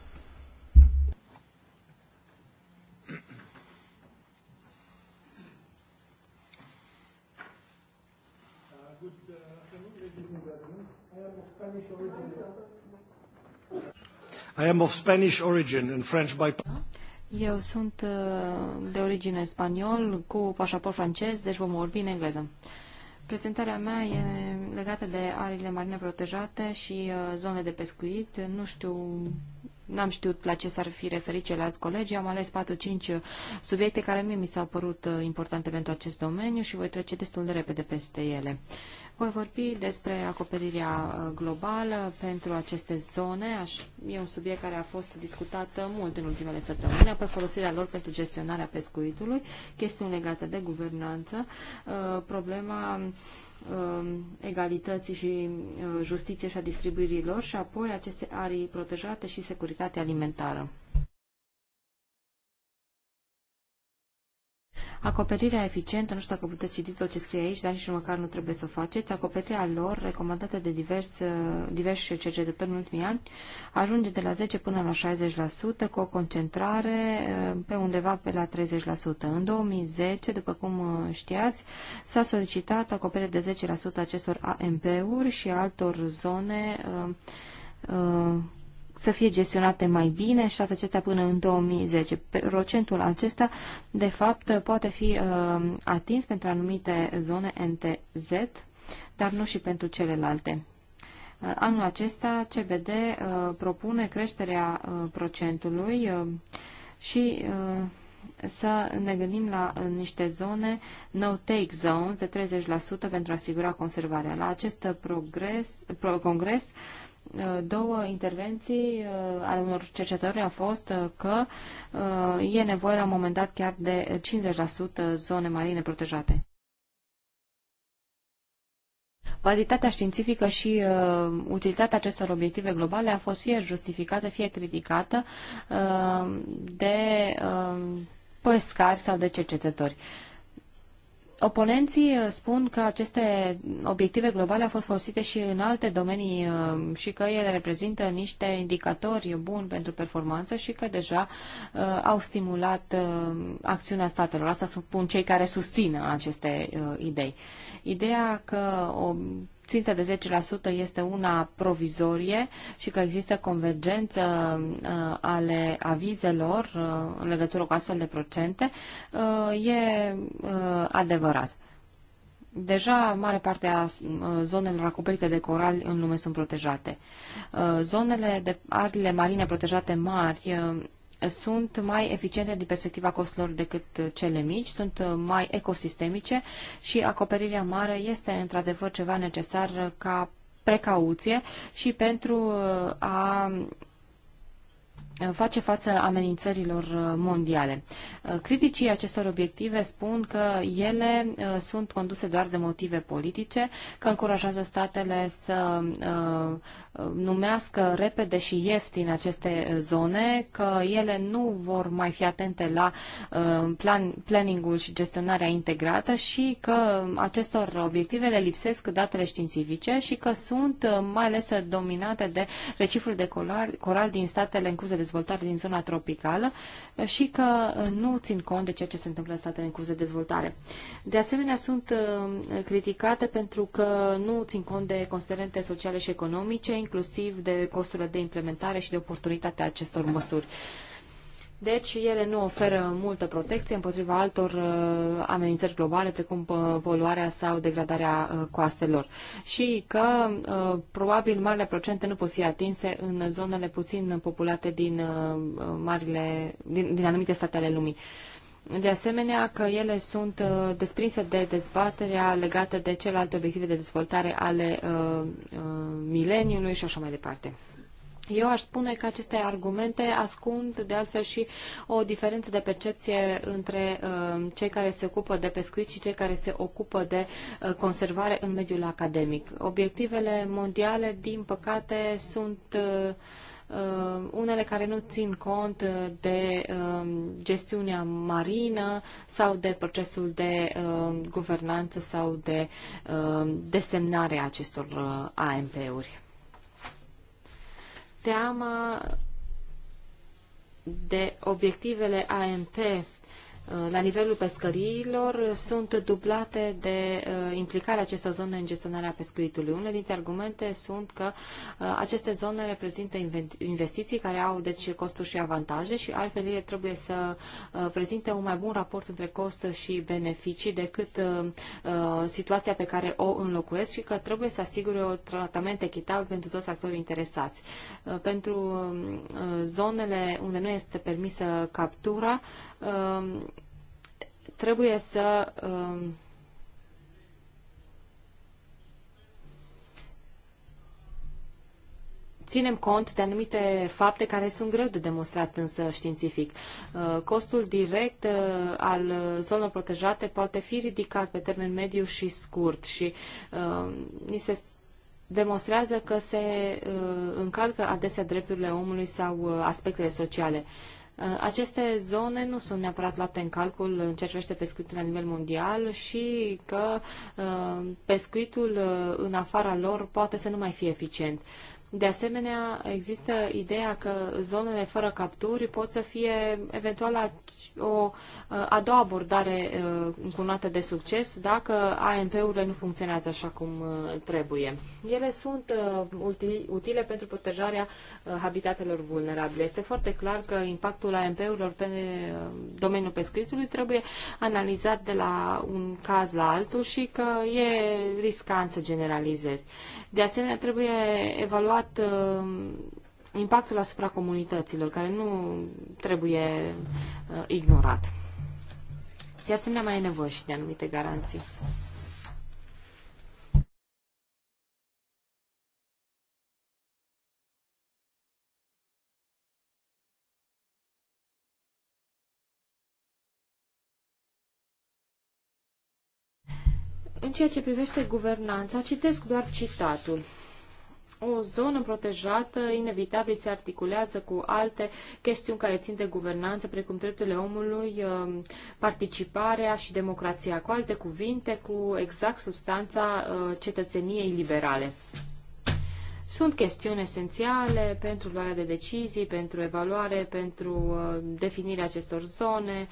[SPEAKER 4] I am of Spanish origin and French by
[SPEAKER 5] eu sunt uh, de origine spaniol, cu pașaport francez, deci vom vorbi în engleză. Prezentarea mea e legată de arile marine protejate și uh, zone de pescuit. Nu știu, n-am știut la ce s-ar fi referit ceilalți colegi. Am ales 4-5 uh, subiecte care mie mi s-au părut importante pentru acest domeniu și voi trece destul de repede peste ele. Uh, voi vorbi despre acoperirea uh, globală pentru aceste zone. Aș, e un subiect care a fost discutat uh, mult în ultimele săptămâni, pe folosirea lor pentru gestionarea pescuitului, chestiuni legate de guvernanță, uh, problema um, egalității și justiție și a distribuirilor și apoi aceste arii protejate și securitatea alimentară. Acoperirea eficientă, nu știu dacă puteți citi tot ce scrie aici, dar nici măcar nu trebuie să o faceți, acoperirea lor, recomandată de divers, uh, diversi cercetători în ultimii ani, ajunge de la 10 până la 60%, cu o concentrare uh, pe undeva pe la 30%. În 2010, după cum uh, știați, s-a solicitat acoperire de 10% acestor AMP-uri și altor zone uh, uh, să fie gestionate mai bine și toate acestea până în 2010. Procentul acesta, de fapt, poate fi uh, atins pentru anumite zone NTZ, dar nu și pentru celelalte. Uh, anul acesta, CBD uh, propune creșterea uh, procentului uh, și uh, să ne gândim la uh, niște zone no-take zones de 30% pentru a asigura conservarea. La acest uh, progres, pro, congres, uh, Uh, două intervenții uh, ale unor cercetători a fost uh, că e nevoie la un moment dat chiar de 50% zone marine protejate. Validitatea științifică și uh, utilitatea acestor obiective globale a fost fie justificată, fie criticată uh, de uh, pescari sau de cercetători. Uh, Oponenții uh, spun că aceste obiective globale au fost folosite și în alte domenii uh, și că ele reprezintă niște indicatori buni pentru performanță și că deja uh, au stimulat acțiunea statelor. Asta spun cei care susțin aceste idei. Ideea că o ținta de 10% este una provizorie și că există convergență uh, ale avizelor uh, în legătură cu astfel de procente, uh, e adevărat. Deja mare parte a zonelor acoperite de corali în lume sunt protejate. Zonele de arile marine protejate mari sunt mai eficiente din perspectiva costurilor decât cele mici, sunt mai ecosistemice și acoperirea mare este într-adevăr ceva necesar ca precauție și pentru a face față amenințărilor uh, mondiale. Uh, criticii acestor obiective spun că ele uh, sunt conduse doar de motive politice, că încurajează statele să numească repede și ieftin aceste zone, că ele nu vor mai fi atente la plan, planning-ul și gestionarea integrată și că acestor obiective le lipsesc datele științifice și că sunt mai ales dominate de reciful de coral, coral din statele în curs de dezvoltare din zona tropicală eh, și că eh, nu țin cont de ceea ce se întâmplă în statele în curs de dezvoltare. De asemenea, sunt eh, criticate pentru că nu țin cont de considerente sociale și economice, inclusiv de costurile de implementare și de oportunitatea acestor măsuri. Deci ele nu oferă multă protecție împotriva altor uh, amenințări globale, precum uh, poluarea sau degradarea uh, coastelor. Și că uh, probabil marile procente nu pot fi atinse în zonele puțin populate din, uh, marile, din, din anumite state ale lumii. De asemenea că ele sunt uh, desprinse de dezbaterea legată de celelalte obiective de dezvoltare ale uh, uh, mileniului și așa mai departe. Eu aș spune că aceste argumente ascund de altfel și o diferență de percepție între uh, cei care se ocupă de pescuit și cei care se ocupă de uh, conservare în mediul academic. Obiectivele mondiale, din păcate, sunt uh, uh unele care nu țin cont uh, de uh, gestiunea marină sau de procesul de guvernanță sau de desemnare acestor AMP-uri teama de obiectivele AMP la nivelul pescăriilor sunt dublate de uh, implicarea acestor zone în gestionarea pescuitului. Unele dintre argumente sunt că uh, aceste zone reprezintă investiții care au deci costuri și avantaje și altfel ele trebuie să uh, prezinte un mai bun raport între cost și beneficii decât situația pe care o înlocuiesc și că trebuie să asigure o tratament echitabil pentru toți actorii interesați. Pentru um, zonele unde nu este permisă captura, Um, trebuie să um, ținem cont de anumite fapte care sunt greu de demonstrat însă științific. Uh, costul direct uh, al zonelor protejate poate fi ridicat pe termen mediu și scurt și um, ni se demonstrează că se uh, încalcă adesea drepturile omului sau aspectele sociale. Uh, aceste zone nu sunt neapărat luate în calcul în ceea ce privește pescuitul la nivel mondial și că uh, pescuitul uh, în afara lor poate să nu mai fie eficient. De asemenea, există ideea că zonele fără capturi pot să fie eventual o a doua abordare încunată de succes dacă AMP-urile nu funcționează așa cum trebuie. Ele sunt utile pentru protejarea habitatelor vulnerabile. Este foarte clar că impactul AMP-urilor pe domeniul pescuitului trebuie analizat de la un caz la altul și că e riscant să generalizezi. De asemenea, trebuie evaluat uh, impactul asupra comunităților, care nu trebuie uh, ignorat. De asemenea, mai e nevoie și de anumite garanții. În ceea ce privește guvernanța, citesc doar citatul o zonă protejată inevitabil se articulează cu alte chestiuni care țin de guvernanță, precum drepturile omului, um, participarea și democrația. Cu alte cuvinte, cu exact substanța uh, cetățeniei liberale. Sunt chestiuni esențiale pentru luarea de decizii, pentru evaluare, pentru uh, definirea acestor zone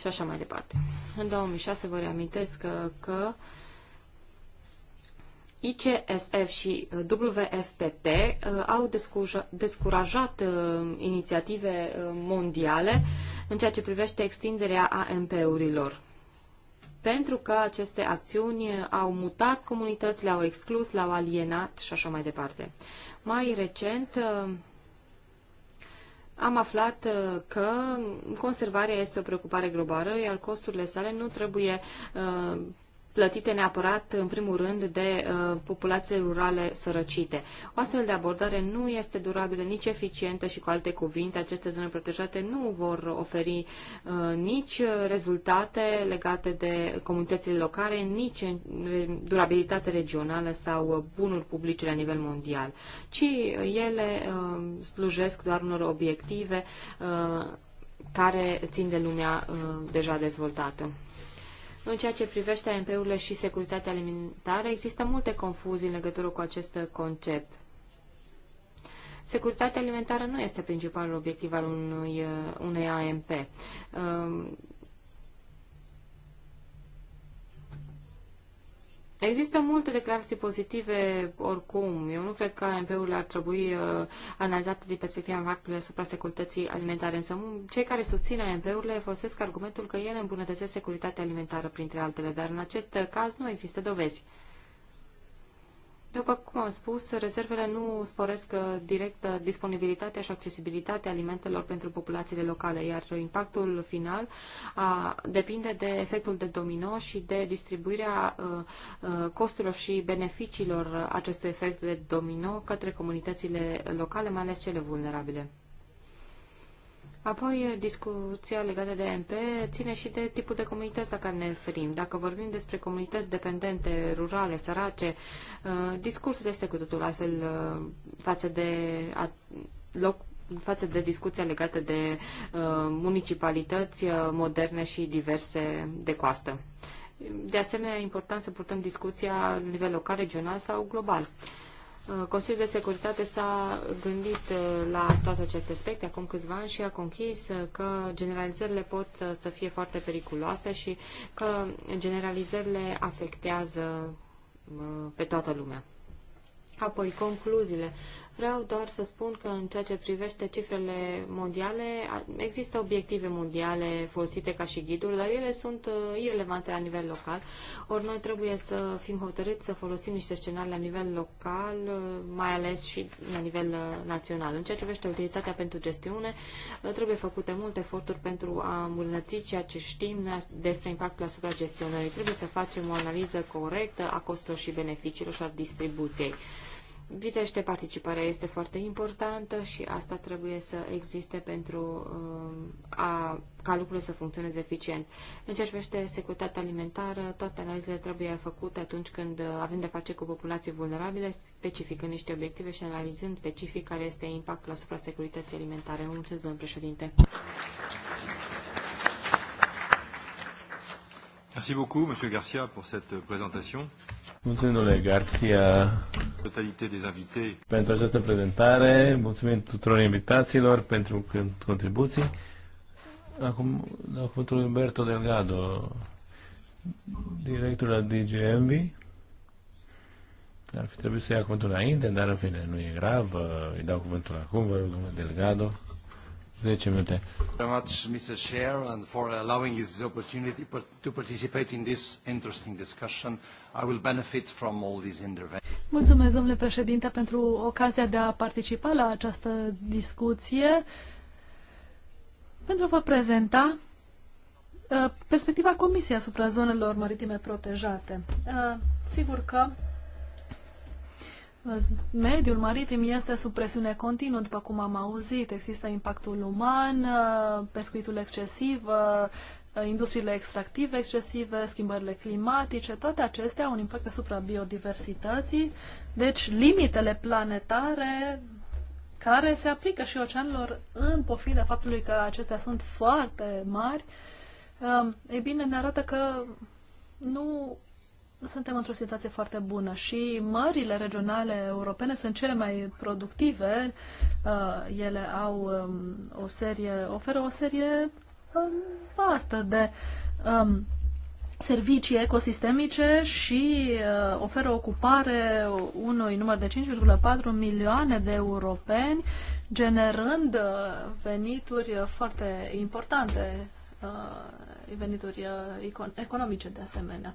[SPEAKER 5] și așa mai departe. În 2006 vă reamintesc uh, că, că uh, ICSF și uh, W.F.P.T. Uh, au descurajat uh, inițiative mondiale în ceea ce privește extinderea AMP-urilor. Pentru că aceste acțiuni au mutat comunități, le-au exclus, le-au alienat și așa mai departe. Mai recent, am aflat că conservarea este o preocupare globală, iar costurile sale nu trebuie plătite neapărat, în primul rând, de uh, populații rurale sărăcite. O astfel de abordare nu este durabilă, nici eficientă și, cu alte cuvinte, aceste zone protejate nu vor oferi uh, nici rezultate legate de comunitățile locale, nici uh, durabilitate regională sau bunuri publice la nivel mondial, ci ele uh, slujesc doar unor obiective uh, care țin de lumea uh, deja dezvoltată. În ceea ce privește AMP-urile și securitatea alimentară, există multe confuzii în legătură cu acest concept. Securitatea alimentară nu este principalul obiectiv al unui, unei AMP. Ehm, Există multe declarații pozitive oricum. Eu nu cred că AMP-ul ar trebui uh, analizate din perspectiva impactului asupra securității alimentare, însă cei care susțin AMP-urile folosesc argumentul că ele îmbunătățesc securitatea alimentară, printre altele, dar în acest caz nu există dovezi. După cum am spus, rezervele nu sporesc uh, direct uh, disponibilitatea și accesibilitatea alimentelor pentru populațiile locale, iar impactul final a, depinde de efectul de domino și de distribuirea uh, costurilor și beneficiilor acestui efect de domino către comunitățile locale, mai ales cele vulnerabile. Apoi, discuția legată de MP ține și de tipul de comunități la care ne referim. Dacă vorbim despre comunități dependente, rurale, sărace, uh, discursul este cu totul altfel uh, față de loc față de discuția legată de uh, municipalități uh, moderne și diverse de coastă. De asemenea, e important să purtăm discuția la nivel local, regional sau global. Uh, Uh, Consiliul de Securitate s-a gândit uh, la toate aceste aspecte acum câțiva ani și a conchis uh, că generalizările pot să fie foarte periculoase și că generalizările afectează pe toată lumea. Apoi, concluziile Vreau doar să spun că în ceea ce privește cifrele mondiale, există obiective mondiale folosite ca și ghiduri, dar ele sunt uh, irelevante la nivel local. Ori noi trebuie să fim hotărâți să folosim niște scenarii la nivel local, uh, mai ales și la nivel uh, național. În ceea ce privește utilitatea pentru gestiune, trebuie făcute multe eforturi pentru a îmbunătăți ceea ce știm despre impactul asupra gestionării. Trebuie să facem o analiză corectă a costurilor și beneficiilor și a distribuției. Vizește participarea este foarte importantă și asta trebuie să existe pentru um, a, ca lucrurile să funcționeze eficient. În ceea ce privește securitatea alimentară, toate analizele trebuie făcute atunci când avem de face cu populații vulnerabile, specificând niște obiective și analizând specific care este impactul asupra securității alimentare. mulțumesc, domnul președinte.
[SPEAKER 1] Merci beaucoup, Monsieur Garcia, pour cette présentation.
[SPEAKER 2] Mulțumim, domnule Garcia, pentru această prezentare. Mulțumim tuturor invitațiilor pentru contribuții. Acum, la cuvântul Umberto Delgado, director la DGMV. Ar fi trebuit să ia cuvântul înainte, dar în fine, nu e grav. Îi dau cuvântul acum, vă rog, domnule Delgado. 10 minute.
[SPEAKER 4] Very much, Mr. Chair, and for allowing this opportunity to participate in this interesting discussion I will benefit from all these interventions.
[SPEAKER 3] Mulțumesc, domnule președinte, pentru ocazia de a participa la această discuție, pentru a vă prezenta uh, perspectiva Comisiei asupra zonelor maritime protejate. Uh, sigur că uh, Mediul maritim este sub presiune continuă, după cum am auzit. Există impactul uman, uh, pescuitul excesiv, uh, Uh, industriile extractive excesive, schimbările climatice, toate acestea au un impact asupra biodiversității, deci limitele planetare care se aplică și oceanelor în pofida faptului că acestea sunt foarte mari, um, e bine, ne arată că nu suntem într-o situație foarte bună și mările regionale europene sunt cele mai productive. Uh, ele au um, o serie, oferă o serie vastă de um, servicii ecosistemice și uh, oferă ocupare unui număr de 5,4 milioane de europeni, generând uh, venituri uh, foarte importante, uh, venituri uh, economice de asemenea.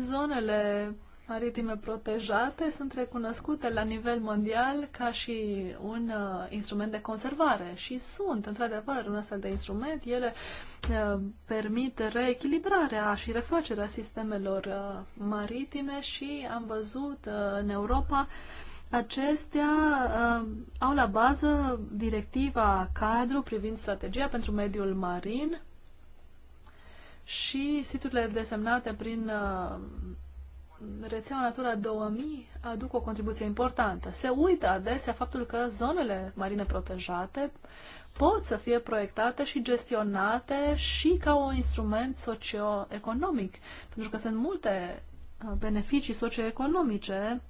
[SPEAKER 3] Zonele maritime protejate sunt recunoscute la nivel mondial ca și un uh, instrument de conservare și sunt, într-adevăr, un astfel de instrument. Ele uh, permit reechilibrarea și refacerea sistemelor uh, maritime și am văzut uh, în Europa acestea uh, au la bază directiva cadru privind strategia pentru mediul marin și siturile desemnate prin uh, rețeaua Natura 2000 aduc o contribuție importantă. Se uită adesea faptul că zonele marine protejate pot să fie proiectate și gestionate și ca un instrument socioeconomic, pentru că sunt multe uh, beneficii socioeconomice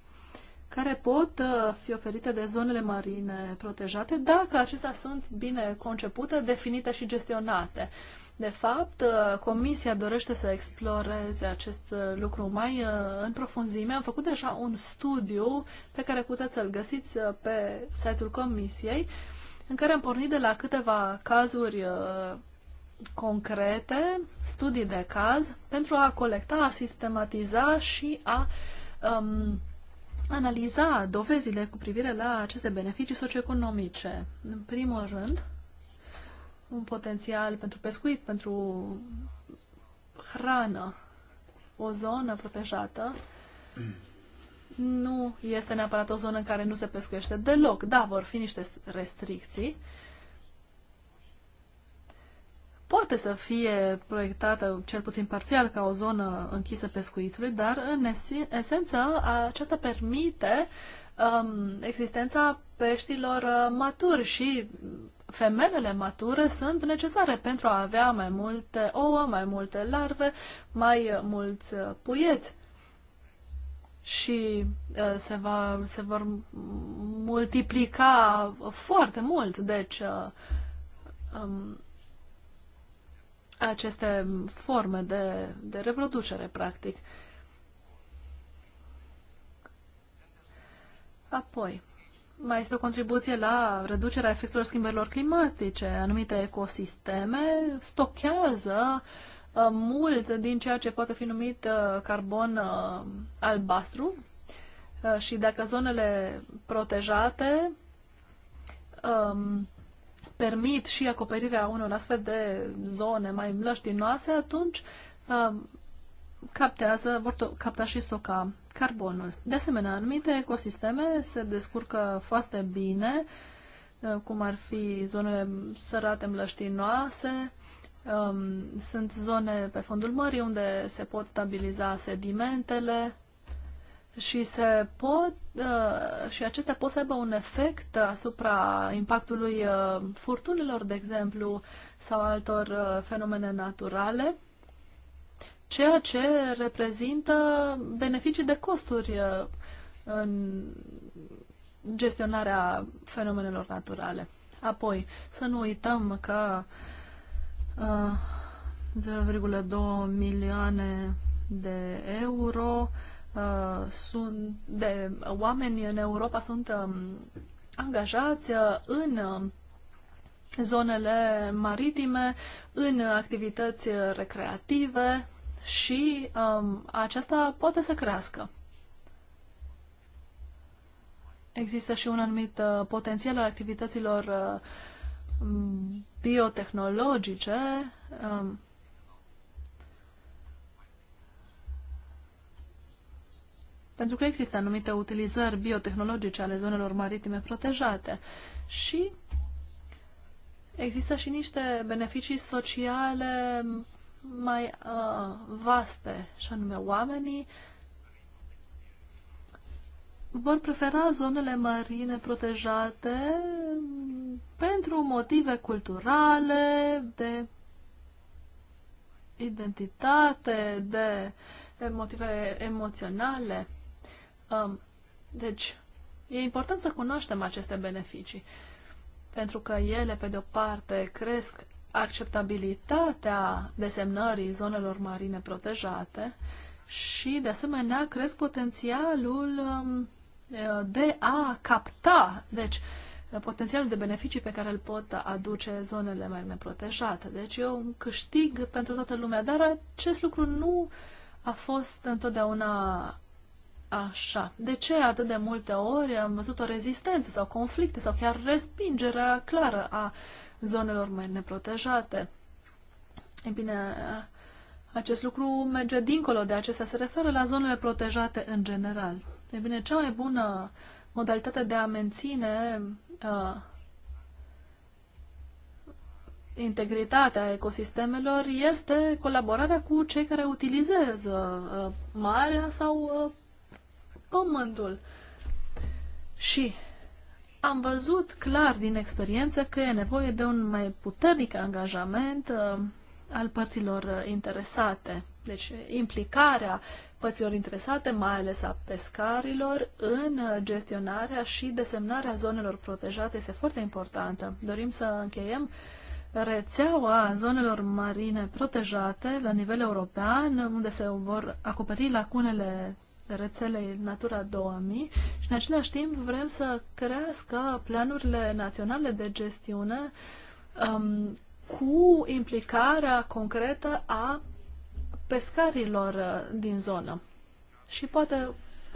[SPEAKER 3] care pot uh, fi oferite de zonele marine protejate dacă acestea sunt bine concepute, definite și gestionate. De fapt, uh, Comisia dorește să exploreze acest uh, lucru mai în profunzime. Am făcut deja un studiu pe care puteți să-l găsiți pe site-ul Comisiei, în care am pornit de la câteva cazuri concrete, studii de caz, pentru a colecta, a sistematiza și a um, analiza dovezile cu privire la aceste beneficii socioeconomice. În primul rând, un potențial pentru pescuit, pentru hrană, o zonă protejată, nu este neapărat o zonă în care nu se pescuiește deloc. Da, vor fi niște restricții, poate să fie proiectată, cel puțin parțial, ca o zonă închisă pescuitului, dar în esență aceasta permite um, existența peștilor uh, maturi și femelele mature sunt necesare pentru a avea mai multe ouă, mai multe larve, mai mulți uh, puieți. Și uh, se, va, se vor multiplica foarte mult, deci uh, um, aceste forme de, de reproducere, practic. Apoi, mai este o contribuție la reducerea efectelor schimbărilor climatice. Anumite ecosisteme stochează uh, mult din ceea ce poate fi numit uh, carbon uh, albastru uh, și dacă zonele protejate um, permit și acoperirea unor astfel de zone mai mlăștinoase, atunci uh, captează, vor capta și stoca carbonul. De asemenea, anumite ecosisteme se descurcă foarte bine, uh, cum ar fi zonele sărate mlăștinoase, um, sunt zone pe fondul mării unde se pot stabiliza sedimentele, și se pot uh, și acestea pot să aibă un efect asupra impactului uh, furtunilor, de exemplu, sau altor uh, fenomene naturale, ceea ce reprezintă beneficii de costuri în gestionarea fenomenelor naturale. Apoi, să nu uităm că 0,2 milioane de euro uh, Uh, sunt de oameni în Europa sunt um, angajați uh, în um, zonele maritime, în activități recreative și um, aceasta poate să crească. Există și un anumit uh, potențial al activităților uh, biotehnologice, um, pentru că există anumite utilizări biotehnologice ale zonelor maritime protejate și există și niște beneficii sociale mai uh, vaste, și anume oamenii vor prefera zonele marine protejate pentru motive culturale, de identitate, de motive emoționale. Um, deci, e important să cunoaștem aceste beneficii, pentru că ele, pe de-o parte, cresc acceptabilitatea desemnării zonelor marine protejate și, de asemenea, cresc potențialul um, de a capta, deci, potențialul de beneficii pe care îl pot aduce zonele marine protejate. Deci eu un câștig pentru toată lumea, dar acest lucru nu a fost întotdeauna Așa. De ce atât de multe ori am văzut o rezistență sau conflicte sau chiar respingerea clară a zonelor mai neprotejate? E bine, acest lucru merge dincolo de acestea, se referă la zonele protejate în general. E bine, cea mai bună modalitate de a menține uh, integritatea ecosistemelor este colaborarea cu cei care utilizează uh, marea sau uh, pământul. Și am văzut clar din experiență că e nevoie de un mai puternic angajament uh, al părților interesate. Deci implicarea părților interesate, mai ales a pescarilor, în gestionarea și desemnarea zonelor protejate este foarte importantă. Dorim să încheiem rețeaua zonelor marine protejate la nivel european, unde se vor acoperi lacunele rețelei Natura 2000 și în același timp vrem să crească planurile naționale de gestiune um, cu implicarea concretă a pescarilor uh, din zonă. Și poate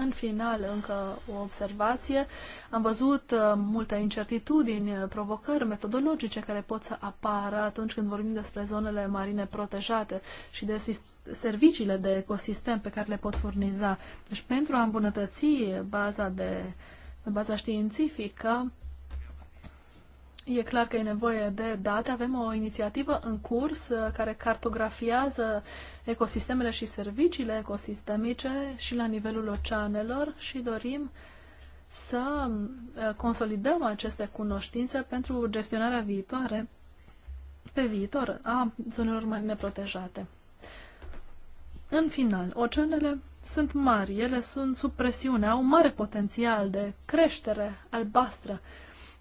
[SPEAKER 3] în final, încă o observație. Am văzut uh, multe incertitudini, provocări metodologice care pot să apară atunci când vorbim despre zonele marine protejate și de serviciile de ecosistem pe care le pot furniza. Deci pentru a îmbunătăți baza, de, baza științifică, E clar că e nevoie de date. Avem o inițiativă în curs uh, care cartografiază ecosistemele și serviciile ecosistemice și la nivelul oceanelor și dorim să uh, consolidăm aceste cunoștințe pentru gestionarea viitoare, pe viitor, a zonelor marine protejate. În final, oceanele sunt mari, ele sunt sub presiune, au mare potențial de creștere albastră,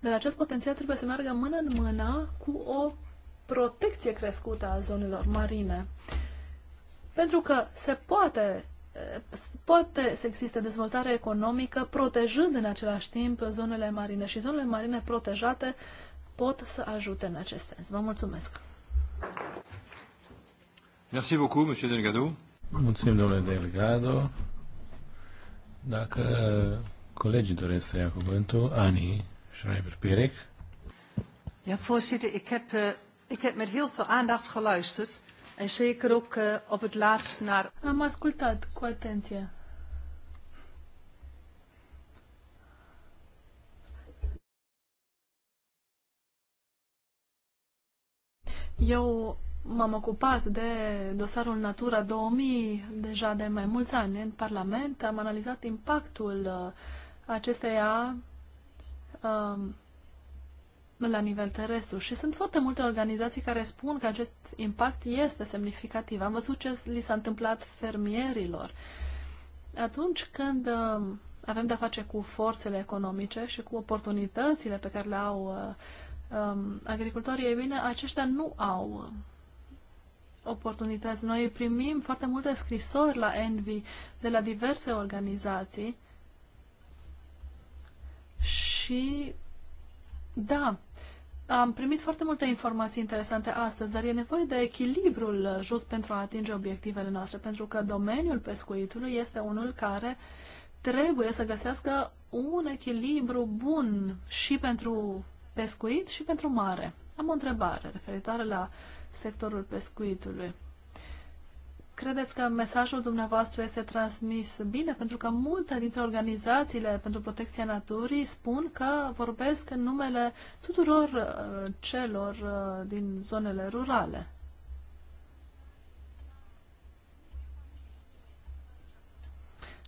[SPEAKER 3] dar acest potențial trebuie să meargă mână în mână cu o protecție crescută a zonelor marine. Pentru că se poate, poate să existe dezvoltare economică protejând în același timp zonele marine și zonele marine protejate pot să ajute în acest sens. Vă mulțumesc!
[SPEAKER 1] Merci beaucoup, monsieur Delgado.
[SPEAKER 2] Mulțumim, domnule Delgado. Dacă colegii doresc să ia cuvântul, Ani
[SPEAKER 3] Ja, voorzitter, ik heb, uh, ik heb met heel veel aandacht geluisterd. En zeker ook uh, op het laatst naar... Am ascultat cu atenție. Eu m-am ocupat de dosarul Natura 2000 deja de mai mulți ani în Parlament. Am analizat impactul eh, acesteia um, la nivel terestru. Și sunt foarte multe organizații care spun că acest impact este semnificativ. Am văzut ce li s-a întâmplat fermierilor. Atunci când um, avem de-a face cu forțele economice și cu oportunitățile pe care le au uh, um, agricultorii, e bine, aceștia nu au uh, oportunități. Noi primim foarte multe scrisori la Envy de la diverse organizații și da, am primit foarte multe informații interesante astăzi, dar e nevoie de echilibrul just pentru a atinge obiectivele noastre, pentru că domeniul pescuitului este unul care trebuie să găsească un echilibru bun și pentru pescuit și pentru mare. Am o întrebare referitoare la sectorul pescuitului. Credeți că mesajul dumneavoastră este transmis bine? Pentru că multe dintre organizațiile pentru protecția naturii spun că vorbesc în numele tuturor uh, celor uh, din zonele rurale.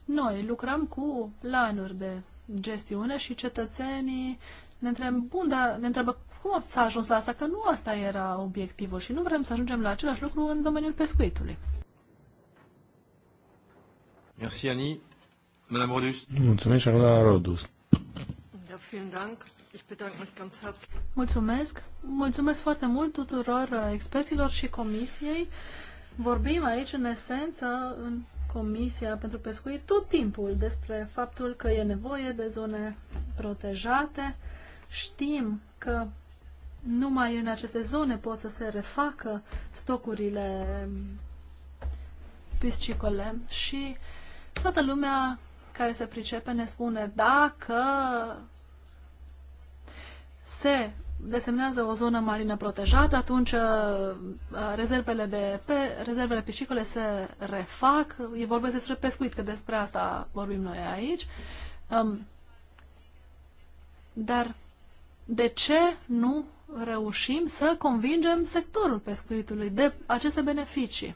[SPEAKER 3] Noi lucrăm cu lanuri de gestiune și cetățenii ne întreabă, bun, dar ne întreabă cum s-a ajuns la asta, că nu asta era obiectivul și nu vrem să ajungem la același lucru în domeniul pescuitului.
[SPEAKER 1] Merci, Annie. Madame Rodus.
[SPEAKER 2] Mulțumesc, doamna Rodus.
[SPEAKER 3] Da,
[SPEAKER 1] Mulțumesc.
[SPEAKER 3] Mulțumesc foarte mult tuturor uh, experților și comisiei. Vorbim aici, în esență, în Comisia pentru Pescuit tot timpul despre faptul că e nevoie de zone protejate. Știm că numai în aceste zone pot să se refacă stocurile piscicole și Toată lumea care se pricepe ne spune dacă se desemnează o zonă marină protejată, atunci uh, rezervele de pe, rezervele piscicole se refac. E vorbesc despre pescuit, că despre asta vorbim noi aici. Um, dar de ce nu reușim să convingem sectorul pescuitului de aceste beneficii?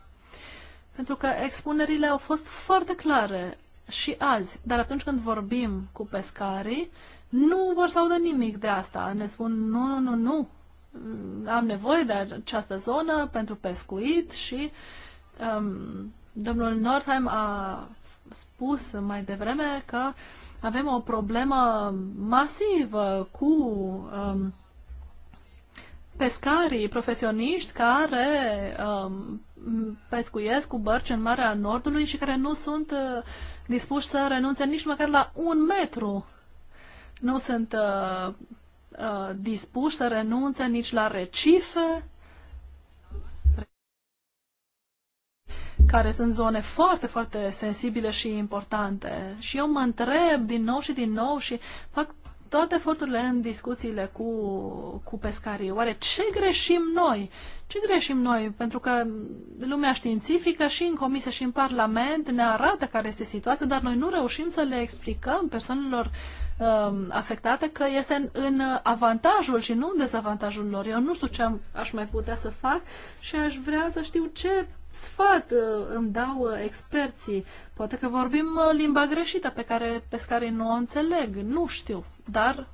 [SPEAKER 3] Pentru că expunerile au fost foarte clare și azi, dar atunci când vorbim cu pescarii, nu vor să audă nimic de asta. Ne spun, nu, nu, nu, nu, am nevoie de această zonă pentru pescuit și um, domnul Nordheim a spus mai devreme că avem o problemă masivă cu um, pescarii profesioniști care um, pescuiesc cu bărci în Marea Nordului și care nu sunt uh, dispuși să renunțe nici măcar la un metru. Nu sunt uh, uh, dispuși să renunțe nici la recife, care sunt zone foarte, foarte sensibile și importante. Și eu mă întreb din nou și din nou și fac toate eforturile în discuțiile cu, cu pescarii. Oare ce greșim noi? Ce greșim noi? Pentru că lumea științifică și în comisie și în Parlament ne arată care este situația, dar noi nu reușim să le explicăm persoanelor um, afectate că este în, în avantajul și nu în dezavantajul lor. Eu nu știu ce am, aș mai putea să fac și aș vrea să știu ce sfat uh, îmi dau uh, experții. Poate că vorbim uh, limba greșită pe care pescarii nu o înțeleg. Nu știu dar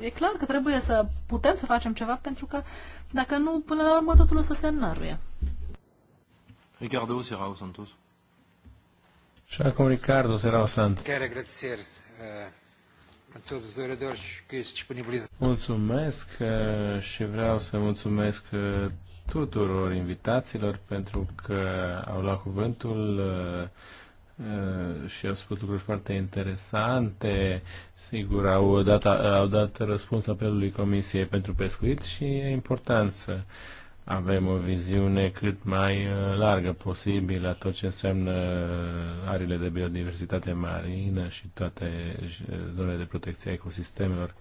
[SPEAKER 3] e clar că trebuie să putem să facem ceva pentru că dacă nu, până la urmă totul o să se înnăruie.
[SPEAKER 1] Ricardo Serrao Santos.
[SPEAKER 2] Și acum Ricardo Serrao Santos. Uh, mulțumesc uh, și vreau să mulțumesc uh, tuturor invitațiilor pentru că au luat cuvântul Eh, și au spus lucruri foarte interesante. Sigur, au dat, au dat răspuns apelului Comisiei pentru Pescuit și e important să avem o viziune cât mai eh, largă posibil la tot ce înseamnă eh, arile de biodiversitate marină și toate zonele de protecție a ecosistemelor.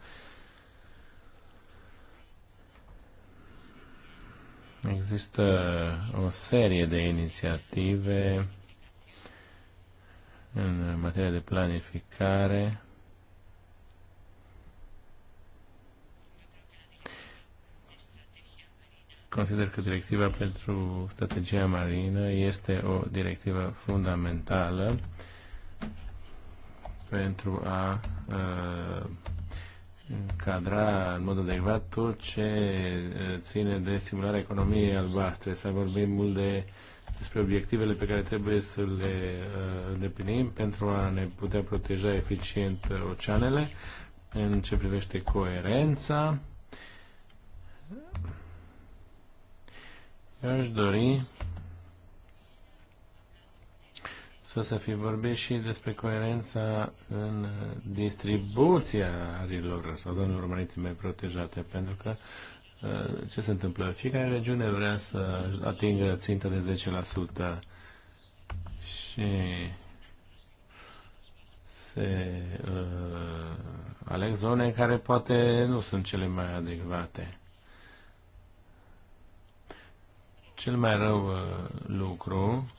[SPEAKER 2] Există o serie de inițiative în materie de planificare. Consider că directiva pentru strategia marină este o directivă fundamentală pentru a încadra cadra în mod adecvat tot ce ține de stimularea economiei albastre. S-a vorbit mult de uh, despre obiectivele pe care trebuie să le uh, îndeplinim pentru a ne putea proteja eficient oceanele în ce privește coerența. Eu aș dori să se fi vorbit și despre coerența în distribuția arilor sau zonelor mai protejate, pentru că Uh, ce se întâmplă? Fiecare regiune vrea să atingă țintă de 10% și se uh, aleg zone care poate nu sunt cele mai adecvate. Cel mai rău uh, lucru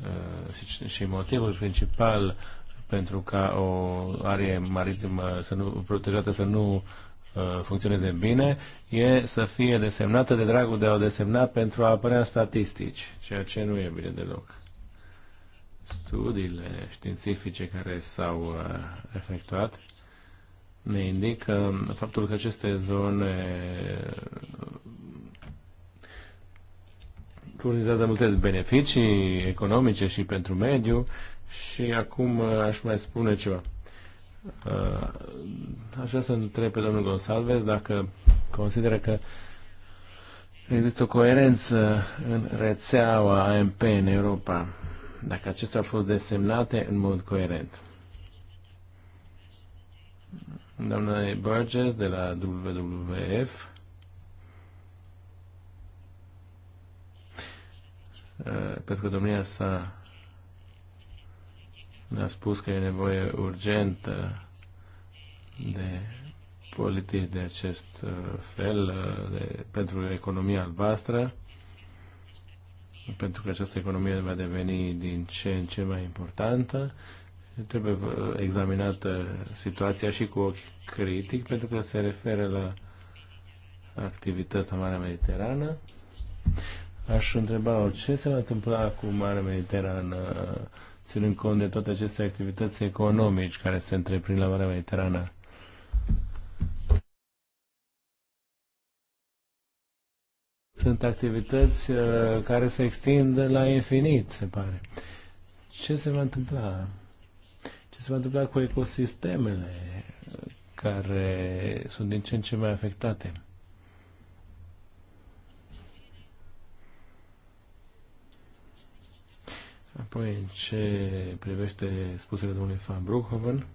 [SPEAKER 2] uh, și, și motivul principal pentru ca o arie maritimă să nu, protejată să nu Uh, funcționeze bine, e să fie desemnată de dragul de a o desemna pentru a apărea statistici, ceea ce nu e bine deloc. Studiile științifice care s-au uh, efectuat ne indică faptul că aceste zone uh, furnizează multe beneficii economice și pentru mediu și acum aș mai spune ceva. Uh, aș vrea să întreb pe domnul Gonsalves dacă consideră că există o coerență în rețeaua AMP în Europa, dacă acestea au fost desemnate în mod coerent. Doamna Burgess de la WWF uh, pentru că domnia s-a a spus că e nevoie urgentă de politici de acest uh, fel uh, de, pentru economia albastră, pentru că această economie va deveni din ce în ce mai importantă. Trebuie uh, examinată situația și cu ochi critic, pentru că se referă la activități la Marea Mediterană. Aș întreba ce se va întâmpla cu Marea Mediterană ținând cont de toate aceste activități economici care se întreprind la Marea Mediterană. Sunt activități uh, care se extind la infinit, se pare. Ce se va întâmpla? Ce se va întâmpla cu ecosistemele uh, care sunt din ce în ce mai afectate? Apoi, în ce privește spusele domnului Van Broekhoven,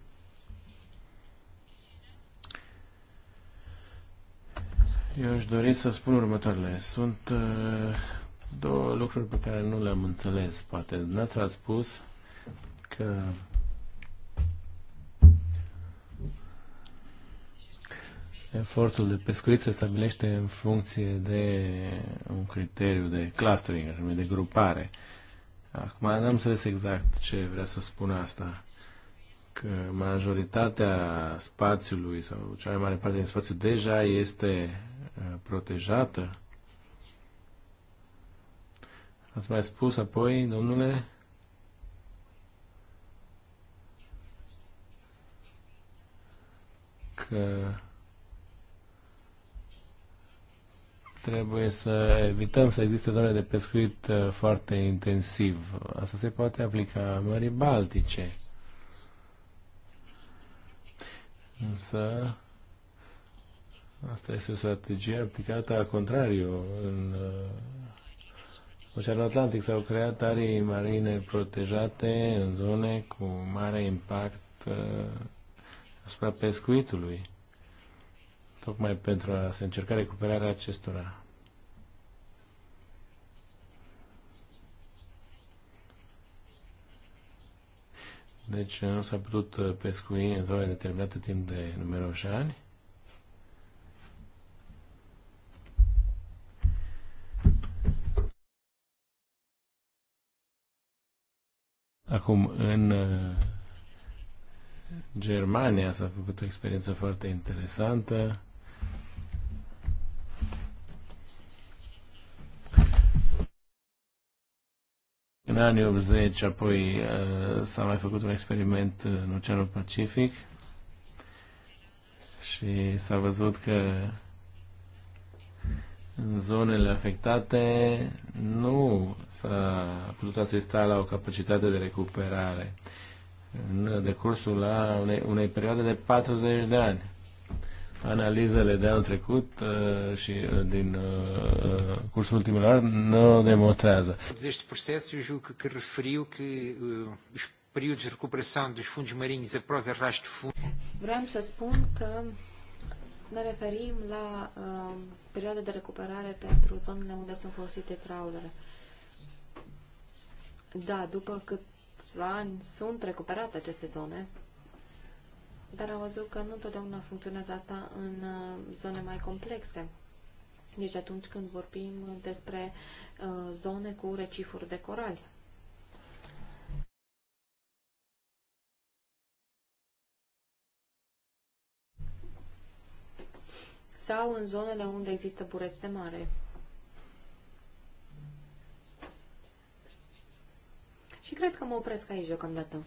[SPEAKER 2] eu aș dori să spun următoarele. Sunt uh, două lucruri pe care nu le-am înțeles, poate. Dumneavoastră ați spus că efortul de pescuit se stabilește în funcție de un criteriu de clustering, de grupare. Uh, Acum n-am înțeles exact ce vrea să spun asta. Că majoritatea spațiului sau cea mai mare parte din spațiu deja este uh, protejată. Ați mai spus apoi, domnule, că trebuie să evităm să existe zone de pescuit uh, foarte intensiv. Asta se poate aplica Mării Baltice. Însă, asta este o strategie aplicată al contrariu. În uh, Oceanul Atlantic s-au creat arii marine protejate în zone cu mare impact uh, asupra pescuitului tocmai pentru a se încerca recuperarea acestora. Deci uh, nu s-a putut uh, pescui în zone determinată timp de numeroși ani. Acum, în uh, Germania s-a făcut o experiență foarte interesantă anii 80, apoi uh, s-a mai făcut un experiment în Oceanul Pacific și s-a văzut că în zonele afectate nu s-a putut asista la o capacitate de recuperare în decursul la unei, unei perioade de 40 de ani analizele de anul trecut uh, și uh, din uh, uh cursul ultimilor ani nu demonstrează. acest proces, eu juc că
[SPEAKER 1] referiu că uh, períodos de recuperare de fundos marini se arrasto de fundo.
[SPEAKER 5] Vreau să spun că ne referim la uh, perioada de recuperare pentru zonele unde sunt folosite traulere. Da, după câțiva ani sunt recuperate aceste zone, dar am văzut că nu întotdeauna funcționează asta în uh, zone mai complexe. Deci atunci când vorbim despre uh, zone cu recifuri de corali. Sau în zonele unde există bureți de mare. Și cred că mă opresc aici deocamdată.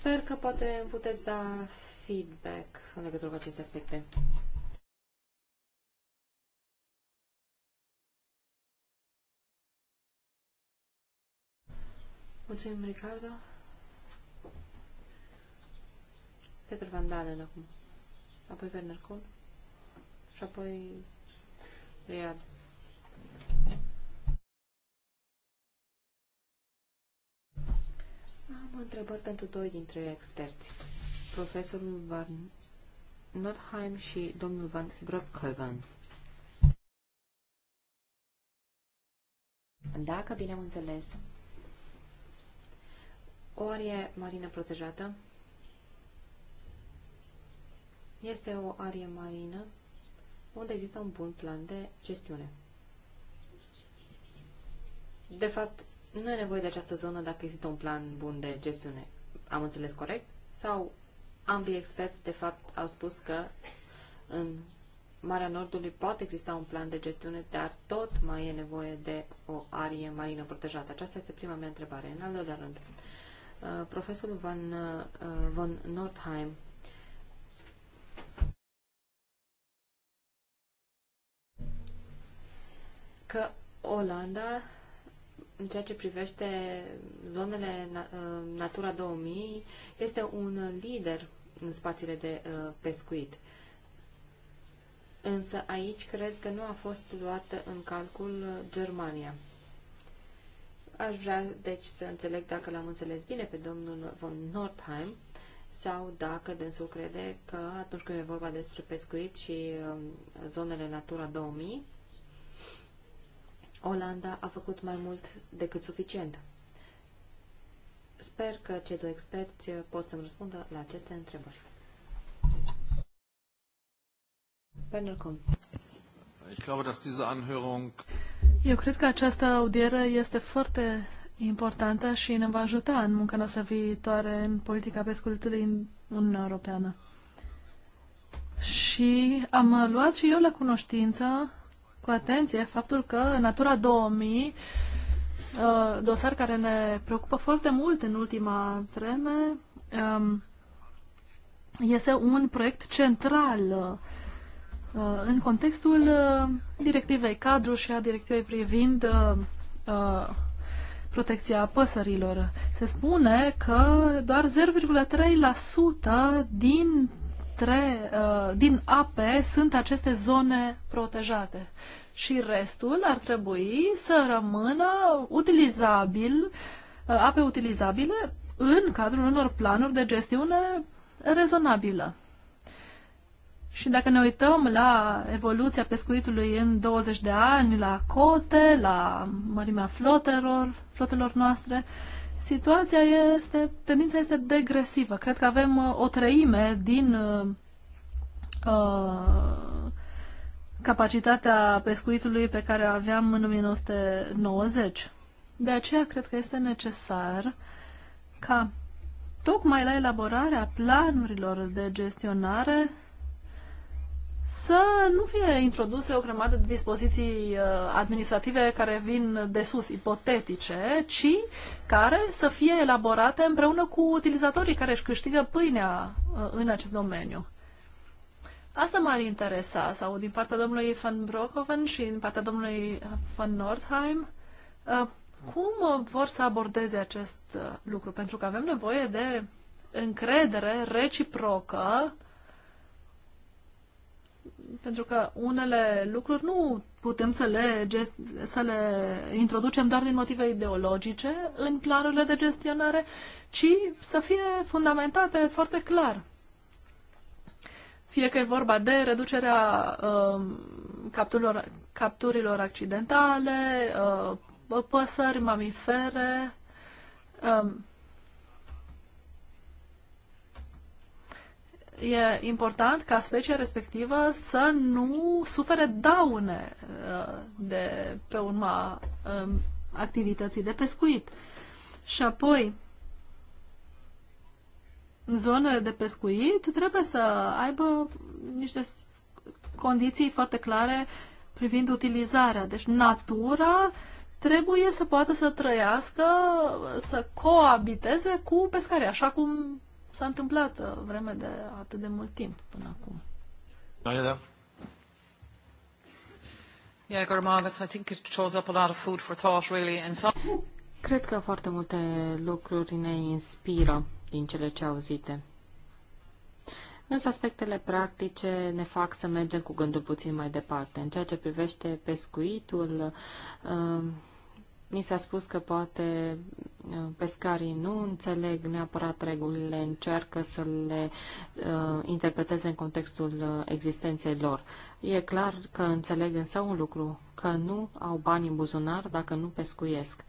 [SPEAKER 5] Sper că poate puteți da feedback în legătură cu aceste aspecte.
[SPEAKER 3] Mulțumim, Ricardo.
[SPEAKER 5] Peter Van Dalen acum. Apoi Werner Kuhn. Și apoi Riyad. Am întrebări pentru doi dintre experți. Profesorul Van Notheim și domnul Van Grobkoven. Dacă bine am înțeles, ori e marină protejată, este o arie marină unde există un bun plan de gestiune. De fapt, nu e nevoie de această zonă dacă există un plan bun de gestiune. Am înțeles corect? Sau ambii experți, de fapt, au spus că în Marea Nordului poate exista un plan de gestiune, dar tot mai e nevoie de o arie marină protejată. Aceasta este prima mea întrebare. În al doilea rând, uh, profesorul Van, uh, von Nordheim că Olanda în ceea ce privește zonele uh, Natura 2000, este un lider în spațiile de uh, pescuit. Însă aici cred că nu a fost luată în calcul uh, Germania. Aș vrea, deci, să înțeleg dacă l-am înțeles bine pe domnul von Nordheim sau dacă dânsul crede că atunci când e vorba despre pescuit și um, zonele Natura 2000, Olanda a făcut mai mult decât suficient. Sper că cei doi experți pot să-mi răspundă la aceste întrebări.
[SPEAKER 3] Eu cred că această audiere este foarte importantă și ne va ajuta în munca noastră viitoare în politica pescuitului în Uniunea Europeană. Și am luat și eu la cunoștință cu atenție faptul că Natura 2000, uh, dosar care ne preocupă foarte mult în ultima vreme, um, este un proiect central uh, în contextul uh, directivei cadru și a directivei privind protecția păsărilor. Se spune că doar 0,3% din dintre, uh, din ape sunt aceste zone protejate. Și restul ar trebui să rămână utilizabil, uh, ape utilizabile în cadrul unor planuri de gestiune rezonabilă. Și dacă ne uităm la evoluția pescuitului în 20 de ani, la cote, la mărimea flotelor, flotelor noastre, uh, situația este, tendința este degresivă. Cred că avem uh, o treime din uh, uh, capacitatea pescuitului pe care o aveam în 1990. De aceea cred că este necesar ca tocmai la elaborarea planurilor de gestionare să nu fie introduse o grămadă de dispoziții uh, administrative care vin de sus, ipotetice, ci care să fie elaborate împreună cu utilizatorii care își câștigă pâinea uh, în acest domeniu. Asta m-ar interesa, sau din partea domnului Van Brockhoven și din partea domnului Van Nordheim, uh, cum vor să abordeze acest lucru? Pentru că avem nevoie de încredere reciprocă pentru că unele lucruri nu putem să le, gest, să le introducem doar din motive ideologice în planurile de gestionare, ci să fie fundamentate foarte clar. Fie că e vorba de reducerea uh, capturilor, capturilor accidentale, uh, păsări, mamifere, um, e important ca specia respectivă să nu sufere daune uh, de pe urma um, activității de pescuit. Și apoi, zonele de pescuit trebuie să aibă niște condiții foarte clare privind utilizarea. Deci natura trebuie să poată să trăiască, să coabiteze cu pescarii, așa cum s-a întâmplat uh, vreme de atât de mult timp până acum.
[SPEAKER 1] Da, da. Yeah, Gormagat, I think
[SPEAKER 5] it shows up a lot of food for thought, really. And so... Cred că foarte multe lucruri ne inspiră din cele ce auzite. Însă aspectele practice ne fac să mergem cu gândul puțin mai departe. În ceea ce privește pescuitul, uh, mi s-a spus că poate pescarii nu înțeleg neapărat regulile, încearcă să le uh, interpreteze în contextul uh, existenței lor. E clar că înțeleg însă un lucru, că nu au bani în buzunar dacă nu pescuiesc.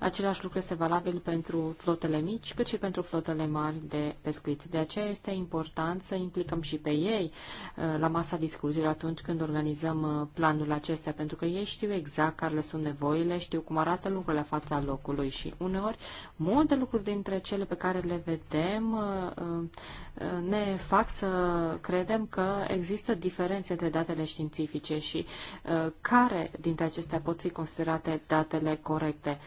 [SPEAKER 5] Același lucru este valabil pentru flotele mici, cât și pentru flotele mari de pescuit. De aceea este important să implicăm și pe ei uh, la masa discuțiilor atunci când organizăm uh, planul acesta, pentru că ei știu exact care le sunt nevoile, știu cum arată lucrurile la fața locului și uneori multe lucruri dintre cele pe care le vedem uh, ne fac să credem că există diferențe între datele științifice și care dintre acestea pot fi considerate datele corecte.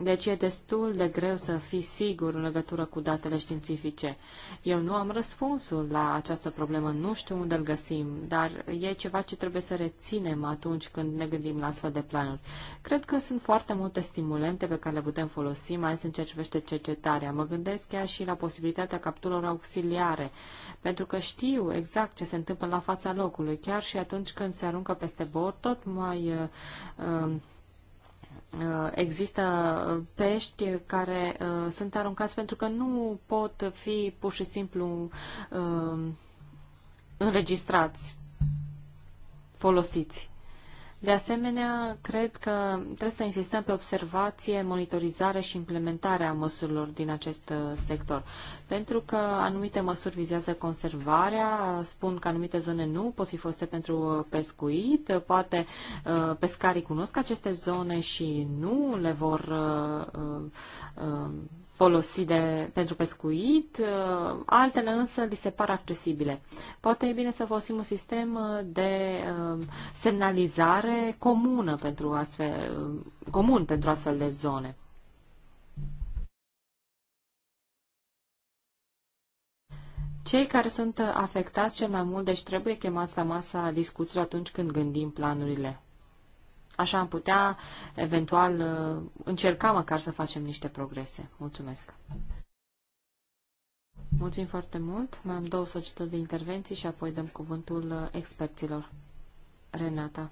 [SPEAKER 5] Deci e destul de greu să fii sigur în legătură cu datele științifice. Eu nu am răspunsul la această problemă, nu știu unde îl găsim, dar e ceva ce trebuie să reținem atunci când ne gândim la astfel de planuri. Cred că sunt foarte multe stimulente pe care le putem folosi, mai ales în ceea ce privește cercetarea. Mă gândesc chiar și la posibilitatea capturilor auxiliare, pentru că știu exact ce se întâmplă la fața locului, chiar și atunci când se aruncă peste bord, tot mai uh, uh, Uh, există pești care uh, sunt aruncați pentru că nu pot fi pur și simplu uh, înregistrați, folosiți. De asemenea, cred că trebuie să insistăm pe observație, monitorizare și implementarea măsurilor din acest uh, sector. Pentru că anumite măsuri vizează conservarea, spun că anumite zone nu pot fi foste pentru uh, pescuit, uh, poate pescarii cunosc aceste zone și nu le vor folosit de, pentru pescuit, uh, altele însă li se par accesibile. Poate e bine să folosim un sistem uh, de uh, semnalizare comună pentru astfel, comun pentru astfel de zone. Cei care sunt afectați cel mai mult, deci trebuie chemați la masa discuțiilor atunci când gândim planurile Așa am putea, eventual, uh, încerca măcar să facem niște progrese. Mulțumesc! Mulțumim foarte mult. Mai am două solicitări de intervenții și apoi dăm cuvântul uh, experților. Renata.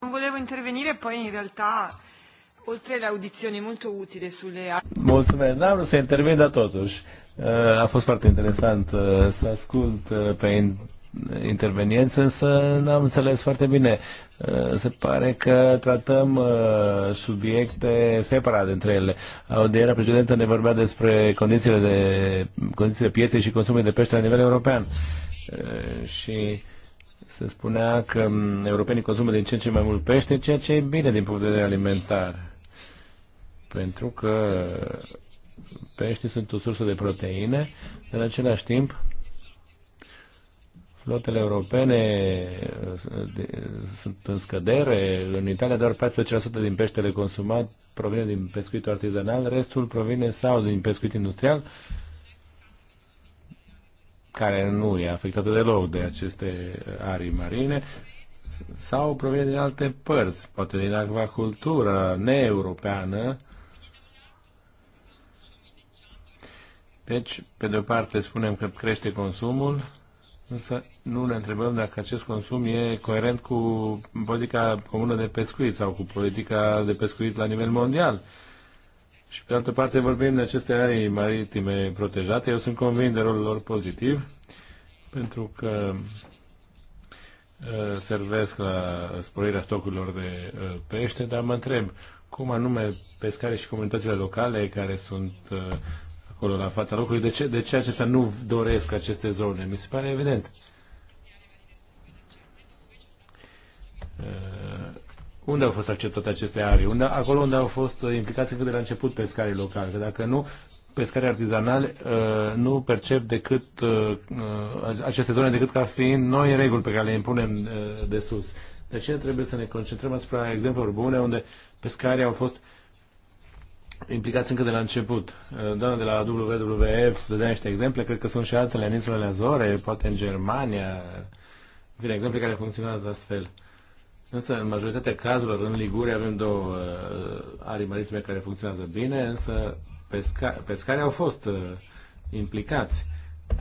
[SPEAKER 5] Non volevo intervenire, poi in realtà, oltre le audizioni molto utili sulle...
[SPEAKER 2] Mulțumesc, n-am vrut să intervin, dar totuși. Uh, a fost foarte interesant să ascult pe intervenienți, însă n-am înțeles foarte bine. Uh, se pare că tratăm uh, subiecte separate între ele. Audierea președintele ne vorbea despre condițiile, de, condițiile pieței și consumului de pește la nivel european. Uh, și se spunea că um, europenii consumă din ce în ce mai mult pește, ceea ce e bine din punct de vedere alimentar. Pentru că peștii sunt o sursă de proteine, în același timp Flotele europene uh, uh, sunt în scădere. În Italia doar 14% din peștele consumat provine din pescuitul artizanal, restul provine sau din pescuit industrial, care nu e afectată deloc de aceste arii marine, sau provine din alte părți, poate din acvacultura neeuropeană. Deci, pe de o parte spunem că crește consumul, Însă nu ne întrebăm dacă acest consum e coerent cu politica comună de pescuit sau cu politica de pescuit la nivel mondial. Și pe altă parte vorbim de aceste arii maritime protejate. Eu sunt convins de rolul lor pozitiv pentru că uh, servesc la sporirea stocurilor de uh, pește, dar mă întreb cum anume pescare și comunitățile locale care sunt uh, acolo la fața locului. De ce, de ce acestea nu doresc aceste zone? Mi se pare evident. Uh, unde au fost acceptate aceste arii? Unde, acolo unde au fost implicați încă de la început pescarii locali. Că dacă nu, pescarii artizanali uh, nu percep decât uh, uh aceste zone decât ca fiind noi reguli pe care le impunem uh, de sus. De ce trebuie să ne concentrăm asupra exemplelor bune unde pescarii au fost implicați încă de la început. Uh, doamna de la WWF dădea niște exemple, cred că sunt și altele în insulele Azore, poate în Germania, vine exemple care funcționează astfel. Însă, în majoritatea cazurilor, în Liguria avem două uh, arii maritime care funcționează bine, însă pesca- pescarii au fost uh, implicați.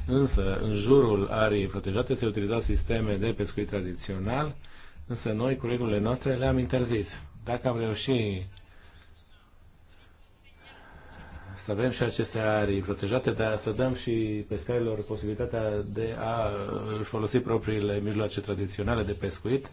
[SPEAKER 2] Însă, în jurul arii protejate se utilizau sisteme de pescuit tradițional, însă noi, cu regulile noastre, le-am interzis. Dacă am reușit să avem și aceste arii protejate, dar să dăm și pescarilor posibilitatea de a folosi propriile mijloace tradiționale de pescuit.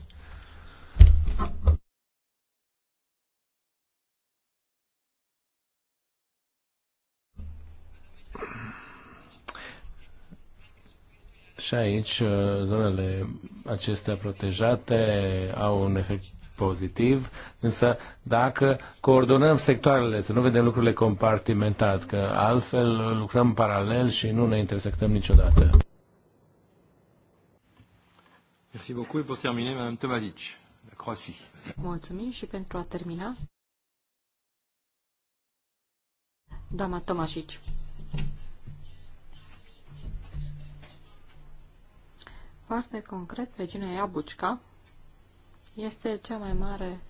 [SPEAKER 2] Și aici uh, zonele acestea protejate au un efect pozitiv, însă dacă coordonăm sectoarele, să nu vedem lucrurile compartimentat, că altfel lucrăm paralel și nu ne intersectăm niciodată.
[SPEAKER 1] Merci beaucoup et pour terminer, Madame Tomazic, la Croatie.
[SPEAKER 5] Mulțumim și pentru a termina. Doamna Tomașic. Foarte concret, regiunea Iabucca este cea mai mare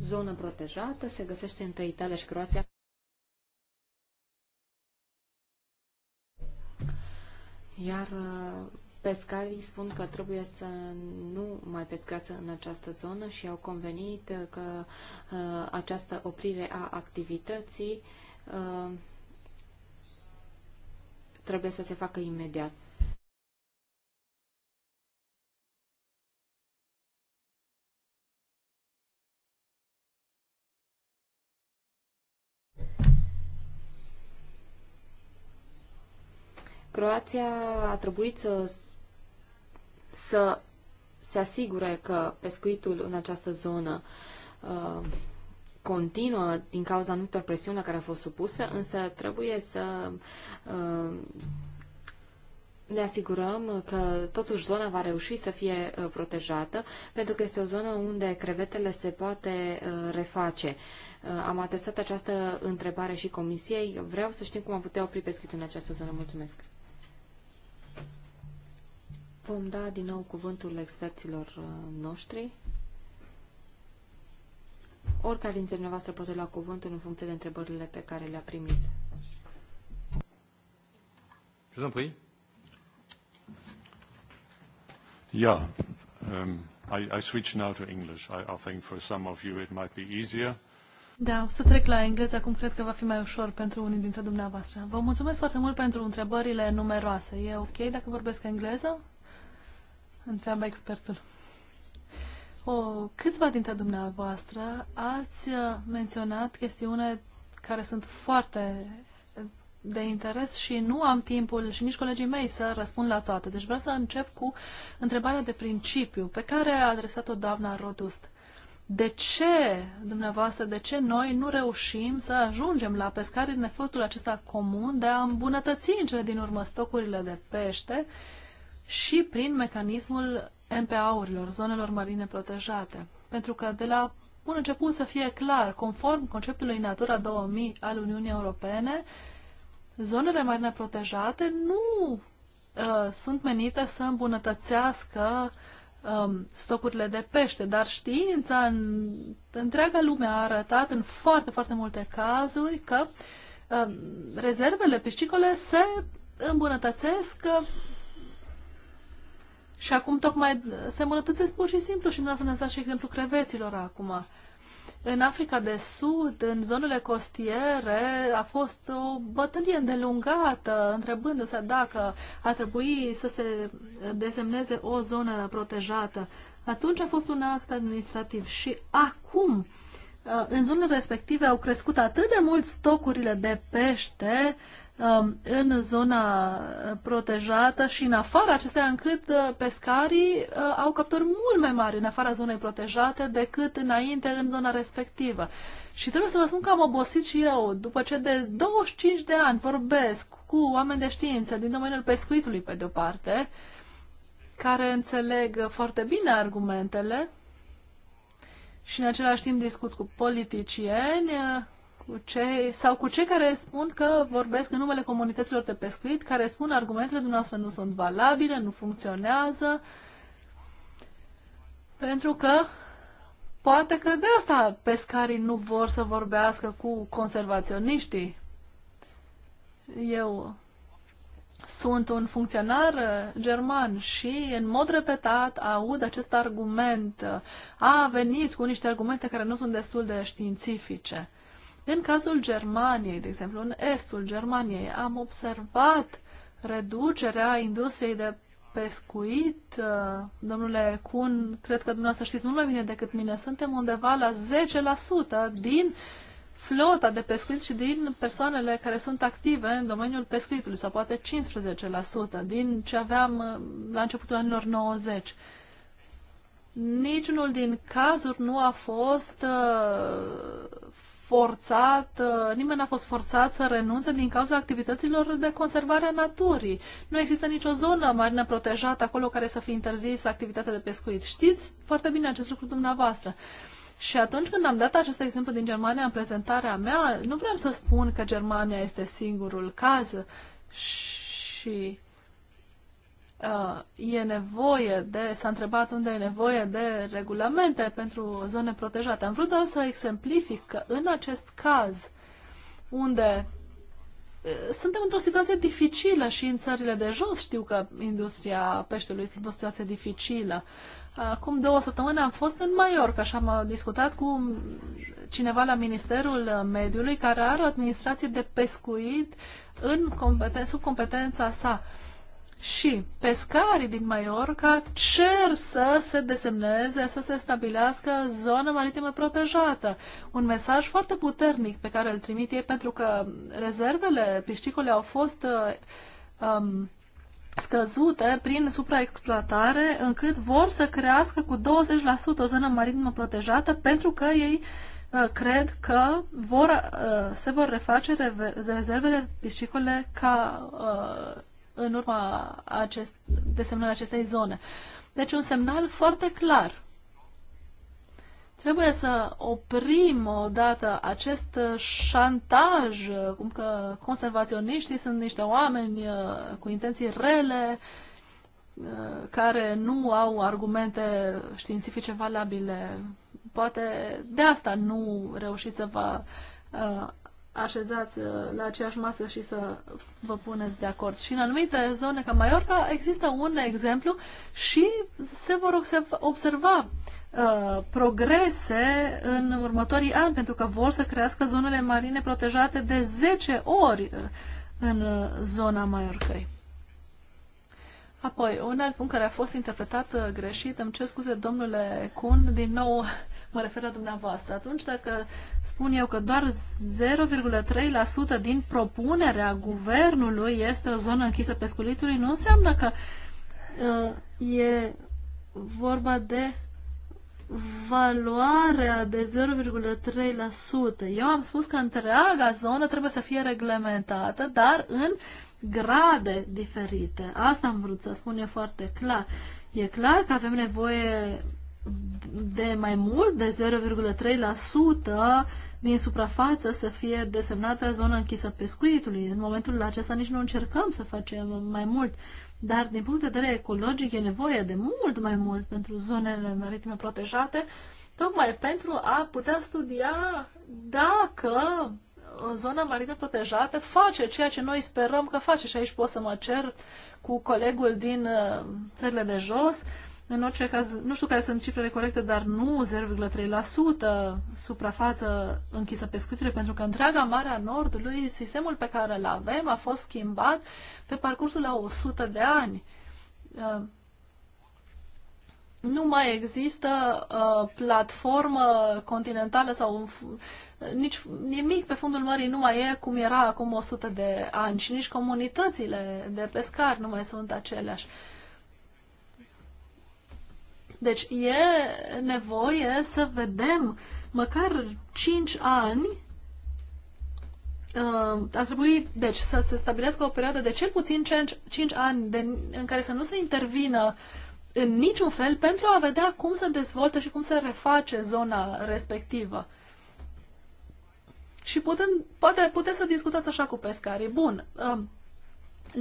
[SPEAKER 5] zonă protejată, se găsește între Italia și Croația. Iar uh, pescarii spun că trebuie să nu mai pescuiască în această zonă și au convenit uh, că uh, această oprire a activității uh, trebuie să se facă imediat. Croația a trebuit să, să se asigure că pescuitul în această zonă uh, continuă din cauza anumitor presiuni la care a fost supusă, însă trebuie să uh, ne asigurăm că totuși zona va reuși să fie uh, protejată, pentru că este o zonă unde crevetele se poate uh, reface. Uh, am adresat această întrebare și comisiei. vreau să știm cum am putea opri pescuitul în această zonă. Mulțumesc! Vom da din nou cuvântul experților uh, noștri. Oricare dintre dumneavoastră poate lua cuvântul în funcție de întrebările pe care le-a primit.
[SPEAKER 1] Je vous
[SPEAKER 2] Yeah. Um, I, I switch now to English. I, I think for some of you it might be easier.
[SPEAKER 1] Da,
[SPEAKER 3] o să trec la engleză, acum cred că va fi mai ușor pentru unii dintre dumneavoastră. Vă mulțumesc foarte mult pentru întrebările numeroase. E ok dacă vorbesc engleză? Întreabă expertul. O, câțiva dintre dumneavoastră ați uh, menționat chestiune care sunt foarte uh, de interes și nu am timpul și nici colegii mei să răspund la toate. Deci vreau să încep cu întrebarea de principiu pe care a adresat-o doamna Rodust. De ce, dumneavoastră, de ce noi nu reușim să ajungem la pescare în efortul acesta comun de a îmbunătăți în cele din urmă stocurile de pește uh, și prin mecanismul MPA-urilor, zonelor marine protejate. Pentru că de la bun început să fie clar, conform conceptului Natura 2000 al Uniunii Europene, zonele marine protejate nu uh, sunt menite să îmbunătățească um, stocurile de pește, dar știința în întreaga lume a arătat în foarte, foarte multe cazuri că um, rezervele piscicole se îmbunătățesc și acum tocmai se îmbunătățesc pur și simplu și nu să ne și exemplu creveților acum. În Africa de Sud, în zonele costiere, a fost o bătălie îndelungată, întrebându-se dacă ar trebui să se desemneze o zonă protejată. Atunci a fost un act administrativ și acum, uh, în zonele respective, au crescut atât de mult stocurile de pește, uh, Um, în zona uh, protejată și în afara acestea, încât uh, pescarii uh, au captori mult mai mari în afara zonei protejate decât înainte în zona respectivă. Și trebuie să vă spun că am obosit și eu, după ce de 25 de ani vorbesc cu oameni de știință din domeniul pescuitului, pe de-o parte, care înțeleg foarte bine argumentele și în același timp discut cu politicieni cu cei, sau cu cei care spun că vorbesc în numele comunităților de pescuit, care spun argumentele dumneavoastră nu sunt valabile, nu funcționează, pentru că poate că de asta pescarii nu vor să vorbească cu conservaționiștii. Eu sunt un funcționar uh, german și în mod repetat aud acest argument. Uh, a, veniți cu niște argumente care nu sunt destul de științifice. În cazul Germaniei, de exemplu, în estul Germaniei, am observat reducerea industriei de pescuit. Uh, domnule Kun, cred că dumneavoastră știți mult mai bine decât mine. Suntem undeva la 10% din flota de pescuit și din persoanele care sunt active în domeniul pescuitului, sau poate 15% din ce aveam uh, la începutul anilor 90. Niciunul din cazuri nu a fost uh, forțat, uh, nimeni n-a fost forțat să renunțe din cauza activităților de conservare a naturii. Nu există nicio zonă mai neprotejată acolo care să fie interzisă activitatea de pescuit. Știți foarte bine acest lucru dumneavoastră. Și atunci când am dat acest exemplu din Germania în prezentarea mea, nu vreau să spun că Germania este singurul caz și Uh, e nevoie de, s-a întrebat unde e nevoie de regulamente pentru zone protejate. Am vrut doar să exemplific că în acest caz unde uh, suntem într-o situație dificilă și în țările de jos știu că industria peștelui este într-o situație dificilă. Acum două săptămâni am fost în Mallorca și am discutat cu cineva la Ministerul Mediului care are o administrație de pescuit în competen- sub competența sa. Uh, și pescarii din Maiorca cer să se desemneze, să se stabilească zonă maritimă protejată. Un mesaj foarte puternic pe care îl trimit ei pentru că rezervele piscicole au fost uh, um, scăzute prin supraexploatare încât vor să crească cu 20% o zonă maritimă protejată pentru că ei uh, cred că vor, uh, se vor reface rezervele piscicole ca uh, în urma acest, desemnării acestei zone. Deci un semnal foarte clar. Trebuie să oprim odată acest șantaj, cum că conservaționiștii sunt niște oameni uh, cu intenții rele, uh, care nu au argumente științifice valabile. Poate de asta nu reușiți să vă uh, așezați uh, la aceeași masă și să vă puneți de acord. Și în anumite zone ca Mallorca există un exemplu și se vor observa, uh, progrese în următorii ani, pentru că vor să crească zonele marine protejate de 10 ori uh, în zona Maiorcăi. Apoi, un alt punct care a fost interpretat greșit, îmi cer scuze, domnule Cun, din nou mă refer la dumneavoastră. Atunci dacă spun eu că doar 0,3% din propunerea guvernului este o zonă închisă pescuitului, nu înseamnă că uh, e vorba de valoarea de 0,3%. Eu am spus că întreaga zonă trebuie să fie reglementată, dar în grade diferite. Asta am vrut să spun e foarte clar. E clar că avem nevoie de mai mult de 0,3% din suprafață să fie desemnată zona închisă pescuitului. În momentul acesta nici nu încercăm să facem mai mult, dar din punct de vedere ecologic e nevoie de mult mai mult pentru zonele maritime protejate, tocmai pentru a putea studia dacă zona maritimă protejată face ceea ce noi sperăm că face. Și aici pot să mă cer cu colegul din uh, țările de jos, în orice caz, nu știu care sunt cifrele corecte, dar nu 0,3% suprafață închisă scriptură, pentru că întreaga Marea Nordului, sistemul pe care îl avem, a fost schimbat pe parcursul la 100 de ani. Uh, nu mai există uh, platformă continentală sau nici nimic pe fundul mării nu mai e cum era acum 100 de ani și nici comunitățile de pescari nu mai sunt aceleași. Uh, deci e nevoie să vedem măcar 5 ani Uh, ar trebui, deci, să se stabilească o perioadă de cel puțin 5, 5 ani de, în care să nu se intervină în niciun fel pentru a vedea cum se dezvoltă și cum se reface zona respectivă. Și putem, poate putem să discutați așa cu pescarii. Bun, uh,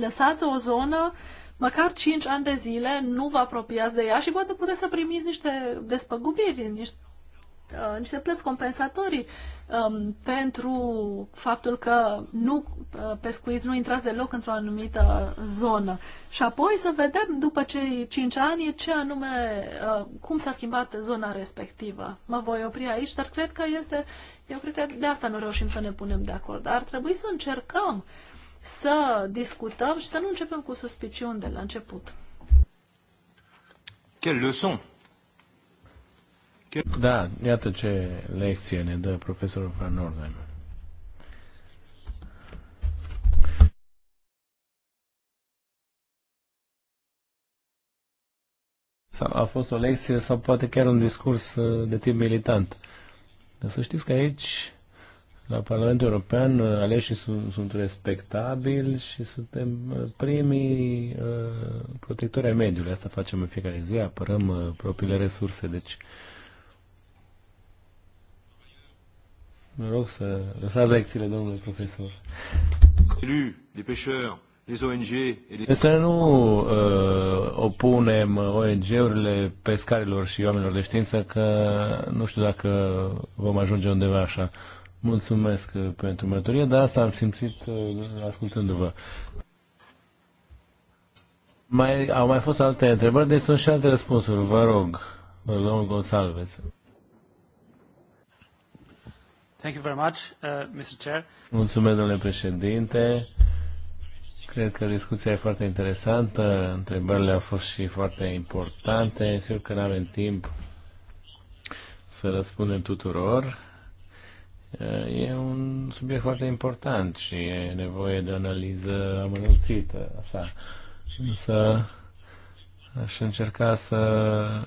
[SPEAKER 3] lăsați o zonă măcar 5 ani de zile nu vă apropiați de ea și poate puteți să primiți niște despăgubiri, niște, uh, niște plăți compensatorii um, pentru faptul că nu uh, pescuiți, nu intrați deloc într-o anumită zonă. Și apoi să vedem după cei 5 ani ce anume, uh, cum s-a schimbat zona respectivă. Mă voi opri aici, dar cred că este, eu cred că de asta nu reușim să ne punem de acord. Ar trebui să încercăm uh, să discutăm și să nu începem cu suspiciuni de la început.
[SPEAKER 1] Quelle leçon!
[SPEAKER 2] Da, iată ce lecție ne dă profesorul Van Orden. A fost o lecție sau poate chiar un discurs uh, de tip militant. Să știți că aici la Parlamentul European uh, aleșii sunt, sunt respectabili și suntem uh, primii uh, protectori ai mediului. Asta facem în fiecare zi, apărăm uh, propriile resurse. Deci, mă rog să lăsați lecțiile, domnule profesor.
[SPEAKER 1] Les pêcheurs, les ONG
[SPEAKER 2] les... Să nu uh, opunem uh, ONG-urile pescarilor și oamenilor de știință, că nu știu dacă vom ajunge undeva așa. Mulțumesc uh, pentru mărturie, dar asta am simțit uh, ascultându-vă. Mai, au mai fost alte întrebări, deci sunt și alte răspunsuri. Vă rog, domnul Gonsalves.
[SPEAKER 4] Thank you very much, uh, Mr. Chair.
[SPEAKER 2] Mulțumesc, domnule președinte. Cred că discuția e foarte interesantă, întrebările au fost și foarte importante. Sigur că nu avem timp să răspundem tuturor E un subiect foarte important și e nevoie de o analiză amănunțită. Așa. Însă aș încerca să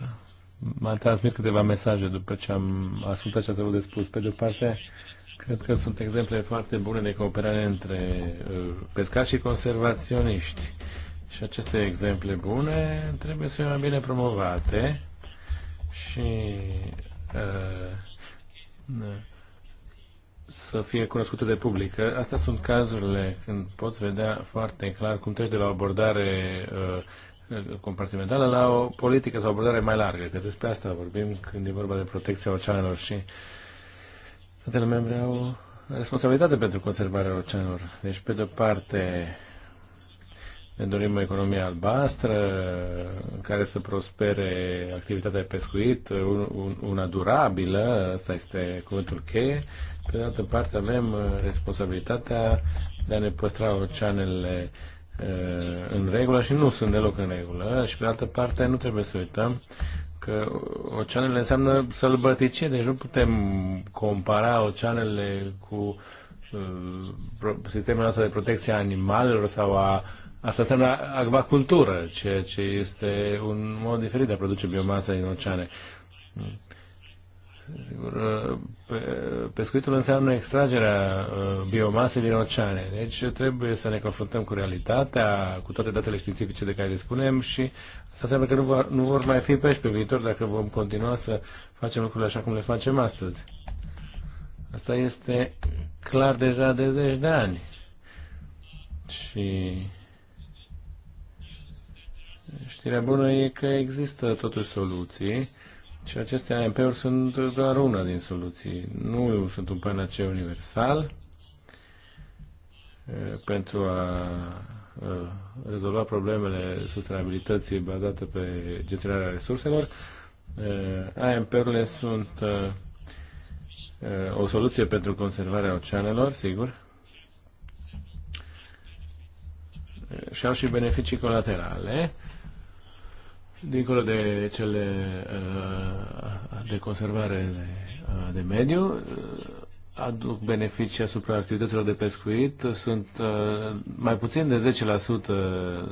[SPEAKER 2] mă transmit câteva mesaje după ce am ascultat ce ați avut de spus. Pe de o parte, cred că sunt exemple foarte bune de cooperare între uh, pescari și conservaționiști. Și aceste exemple bune trebuie să fie mai bine promovate și uh, să fie cunoscută de public. Astea sunt cazurile când poți vedea foarte clar cum treci de la o abordare uh, compartimentală la o politică sau o abordare mai largă, că despre asta vorbim când e vorba de protecția oceanelor și statele membre au responsabilitate pentru conservarea oceanelor. Deci, pe de-o parte, ne dorim o economie albastră în care să prospere activitatea de pescuit, una durabilă, asta este cuvântul cheie. Pe de altă parte avem uh, responsabilitatea de a ne păstra oceanele uh, în regulă și nu sunt deloc în regulă și pe de altă parte nu trebuie să uităm că oceanele înseamnă sălbăticie, deci nu putem compara oceanele cu uh, sistemele noastre de protecție a animalelor sau a uh, Asta înseamnă acvacultură, ceea ce este un mod diferit de a produce biomasa din oceane. Sigur, pescuitul înseamnă extragerea uh, biomasei din oceane. Deci trebuie să ne confruntăm cu realitatea, cu toate datele științifice de care dispunem și asta înseamnă că nu vor, nu vor mai fi pești pe viitor dacă vom continua să facem lucrurile așa cum le facem astăzi. Asta este clar deja de zeci de ani. Și Știrea bună e că există totuși soluții și aceste AMP-uri sunt doar una din soluții. Nu sunt un panaceu universal eh, pentru a eh, rezolva problemele sustenabilității bazate pe gestionarea resurselor. Eh, AMP-urile sunt o soluție pentru conservarea oceanelor, sigur, și au și beneficii colaterale dincolo de cele uh, de conservare uh, de mediu, uh, aduc beneficii asupra activităților de pescuit. Sunt mai puțin de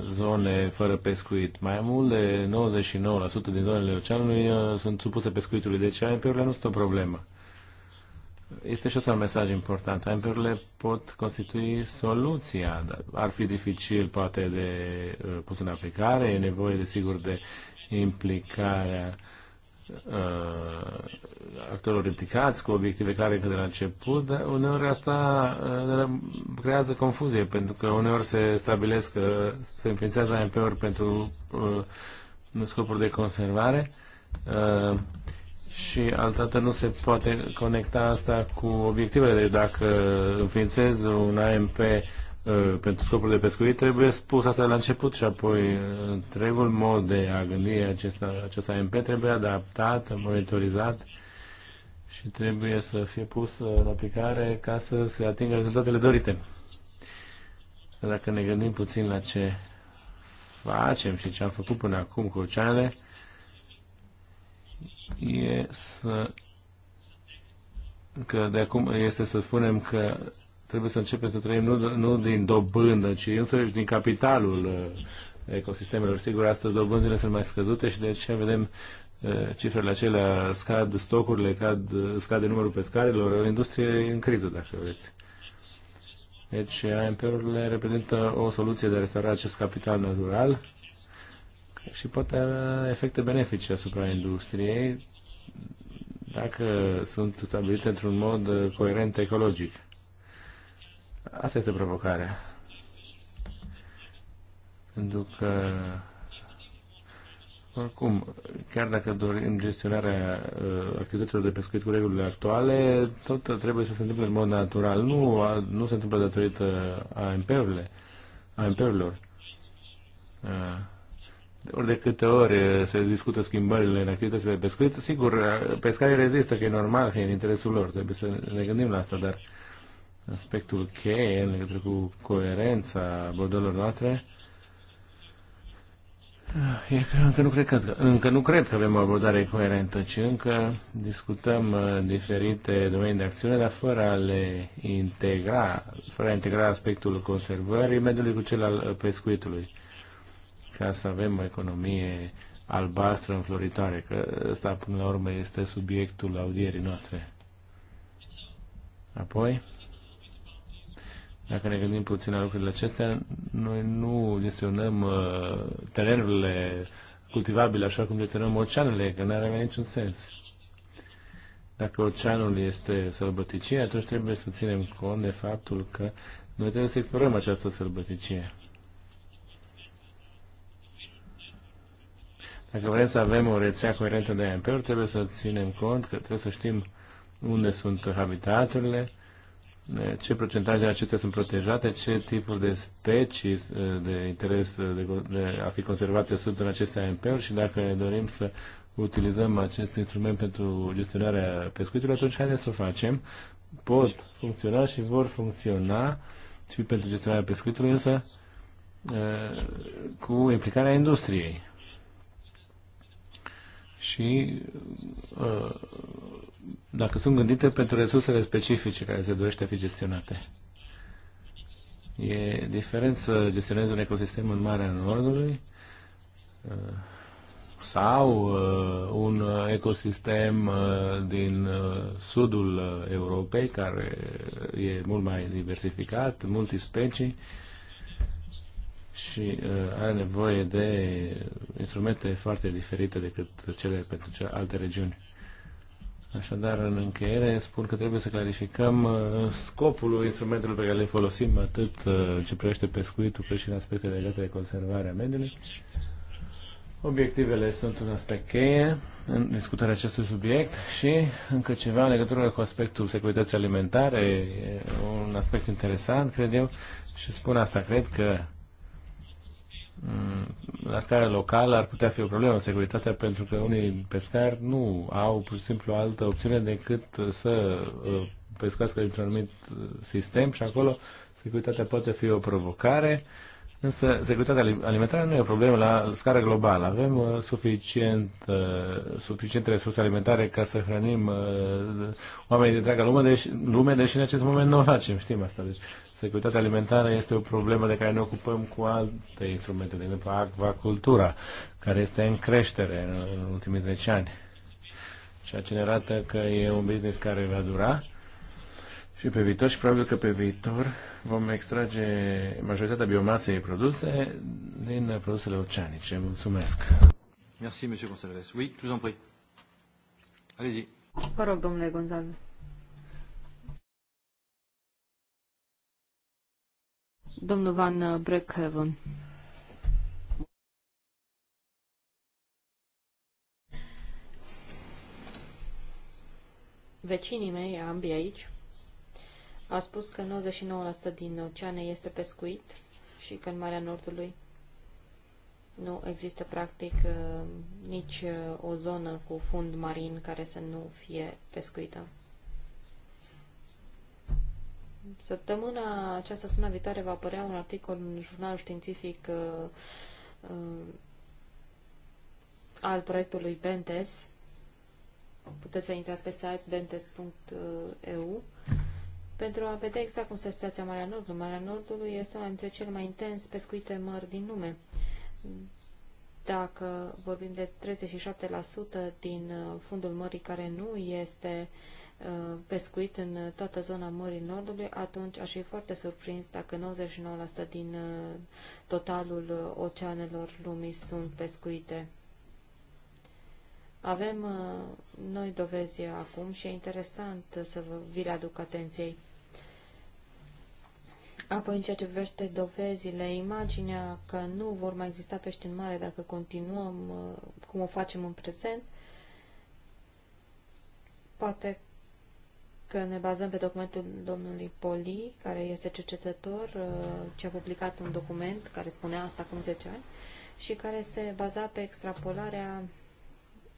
[SPEAKER 2] 10% zone fără pescuit. Mai mult de 99% din zonele oceanului sunt supuse pescuitului. Deci aia urile nu sunt o problemă. Este și un mesaj important. Amperurile pot constitui soluția. Ar fi dificil, poate, de uh, pus în aplicare. E nevoie, desigur, de implicarea uh, actorilor implicați cu obiective clare încă de la început, dar uneori asta uh, creează confuzie, pentru că uneori se stabilesc că uh, se înființează AMP-uri pentru uh, scopuri de conservare. Uh, și altădată nu se poate conecta asta cu obiectivele. Deci dacă înființez un AMP uh, pentru scopul de pescuit, trebuie spus asta la început și apoi uh, întregul mod de a gândi acest, acest AMP trebuie adaptat, monitorizat și trebuie să fie pus în aplicare ca să se atingă rezultatele dorite. Dacă ne gândim puțin la ce facem și ce am făcut până acum cu oceanele, e să, că de acum este să spunem că trebuie să începem să trăim nu, nu din dobândă, ci și din capitalul uh, ecosistemelor. Sigur, astăzi dobânzile sunt mai scăzute și de aceea vedem uh, cifrele acelea scad stocurile, cad, uh, scade numărul pescarilor, o industrie în criză, dacă vreți. Deci AMP-urile reprezintă o soluție de a restaura acest capital natural și poate are efecte benefice asupra industriei dacă sunt stabilite într-un mod uh, coerent ecologic. Asta este provocarea. Pentru că, oricum, chiar dacă dorim gestionarea uh, activităților de pescuit cu regulile actuale, tot trebuie să se întâmple în mod natural. Nu, a, nu se întâmplă datorită AMP-urilor. AMP-urilor. Uh, ori de câte ori eh, se discută schimbările în activitățile de pescuit, sigur, eh, pescarii rezistă, că e normal, că e în interesul lor, trebuie să ne gândim la asta, dar aspectul cheie în legătură cu coerența abordărilor noastre eh, e că încă nu, cred că încă nu cred că avem o abordare coerentă, ci încă discutăm diferite domenii de acțiune, dar fără a le integra, fără a integra aspectul conservării mediului cu cel al pescuitului ca să avem o economie albastră înfloritoare, că ăsta până la urmă este subiectul audierii noastre. Apoi, dacă ne gândim puțin la lucrurile acestea, noi nu gestionăm uh, terenurile cultivabile așa cum gestionăm oceanele, că nu are mai niciun sens. Dacă oceanul este sălbăticie, atunci trebuie să ținem cont de faptul că noi trebuie să explorăm această sălbăticie. Dacă vrem să avem o rețea coerentă de amp trebuie să ținem cont că trebuie să știm unde sunt habitaturile, ce procentaje acestea sunt protejate, ce tipul de specii uh, de interes uh, de, de a fi conservate sunt în aceste AMP-uri și dacă dorim să utilizăm acest instrument pentru gestionarea pescuitului, atunci haideți să o facem. Pot funcționa și vor funcționa și pentru gestionarea pescuitului, însă uh, cu implicarea industriei și uh, dacă sunt gândite pentru resursele specifice care se dorește a fi gestionate. E diferent să gestionezi un ecosistem în Marea Nordului uh, sau uh, un ecosistem din sudul Europei care e mult mai diversificat, multispecii, și uh, are nevoie de instrumente foarte diferite decât cele pentru cele alte regiuni. Așadar, în încheiere, spun că trebuie să clarificăm uh, scopul instrumentelor pe care le folosim, atât uh, ce privește pescuitul, cât și în aspecte legate de conservarea mediului. Obiectivele sunt un aspect cheie în discutarea acestui subiect și încă ceva în legătură cu aspectul securității alimentare, e un aspect interesant, cred eu, și spun asta, cred că Mm, la scară locală ar putea fi o problemă securitatea pentru că unii pescari nu au pur și simplu altă opțiune decât să uh, pescuiască într un anumit uh, sistem și acolo securitatea poate fi o provocare, însă securitatea alimentară nu e o problemă la scară globală. Avem uh, suficient, suficiente resurse alimentare ca să hrănim oamenii de întreaga lume, deși, lume, deși în acest moment nu o facem, știm asta. Deci securitatea alimentară este o problemă de care ne ocupăm cu alte instrumente, de exemplu acvacultura, care este în creștere în în ultimii 10 ani, ceea ce ne arată că e un business care va dura și pe viitor și probabil că pe viitor vom extrage majoritatea biomasei produse din produsele oceanice. Mulțumesc!
[SPEAKER 1] Merci, monsieur Gonzalez. Oui, je vous en prie. Allez-y.
[SPEAKER 5] Vă rog, domnule Gonzalez. Domnul Van Breckhaven. Vecinii mei, ambii aici, a spus că 99% din oceane este pescuit și că în Marea Nordului nu există practic nici o zonă cu fund marin care să nu fie pescuită. Săptămâna aceasta, săptămâna viitoare, va apărea un articol în jurnalul științific uh, uh, al proiectului Bentes. Puteți să intrați pe site bentes.eu pentru a vedea exact cum este situația Marea Nordului. Marea Nordului este una dintre cele mai intens pescuite mări din lume. Dacă vorbim de 37% din uh, fundul mării care nu este uh, Uh, pescuit în uh, toată zona Mării Nordului, atunci aș fi foarte surprins dacă 99% din uh, totalul oceanelor lumii sunt pescuite. Avem noi dovezi acum și e interesant să vi le aduc atenției. Apoi, în ceea ce privește dovezile, imaginea că nu vor mai exista pești în mare dacă continuăm cum o facem în prezent, poate că ne bazăm pe documentul domnului Poli, care este cercetător, uh, ce a publicat un document care spunea asta acum 10 ani și care se baza pe extrapolarea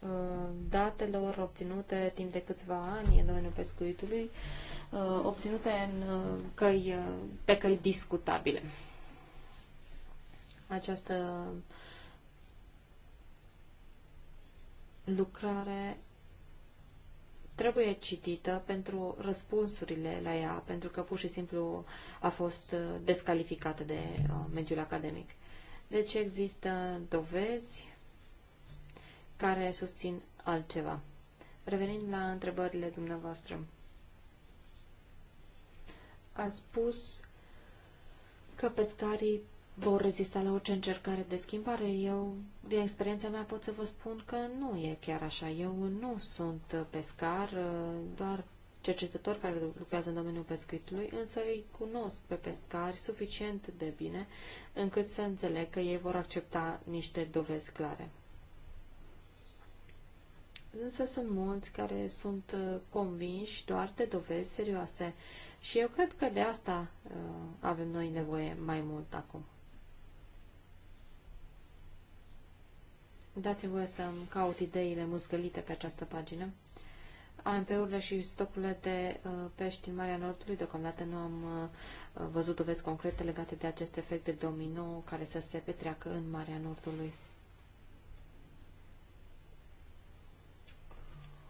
[SPEAKER 5] uh, datelor obținute timp de câțiva ani în domeniul pescuitului, uh, obținute în căi, pe căi discutabile. Această lucrare trebuie citită pentru răspunsurile la ea, pentru că pur și simplu a fost uh, descalificată de uh, mediul academic. Deci există dovezi care susțin altceva. Revenind la întrebările dumneavoastră. A spus că pescarii vor rezista la orice încercare de schimbare. Eu, din experiența mea, pot să vă spun că nu e chiar așa. Eu nu sunt pescar, doar cercetător care lucrează în domeniul pescuitului, însă îi cunosc pe pescari suficient de bine încât să înțeleg că ei vor accepta niște dovezi clare. Însă sunt mulți care sunt uh, convinși doar de dovezi serioase și eu cred că de asta uh, avem noi nevoie mai mult acum. Dați-mi voie să-mi caut ideile mâzgălite pe această pagină. AMP-urile și stocurile de uh, pești în Marea Nordului, deocamdată nu am uh, văzut dovezi concrete legate de acest efect de domino care să se petreacă în Marea Nordului.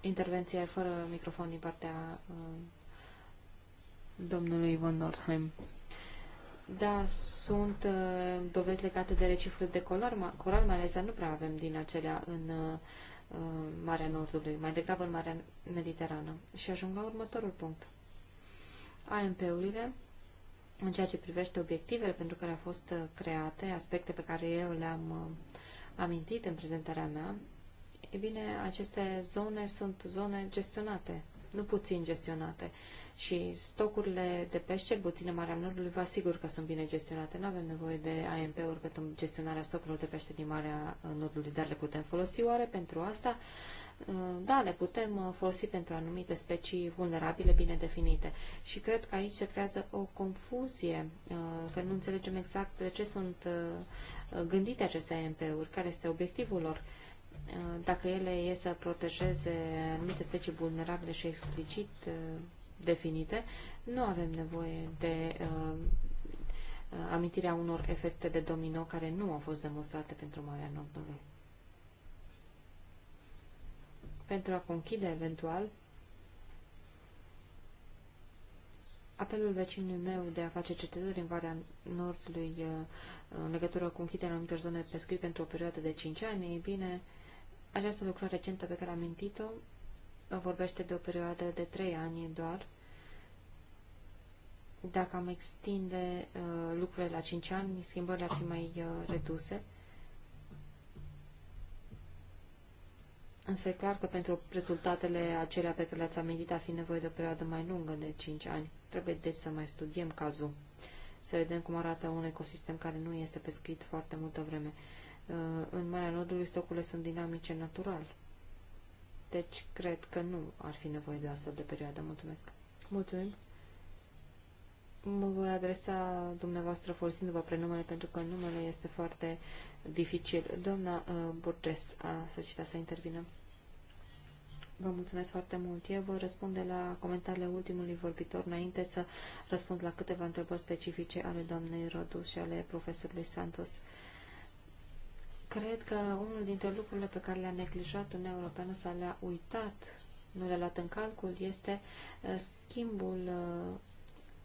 [SPEAKER 5] Intervenție fără microfon din partea uh, domnului Von Nordheim. Da, sunt uh, dovezi legate de recifuri de color, ma, coral, mai ales, dar nu prea avem din acelea în uh, uh, Marea Nordului, mai degrabă în Marea Mediterană. Și ajung la următorul punct. AMP-urile, în ceea ce privește obiectivele pentru care au fost uh, create, aspecte pe care eu le-am uh, amintit în prezentarea mea, e bine, aceste zone sunt zone gestionate, nu puțin gestionate. Uh, și stocurile de pește, cel Marea Nordului, vă asigur că sunt bine gestionate. Nu avem nevoie de AMP-uri pentru gestionarea stocurilor de pește din Marea Nordului, dar le putem folosi oare pentru asta? Uh, da, le putem uh, folosi pentru anumite specii vulnerabile bine definite. Și cred că aici se creează o confuzie, uh, că nu înțelegem exact de ce sunt gândite aceste AMP-uri, care este obiectivul lor dacă ele e să protejeze anumite specii vulnerabile și explicit, definite, nu avem nevoie de uh, amintirea unor efecte de domino care nu au fost demonstrate pentru Marea Nordului. Pentru a conchide eventual, apelul vecinului meu de a face cercetări în Marea Nordului uh, în legătură cu închiderea anumitor zone de pescuit pentru o perioadă de 5 ani, e bine, această lucrare recentă pe care am mintit o vorbește de o perioadă de trei ani doar. Dacă am extinde uh, lucrurile la cinci ani, schimbările ar fi mai uh, reduse. Însă e clar că pentru rezultatele acelea pe care le-ați amintit ar fi nevoie de o perioadă mai lungă de 5 ani. Trebuie deci să mai studiem cazul, să vedem cum arată un ecosistem care nu este pescuit foarte multă vreme. Uh, în Marea Nordului stocurile sunt dinamice natural. Deci, cred că nu ar fi nevoie de asta de perioadă. Mulțumesc. Mulțumim. Mă voi adresa dumneavoastră folosindu-vă prenumele, pentru că numele este foarte dificil. Doamna uh, Burges a solicitat să intervină. Vă mulțumesc foarte mult. Eu voi răspunde la comentariile ultimului vorbitor înainte să răspund la câteva întrebări specifice ale doamnei Rodus și ale profesorului Santos. Uh, Cred că unul dintre lucrurile pe care le-a neglijat un european sau le-a uitat, nu le-a luat în calcul, este uh, schimbul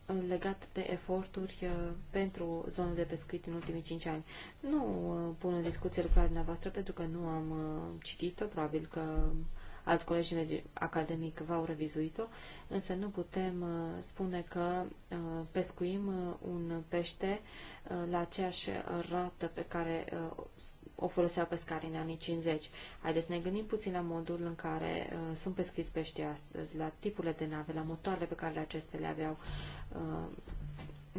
[SPEAKER 5] uh, legat de eforturi uh, pentru zona de pescuit în ultimii 5 ani. Nu pun în discuție lucrarea dumneavoastră pentru că nu am citit-o, probabil că alți colegi academic v-au revizuit-o, însă nu putem spune că pescuim un pește la aceeași rată pe care o folosea pescarii în anii 50. Haideți să ne gândim puțin la modul în care uh, sunt pescuiți peștii astăzi, la tipurile de nave, la motoarele pe care acestea le aveau. Uh,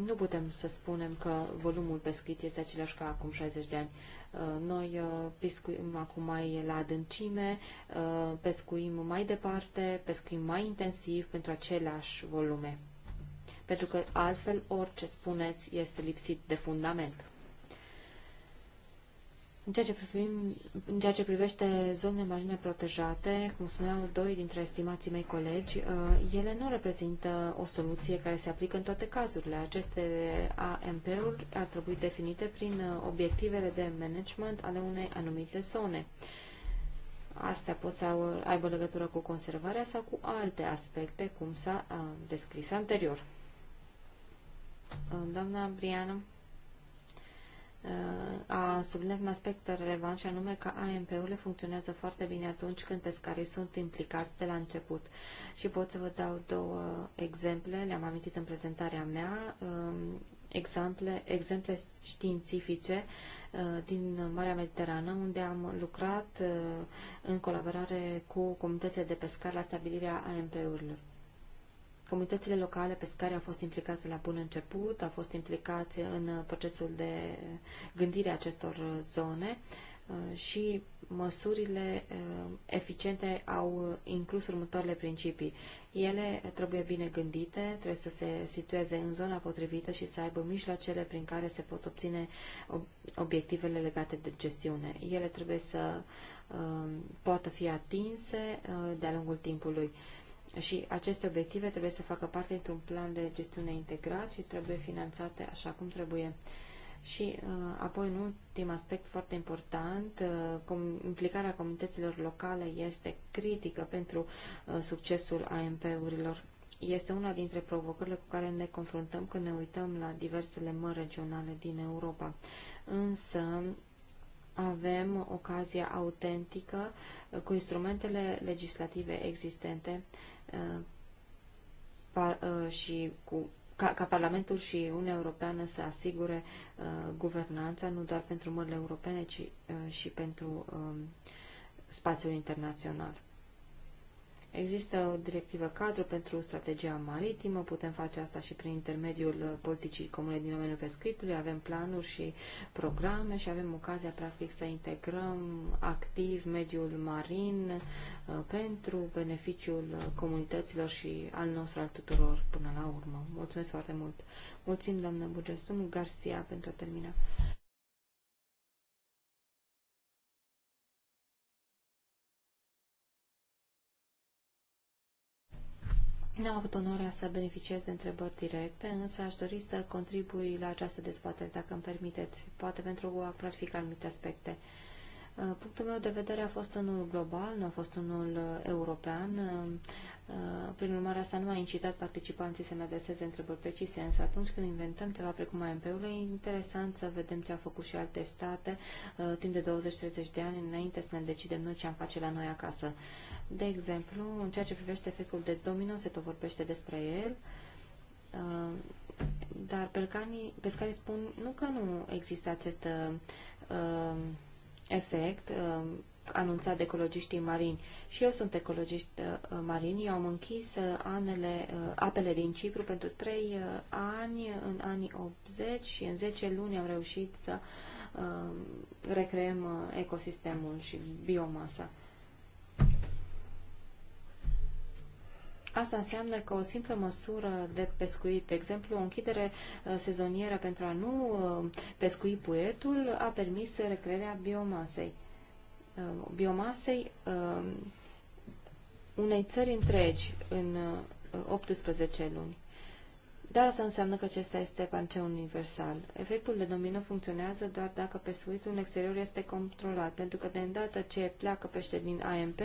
[SPEAKER 5] nu putem să spunem că volumul pescuit este același ca acum 60 de ani. Uh, noi uh, pescuim acum mai la adâncime, uh, pescuim mai departe, pescuim mai intensiv pentru aceleași volume. Pentru că altfel orice spuneți este lipsit de fundament. În ceea, ce privim, în ceea ce privește zonele marine protejate, cum spuneau doi dintre estimații mei colegi, uh, ele nu reprezintă o soluție care se aplică în toate cazurile. Aceste AMP-uri ar trebui definite prin uh, obiectivele de management ale unei anumite zone. Astea pot să aibă legătură cu conservarea sau cu alte aspecte, cum s-a uh, descris anterior. Doamna Briană. Uh, a subliniat un aspect relevant și anume că AMP-urile funcționează foarte bine atunci când pescarii sunt implicați de la început. Și pot să vă dau două exemple, le-am amintit în prezentarea mea, um, exemple, exemple științifice uh, din Marea Mediterană, unde am lucrat uh, în colaborare cu comunitățile de pescar la stabilirea AMP-urilor. Comunitățile locale care au fost implicate la bun început, au fost implicați în procesul de gândire a acestor zone uh, și măsurile uh, eficiente au inclus următoarele principii. Ele trebuie bine gândite, trebuie să se situeze în zona potrivită și să aibă mijloacele prin care se pot obține obiectivele legate de gestiune. Ele trebuie să uh, poată fi atinse de-a lungul timpului. Și aceste obiective trebuie să facă parte dintr-un plan de gestiune integrat și trebuie finanțate așa cum trebuie. Și uh, apoi, un ultim aspect foarte important, uh, implicarea comunităților locale este critică pentru uh, succesul AMP-urilor. Este una dintre provocările cu care ne confruntăm când ne uităm la diversele mări regionale din Europa. Însă, avem ocazia autentică cu instrumentele legislative existente Uh, uh, și cu, ca, ca Parlamentul și Uniunea Europeană să asigure uh, guvernanța nu doar pentru mările europene, ci uh, și pentru uh, spațiul internațional. Există o directivă cadru pentru strategia maritimă, putem face asta și prin intermediul uh, politicii comune din domeniul pescuitului, avem planuri și programe și avem ocazia, practic, să integrăm activ mediul marin uh, pentru beneficiul uh, comunităților și al nostru, al tuturor, până la urmă. Mulțumesc foarte mult! Mulțumim, doamnă Bugesum Garcia, pentru a termina. N-am avut onoarea să beneficiez de întrebări directe, însă aș dori să contribui la această dezbatere, dacă îmi permiteți, poate pentru a clarifica anumite aspecte. Uh, punctul meu de vedere a fost unul global, nu a fost unul uh, european. Uh, prin urmare, asta nu a incitat participanții să-mi adreseze întrebări precise, însă atunci când inventăm ceva precum AMP-ul, e interesant să vedem ce au făcut și alte state timp de 20-30 de ani înainte să ne decidem noi ce am face la noi acasă. De exemplu, în ceea ce privește efectul de domino, se tot vorbește despre el, uh, dar pescanii, pescarii spun nu că nu există acest uh, efect uh, anunțat de ecologiștii marini. Și eu sunt ecologiști marini, eu am închis anele, apele din Cipru pentru 3 ani, în anii 80 și în 10 luni am reușit să recreăm ecosistemul și biomasa. Asta înseamnă că o simplă măsură de pescuit, de exemplu, o închidere uh, sezonieră pentru a nu uh, pescui puietul, a permis recrearea biomasei. Uh, biomasei unei țări întregi în 18 luni. Dar asta înseamnă că acesta este panceu universal. Efectul de domino funcționează doar dacă pescuitul în exterior este controlat, pentru că de îndată ce pleacă pește din AMP,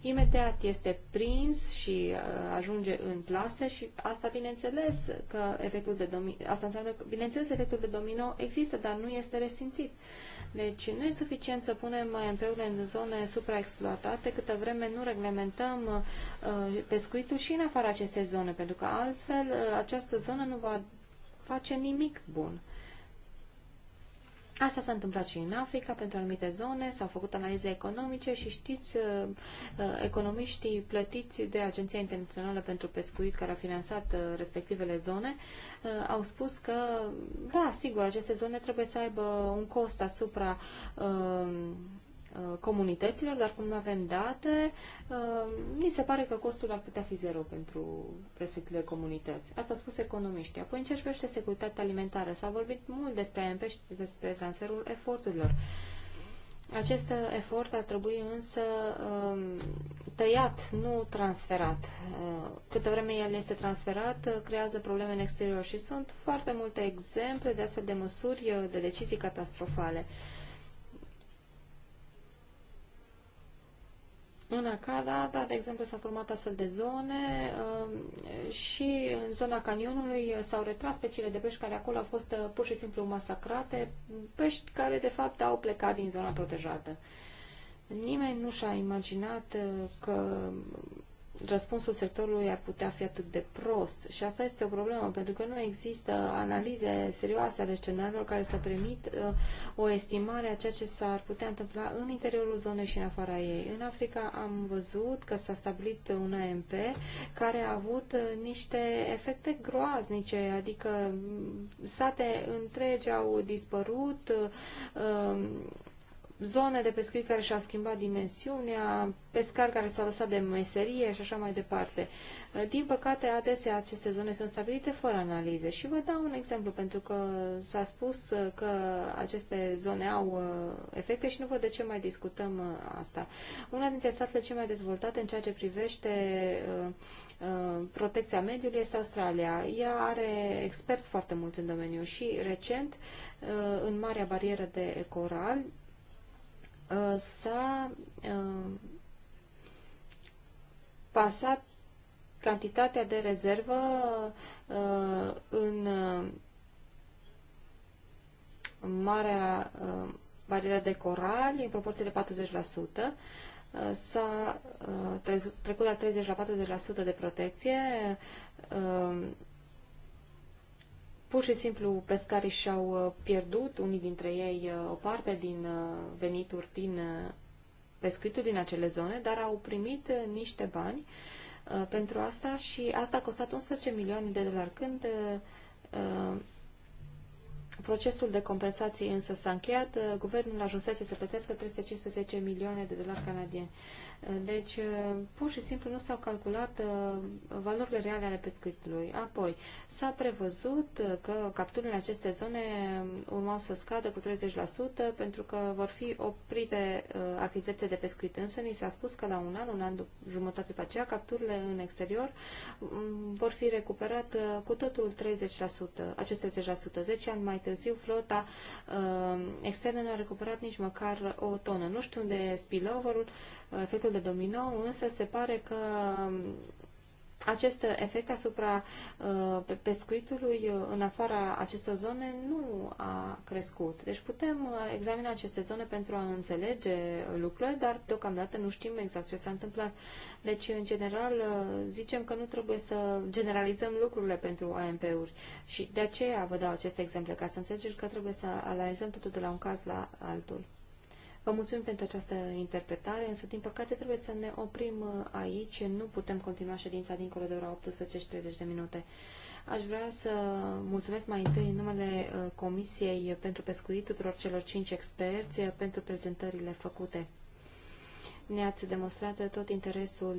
[SPEAKER 5] imediat este prins și uh, ajunge în plase și asta bineînțeles că efectul de domino, asta înseamnă că bineînțeles efectul de domino există, dar nu este resimțit. Deci nu e suficient să punem MP-urile în zone supraexploatate câtă vreme nu reglementăm uh, pescuitul și în afara acestei zone, pentru că altfel uh, această zonă nu va face nimic bun. Asta s-a întâmplat și în Africa, pentru anumite zone, s-au făcut analize economice și știți, uh, uh, economiștii plătiți de Agenția Internațională pentru Pescuit, care a finanțat uh, respectivele zone, au spus că, da, sigur, aceste zone trebuie să aibă un cost asupra Uh, comunităților, dar cum nu avem date, mi uh, se pare că costul ar putea fi zero pentru respectivele comunități. Asta a spus economiștii. Apoi încercește securitatea alimentară. S-a vorbit mult despre AMP și despre transferul eforturilor. Acest efort ar trebui însă um, tăiat, nu transferat. Uh, câtă vreme el este transferat, creează probleme în exterior și sunt foarte multe exemple de astfel de măsuri, de decizii catastrofale. În Canada, da, de exemplu, s-au format astfel de zone um, și în zona canionului s-au retras speciile de pești care acolo au fost uh, pur și simplu masacrate, pești care de fapt au plecat din zona protejată. Nimeni nu și-a imaginat uh, că răspunsul sectorului ar putea fi atât de prost. Și asta este o problemă, pentru că nu există analize serioase ale scenariilor care să permit uh, o estimare a ceea ce s-ar putea întâmpla în interiorul zonei și în afara ei. În Africa am văzut că s-a stabilit un AMP care a avut uh, niște efecte groaznice, adică sate întregi au dispărut, uh, zone de pescuit care și-au schimbat dimensiunea, pescari care s-au lăsat de meserie și așa mai departe. Uh, din păcate, adesea aceste zone sunt stabilite fără analize și vă dau un exemplu, pentru că s-a spus uh, că aceste zone au uh, efecte și nu văd de ce mai discutăm asta. Una dintre statele cele mai dezvoltate în ceea ce privește protecția mediului este Australia. Ea are experți foarte mulți în domeniu și recent, în Marea Barieră de Coral, Uh, s-a uh, pasat cantitatea de rezervă uh, în marea barieră de corali în proporție de 40%, s-a trecut la 30 la 40% de protecție Pur și simplu pescarii și-au uh, pierdut, unii dintre ei, uh, o parte din uh, venituri din pescuitul din acele zone, dar au primit niște bani pentru asta și asta a costat 11 milioane de dolari. Când procesul de compensații însă s-a încheiat, guvernul ajunsese să plătească 315 milioane de dolari canadieni. Deci, uh, pur și simplu nu s-au calculat uh, valorile reale ale pescuitului. Apoi, s-a prevăzut uh, că capturile în aceste zone um, urmau să scadă cu 30% pentru că vor fi oprite activitățile de pescuit. Însă ni s-a spus că la un an, un an jumătate după aceea, capturile în exterior um, vor fi recuperate cu totul 30%, aceste 30%. 10 ani mai târziu, flota externă nu a recuperat nici măcar o tonă. Nu știu unde e spillover-ul, efectul de domino, însă se pare că acest efect asupra uh, pescuitului uh, în afara acestor zone nu a crescut. Deci putem uh, examina aceste zone pentru a înțelege lucrurile, dar deocamdată nu știm exact ce s-a întâmplat. Deci, în general, zicem că nu trebuie să generalizăm lucrurile pentru AMP-uri și de aceea vă dau aceste exemple, ca să înțelegeți că trebuie să analizăm totul de la un caz la altul. Vă mulțumim pentru această interpretare, însă, din păcate, trebuie să ne oprim uh, aici. Nu putem continua ședința dincolo de ora 18.30 de minute. Aș vrea să mulțumesc mai întâi în numele uh, Comisiei pentru Pescuit tuturor celor cinci experți uh, pentru prezentările făcute. Ne-ați demonstrat tot interesul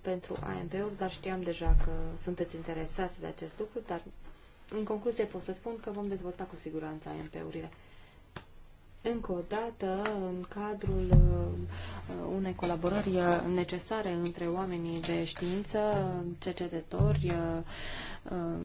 [SPEAKER 5] pentru AMP-uri, dar știam deja că sunteți interesați de acest lucru, dar în concluzie pot să spun că vom dezvolta cu siguranță AMP-urile. Încă o dată, în cadrul uh, unei colaborări uh, necesare între oamenii de știință, cercetători, uh,